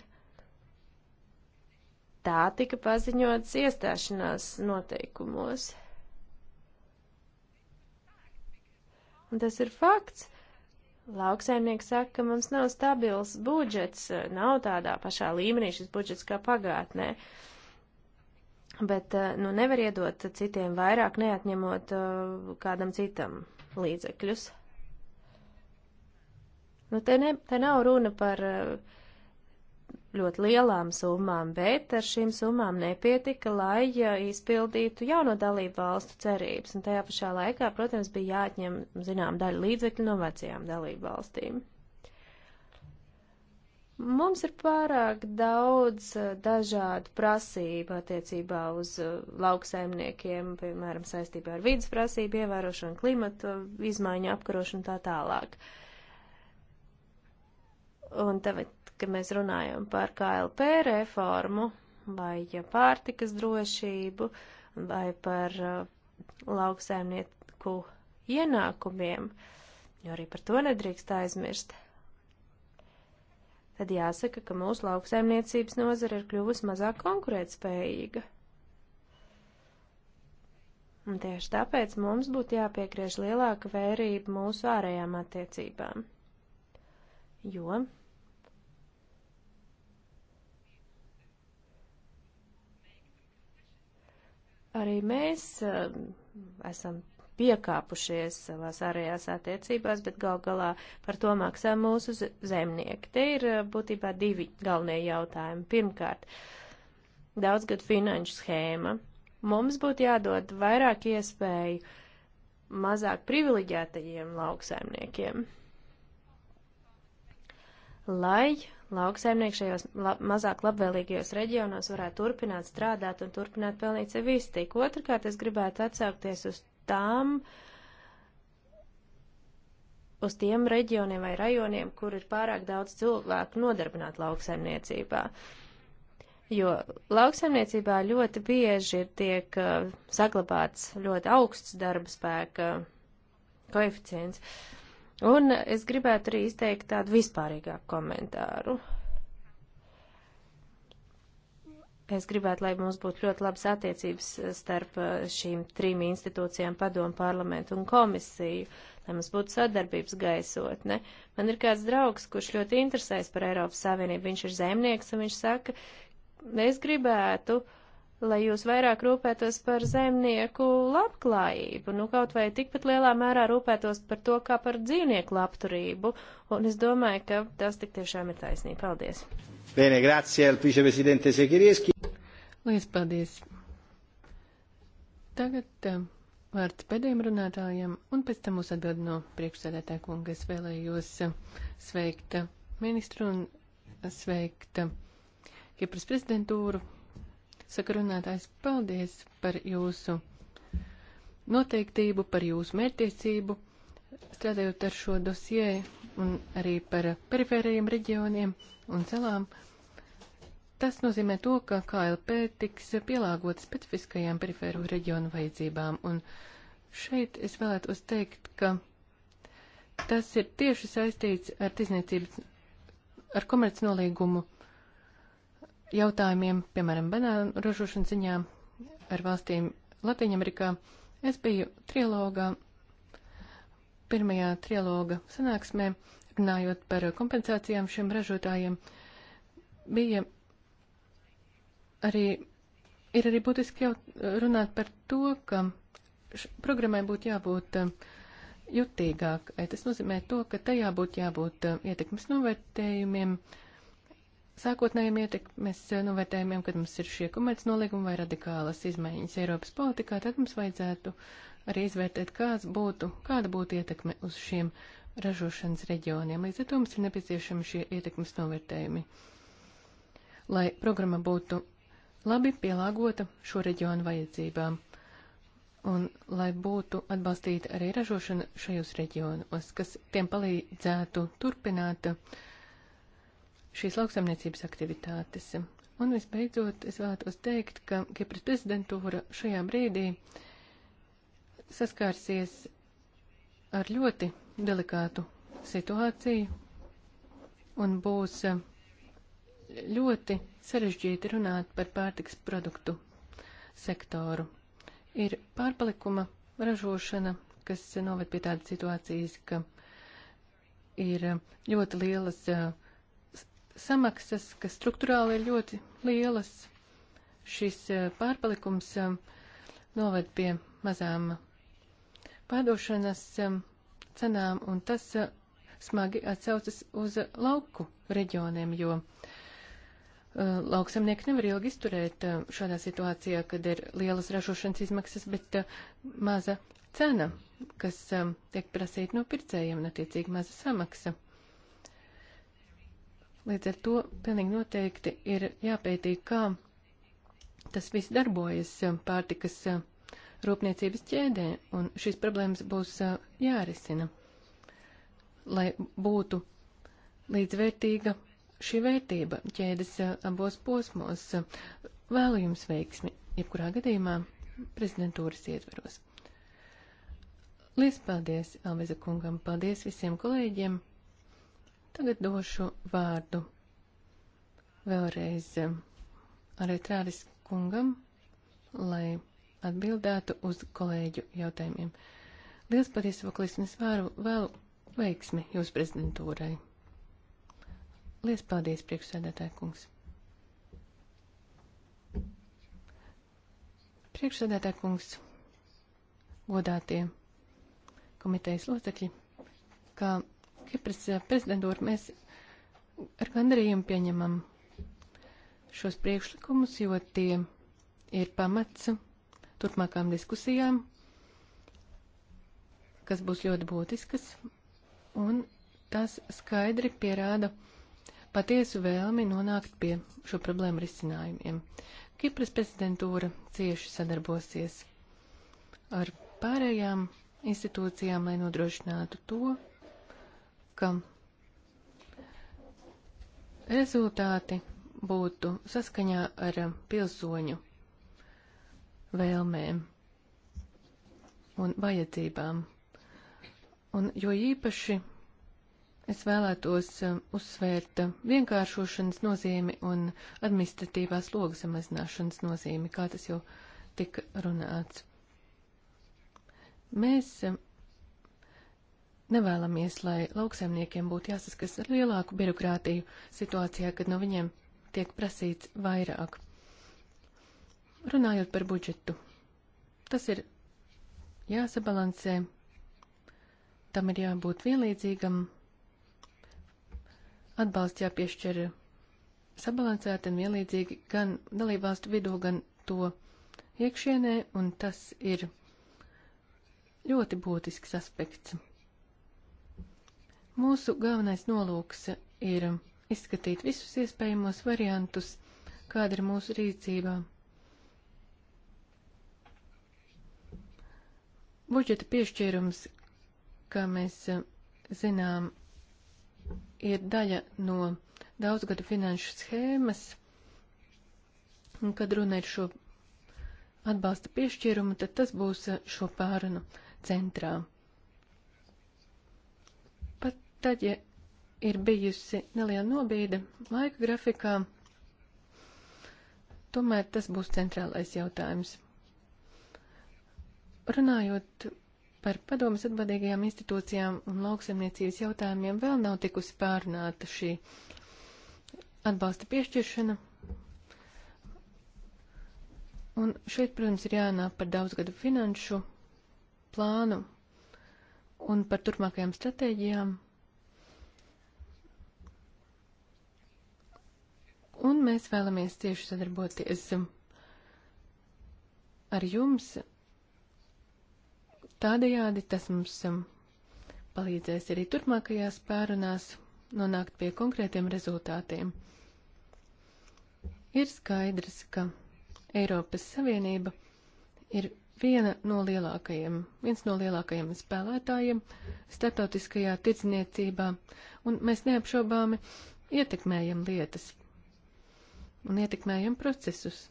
Tā tika paziņots iestāšanās noteikumos. Un tas ir fakts. Lauksaimnieks saka, ka mums nav stabils budžets, nav tādā pašā līmenī šis budžets kā pagātnē. Uh, bet eh, nu, nevar iedot citiem vairāk, neatņemot eh, kādam citam līdzekļus. Nu, te, ne, te nav runa par eh, ļoti lielām summām, bet ar šīm summām nepietika, lai izpildītu jauno dalību valstu cerības, un tajā pašā laikā, protams, bija jāatņem zinām daļa līdzekļu no vecajām dalību valstīm. Mums ir pārāk daudz eh, dažādu prasību attiecībā uz eh, lauksaimniekiem, piemēram, saistībā ar vidas prasību ievērošanu, klimatu eh, izmaiņu apkarošanu tā tālāk. Un tagad, kad mēs runājam par KLP reformu vai pārtikas drošību vai par lauksaimnieku ienākumiem, jo arī par to nedrīkst aizmirst, tad jāsaka, ka mūsu lauksaimniecības nozara ir kļuvusi mazāk konkurētspējīga. Un tieši tāpēc mums būtu jāpiegriež lielāka vērība mūsu ārējām attiecībām. Jo arī mēs uh, esam piekāpušies savās ārējās attiecībās, bet gal galā par to maksā mūsu zemnieki. Te ir būtībā divi galvenie jautājumi. Pirmkārt, daudzgad finanšu schēma. Mums būtu jādod vairāk iespēju mazāk privileģētajiem lauksaimniekiem, lai lauksaimnieki šajos la mazāk labvēlīgajos reģionos varētu turpināt strādāt un turpināt pelnīt sev iztiku. Otrakārt, es gribētu atsaukties uz tām, uz tiem reģioniem vai rajoniem, kur ir pārāk daudz cilvēku nodarbināt lauksaimniecībā. Jo lauksaimniecībā ļoti bieži ir tiek uh, saglabāts ļoti augsts darba spēka koeficients. Un es gribētu arī izteikt tādu vispārīgāku komentāru. Es gribētu, lai mums būtu ļoti labas attiecības eh, starp eh, šīm trim institūcijām, padomu, parlamentu un komisiju, lai mums būtu sadarbības gaisotne. Man ir kāds draugs, kurš ļoti interesēs par Eiropas Savienību, viņš ir zemnieks, un viņš saka, es gribētu, lai jūs vairāk rūpētos par zemnieku labklājību, nu kaut vai tikpat lielā mērā rūpētos par to, kā par dzīvnieku labturību, un es domāju, ka tas tik tiešām ir taisnība. Paldies! Bene, grazie al viceprezidente Sekirieski. Lielas paldies. Tagad uh, vārds pēdējiem runātājiem, un pēc tam mūs atbild no priekšsēdētāja kunga. Es vēlējos uh, sveikt uh, ministru un sveikt Kipras prezidentūru. Saka runātājs, paldies par jūsu noteiktību, par jūsu mērķtiecību, strādājot ar šo dosie un arī par perifērajiem reģioniem un celām. Tas nozīmē to, ka KLP tiks pielāgota specifiskajām perifēru reģionu vajadzībām, un šeit es vēlētos teikt, ka tas ir tieši saistīts ar tirzniecības, ar komercnolīgumu jautājumiem, piemēram, banānu ražošanas ziņā ar valstīm Latvijā. Es biju trilogā, pirmajā triloga sanāksmē, runājot par kompensācijām šiem ražotājiem. Bija arī ir arī būtiski jau eh, runāt par to, ka programmai būtu jābūt eh, jutīgākai. Tas nozīmē to, ka tajā būtu jābūt eh, ietekmes novērtējumiem, sākotnējiem ietekmes novērtējumiem, kad mums ir šie komercnolīgumi vai radikālas izmaiņas Eiropas politikā, tad mums vajadzētu arī izvērtēt, kāds būtu, kāda būtu ietekme uz šiem ražošanas reģioniem. Līdz ar to mums ir nepieciešami šie ietekmes novērtējumi, lai programma būtu labi pielāgota šo reģionu vajadzībām. Un lai būtu atbalstīta arī ražošana šajos reģionos, kas tiem palīdzētu turpināt šīs lauksaimniecības aktivitātes. Un visbeidzot, es vēlētos teikt, ka Kipras prezidentūra šajā brīdī saskārsies ar ļoti delikātu situāciju un būs uh, ļoti sarežģīti runāt par pārtiks produktu sektoru. Ir pārpalikuma ražošana, kas noved pie tādas situācijas, ka ir ļoti lielas samaksas, kas struktūrāli ir ļoti lielas. Šis pārpalikums noved pie mazām pārdošanas cenām, un tas smagi atsaucas uz lauku reģioniem, jo Uh, lauksamnieki nevar ilgi izturēt uh, šādā situācijā, kad ir lielas ražošanas izmaksas, bet uh, maza cena, kas um, tiek prasīta no pircējiem, un attiecīgi maza samaksa. Līdz ar to pilnīgi noteikti ir jāpētī, kā tas viss darbojas pārtikas rūpniecības ķēdē, un šīs problēmas būs jārisina, lai būtu līdzvērtīga šī vērtība ķēdes eh, abos posmos. Vēlu jums veiksmi, jebkurā gadījumā prezidentūras ietveros. Lies paldies Alveza kungam, paldies visiem kolēģiem. Tagad došu vārdu vēlreiz eh, arī Trāris kungam, lai atbildētu uz kolēģu jautājumiem. Liels paldies, Voklis, un es vēlu veiksmi jūsu prezidentūrai. Lies paldies, priekšsēdētāja kungs. Priekšsēdētāja kungs, godātie komitejas locekļi, kā Kipras eh, prezidentūra mēs ar gandarījumu pieņemam šos priekšlikumus, jo tie ir pamats turpmākām diskusijām, kas būs ļoti būtiskas, un tas skaidri pierāda, patiesu vēlmi nonākt pie šo problēmu risinājumiem. Kipras prezidentūra cieši sadarbosies ar pārējām institūcijām, lai nodrošinātu to, ka rezultāti būtu saskaņā ar pilsoņu vēlmēm un vajadzībām. Un jo īpaši Es vēlētos um, uzsvērt um, vienkāršošanas nozīmi un administratīvās logas samazināšanas nozīmi, kā tas jau tika runāts. Mēs um, nevēlamies, lai lauksaimniekiem būtu jāsaskas ar lielāku birokrātiju situācijā, kad no viņiem tiek prasīts vairāk. Runājot par budžetu, tas ir jāsabalansē, tam ir jābūt vienlīdzīgam atbalsts jāpiešķir sabalansēti un vienlīdzīgi gan dalībvalstu vidū, gan to iekšienē, un tas ir ļoti būtisks aspekts. Mūsu galvenais nolūks ir izskatīt visus iespējamos variantus, kāda ir mūsu rīcībā. Budžeta piešķīrums, kā mēs zinām, ir daļa no daudzgada finanšu schēmas, un kad runa ir šo atbalsta piešķīrumu, tad tas būs eh, šo pārunu centrā. Pat tad, ja ir bijusi neliela nobīde laika grafikā, tomēr tas būs centrālais jautājums. Runājot par padomas atbildīgajām institūcijām un lauksaimniecības jautājumiem vēl nav tikusi pārunāta šī atbalsta piešķiršana. Un šeit, protams, ir jārunā par daudzgadu finanšu plānu un par turpmākajām stratēģijām. Un mēs vēlamies cieši sadarboties ar jums Tādējādi tas mums um, palīdzēs arī turpmākajās pārunās nonākt pie konkrētiem rezultātiem. Ir skaidrs, ka Eiropas Savienība ir viena no lielākajiem, viens no lielākajiem spēlētājiem starptautiskajā tirdzniecībā, un mēs neapšaubāmi ietekmējam lietas un ietekmējam procesus.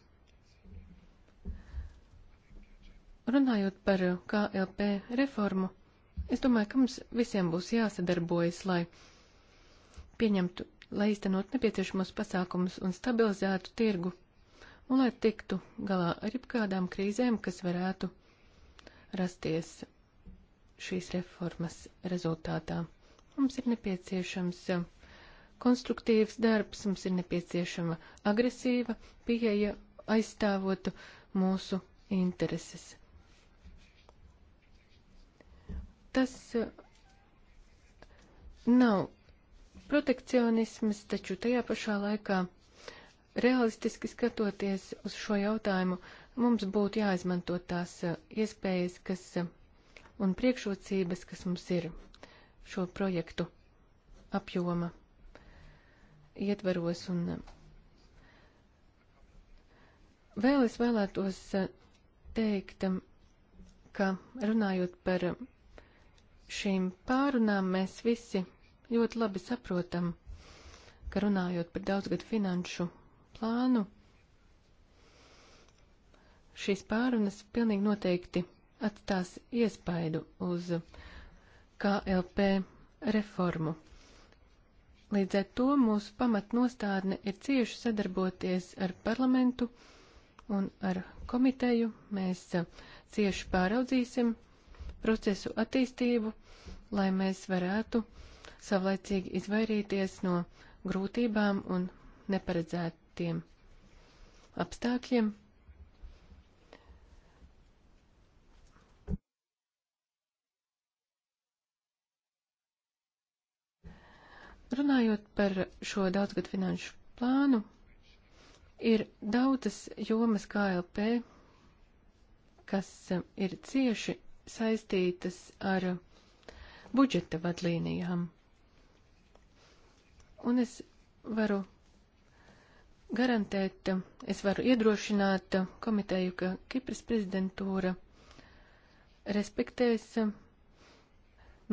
Runājot par KLP reformu, es domāju, ka mums visiem būs jāsadarbojas, lai pieņemtu, lai īstenot nepieciešamos pasākumus un stabilizētu tirgu, un lai tiktu galā ar jebkādām krīzēm, kas varētu rasties šīs reformas rezultātā. Mums ir nepieciešams konstruktīvs darbs, mums ir nepieciešama agresīva pieeja aizstāvot mūsu intereses. Tas uh, nav protekcionisms, taču tajā pašā laikā realistiski skatoties uz šo jautājumu, mums būtu jāizmanto tās uh, iespējas kas, uh, un priekšrocības, kas mums ir šo projektu apjoma ietvaros. Un vēl es vēlētos teikt, um, ka runājot par šīm pārunām mēs visi ļoti labi saprotam, ka runājot par daudzgadu finanšu plānu, šīs pārunas pilnīgi noteikti atstās iespaidu uz KLP reformu. Līdz ar to mūsu pamatnostādne ir cieši sadarboties ar parlamentu un ar komiteju. Mēs cieši pāraudzīsim procesu attīstību, lai mēs varētu savlaicīgi izvairīties no grūtībām un neparedzētiem apstākļiem. Runājot par šo daudzgadu finanšu plānu, ir daudzas jomas KLP, kas ir cieši saistītas ar budžeta vadlīnijām. Un es varu garantēt, es varu iedrošināt komiteju, ka Kipras prezidentūra respektēs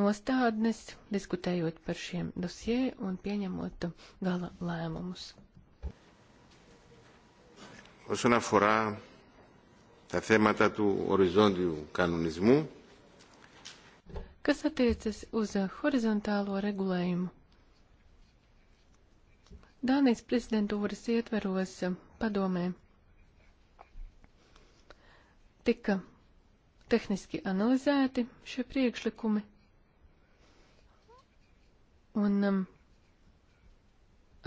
nostādnes, diskutējot par šiem dosjē un pieņemot gala lēmumus. Όσον αφορά τα θέματα του οριζόντιου κανονισμού. Kas attiecas uz uh, horizontālo regulējumu? Dānijas prezidentūras ietveros uh, padomē tika tehniski analizēti šie priekšlikumi, un um,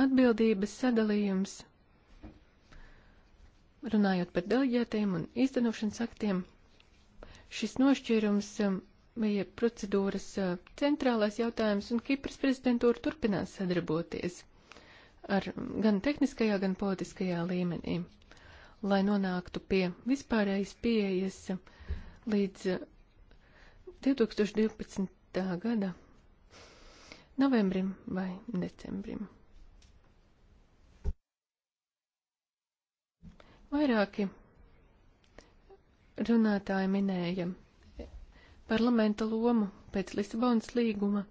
atbildības sadalījums Runājot par deleģētiem un īstenošanas aktiem, šis nošķīrums um, bija procedūras uh, centrālais jautājums, un Kipras prezidentūra turpinās sadarboties ar um, gan tehniskajā, gan politiskajā līmenī, lai nonāktu pie vispārējas pieejas um, līdz 2012. Uh, gada novembrim vai decembrim. Vairāki runātāji minēja parlamenta lomu pēc Lisabonas līguma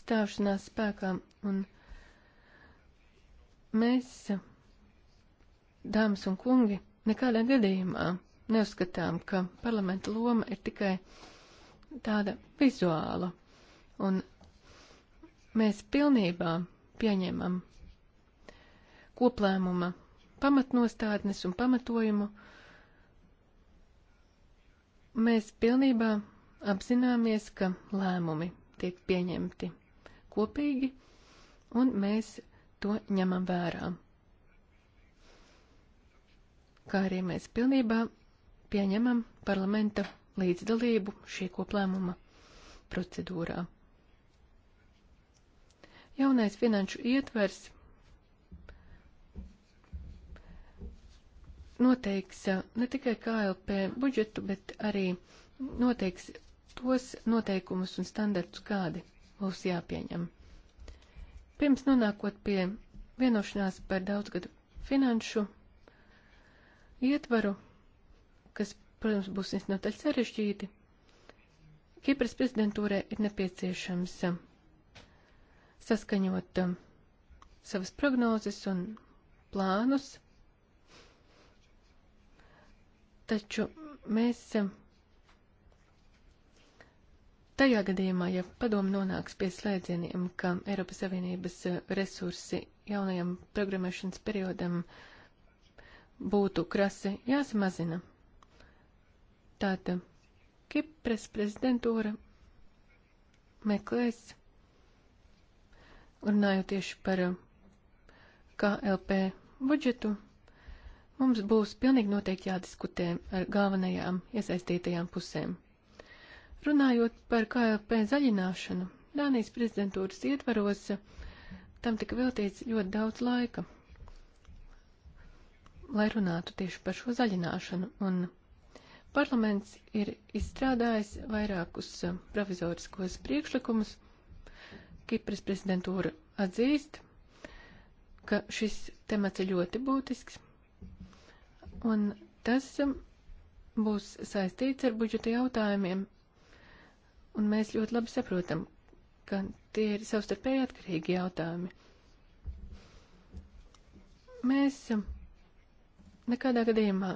stāšanās spēkā, un mēs, dāmas un kungi, nekādā gadījumā neuzskatām, ka parlamenta loma ir tikai tāda vizuāla, un mēs pilnībā pieņemam koplēmuma pamatnostādnes un pamatojumu, mēs pilnībā apzināmies, ka lēmumi tiek pieņemti kopīgi, un mēs to ņemam vērā. Kā arī mēs pilnībā pieņemam parlamenta līdzdalību šī koplēmuma procedūrā. Jaunais finanšu ietvers noteiks eh, ne tikai KLP budžetu, bet arī noteiks tos noteikumus un standartus, kādi būs jāpieņem. Pirms nonākot pie vienošanās par daudzgadu finanšu ietvaru, kas, protams, būs visnotaļ sarežģīti, Kipras prezidentūrē ir nepieciešams eh, saskaņot eh, savas prognozes un plānus Taču mēs eh, tajā gadījumā, ja padomu nonāks pie slēdzieniem, ka Eiropas Savienības eh, resursi jaunajam programmēšanas periodam būtu krasi jāsamazina. Tātad Kipras prezidentūra meklēs, runājot tieši par eh, KLP budžetu, Mums būs pilnīgi noteikti jādiskutē ar galvenajām iesaistītajām pusēm. Runājot par KLP zaļināšanu, Dānijas prezidentūras ietvaros eh, tam tika veltīts ļoti daudz laika, lai runātu tieši par šo zaļināšanu, un parlaments ir izstrādājis vairākus eh, provizoriskos priekšlikumus. Kipras prezidentūra atzīst, ka šis temats ir ļoti būtisks, Un tas būs saistīts ar budžeta jautājumiem. Un mēs ļoti labi saprotam, ka tie ir savstarpēji atkarīgi jautājumi. Mēs nekādā gadījumā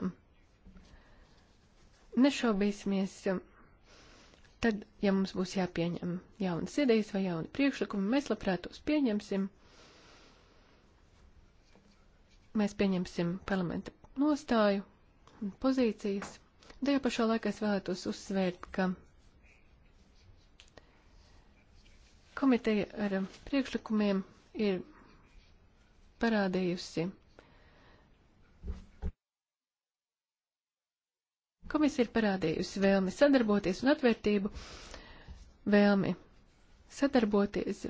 nešaubīsimies tad, ja mums būs jāpieņem jaunas idejas vai jauni priekšlikumi, mēs labprāt tos pieņemsim. Mēs pieņemsim parlamenta nostāju un pozīcijas. Tajā pašā laikā es vēlētos uzsvērt, ka komiteja ar priekšlikumiem ir parādījusi. Komisija ir parādījusi vēlmi sadarboties un atvērtību, vēlmi sadarboties,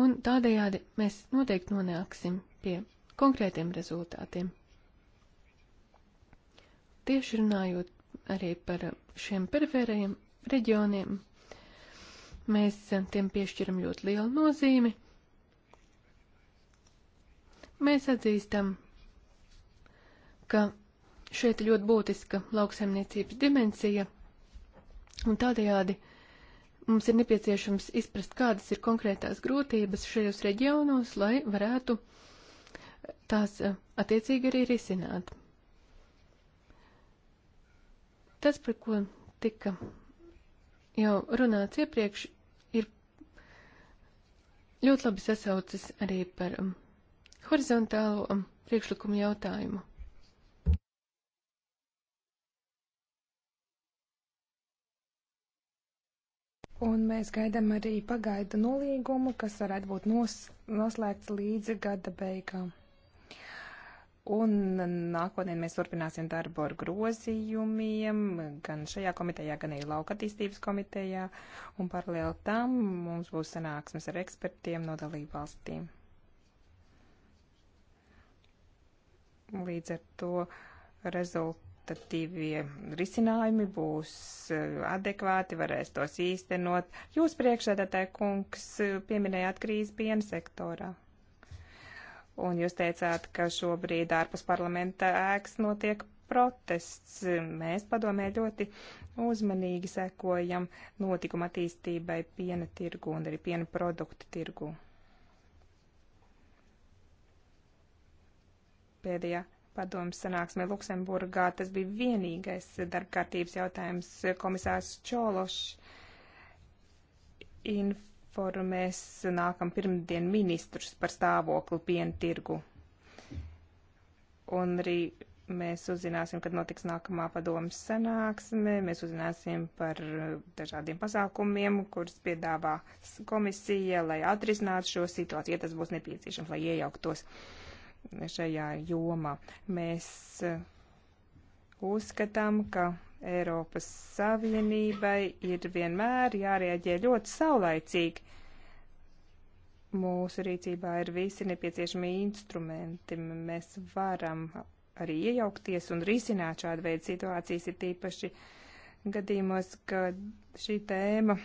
un tādējādi mēs noteikti nonāksim pie konkrētiem rezultātiem tieši runājot arī par šiem perifērajiem reģioniem, mēs tiem piešķiram ļoti lielu nozīmi. Mēs atzīstam, ka šeit ļoti būtiska lauksaimniecības dimensija, un tādējādi mums ir nepieciešams izprast, kādas ir konkrētās grūtības šajos reģionos, lai varētu tās eh, attiecīgi arī risināt. Tas, par ko tika jau runāts iepriekš, ir ļoti labi sasaucis arī par um, horizontālo um, priekšlikumu jautājumu. Un mēs gaidām arī pagaidu nolīgumu, kas varētu būt nos, noslēgts līdz gada beigām. Un nākotnē mēs turpināsim darbu ar grozījumiem, gan šajā komitejā, gan arī lauka attīstības komitejā. Un paralēli tam mums būs sanāksmes ar ekspertiem no dalību valstīm. Līdz ar to rezultatīvie risinājumi būs eh, adekvāti, varēs tos īstenot. Jūs priekšsēdētāji kungs eh, pieminējāt krīzes piena sektorā. Un jūs teicāt, ka šobrīd ārpus parlamenta ēks notiek protests. Mēs padomē ļoti uzmanīgi sekojam notikuma attīstībai piena tirgu un arī piena produktu tirgu. Pēdējā padomas sanāksmē Luksemburgā tas bija vienīgais darbkārtības jautājums komisārs Čološs. Inf informēs nākam pirmdien ministrus par stāvokli pientirgu. Un arī mēs uzzināsim, kad notiks nākamā padomas sanāksme, mēs uzzināsim par uh, dažādiem pasākumiem, kurus piedāvā komisija, lai atrisinātu šo situāciju, ja tas būs nepieciešams, lai iejauktos šajā jomā. Mēs uh, uzskatām, ka Eiropas Savienībai ir vienmēr jārēģē ļoti saulaicīgi. Mūsu rīcībā ir visi nepieciešamie instrumenti. Mēs varam arī iejaukties un risināt šādu veidu situācijas, ir tīpaši gadījumos, ka šī tēma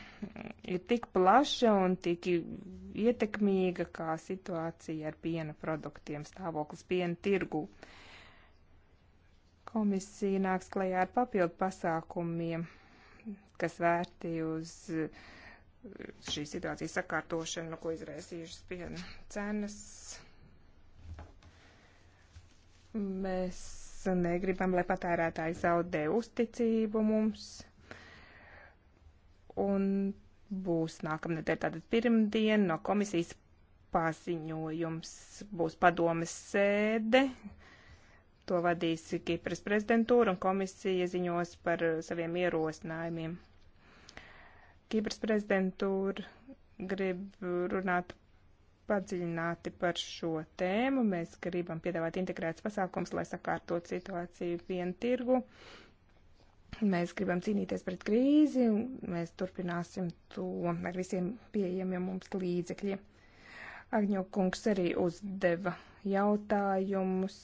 ir tik plaša un tik ietekmīga kā situācija ar piena produktiem, stāvoklis piena tirgū. Uh, Komisija nāks klajā ar papildu pasākumiem, kas vērti uz eh, šīs situācijas sakārtošanu, ko izraisījušas piena cenas. Mēs negribam, lai patērētāji zaudē uzticību mums. Un būs nākamnedēļ tātad pirmdien no komisijas paziņojums. Būs padomes sēde, To vadīs Kipras prezidentūra un komisija ziņos par uh, saviem ierosinājumiem. Kipras prezidentūra grib runāt padziļināti par šo tēmu. Mēs gribam piedāvāt integrētas pasākums, lai sakārtot situāciju vienu tirgu. Mēs gribam cīnīties pret krīzi, mēs turpināsim to ar visiem pieejamiem mums līdzekļiem. Agņokungs arī uzdeva jautājumus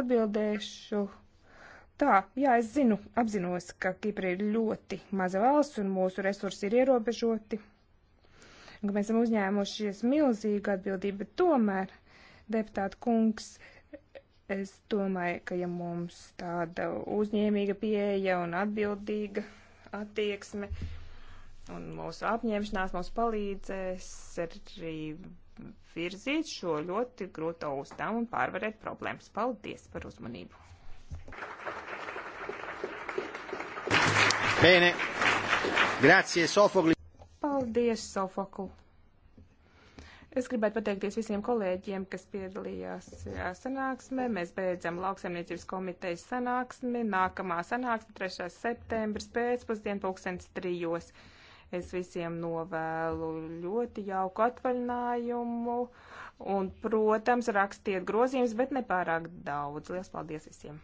Atbildēšu tā, jā, es zinu, apzinos, ka Kipra ir ļoti maza valsts un mūsu resursi ir ierobežoti. Un, mēs esam uzņēmušies milzīgu atbildību, bet tomēr, deputāta kungs, es domāju, ka ja mums tāda uzņēmīga pieeja un atbildīga attieksme un mūsu apņemšanās mums palīdzēs arī virzīt šo ļoti grūto uzdevumu un pārvarēt problēmas. Paldies par uzmanību! Bene. Grazie, Sofokli. Paldies, Sofoklu. Es gribētu pateikties visiem kolēģiem, kas piedalījās šajā sanāksmē. Mēs beidzam lauksaimniecības komitejas sanāksmi. Nākamā sanāksme 3. septembris pēcpusdien pulkstens trijos. Es visiem novēlu ļoti jauku atvaļinājumu un, protams, rakstiet grozījumus, bet nepārāk daudz. Lielas paldies visiem!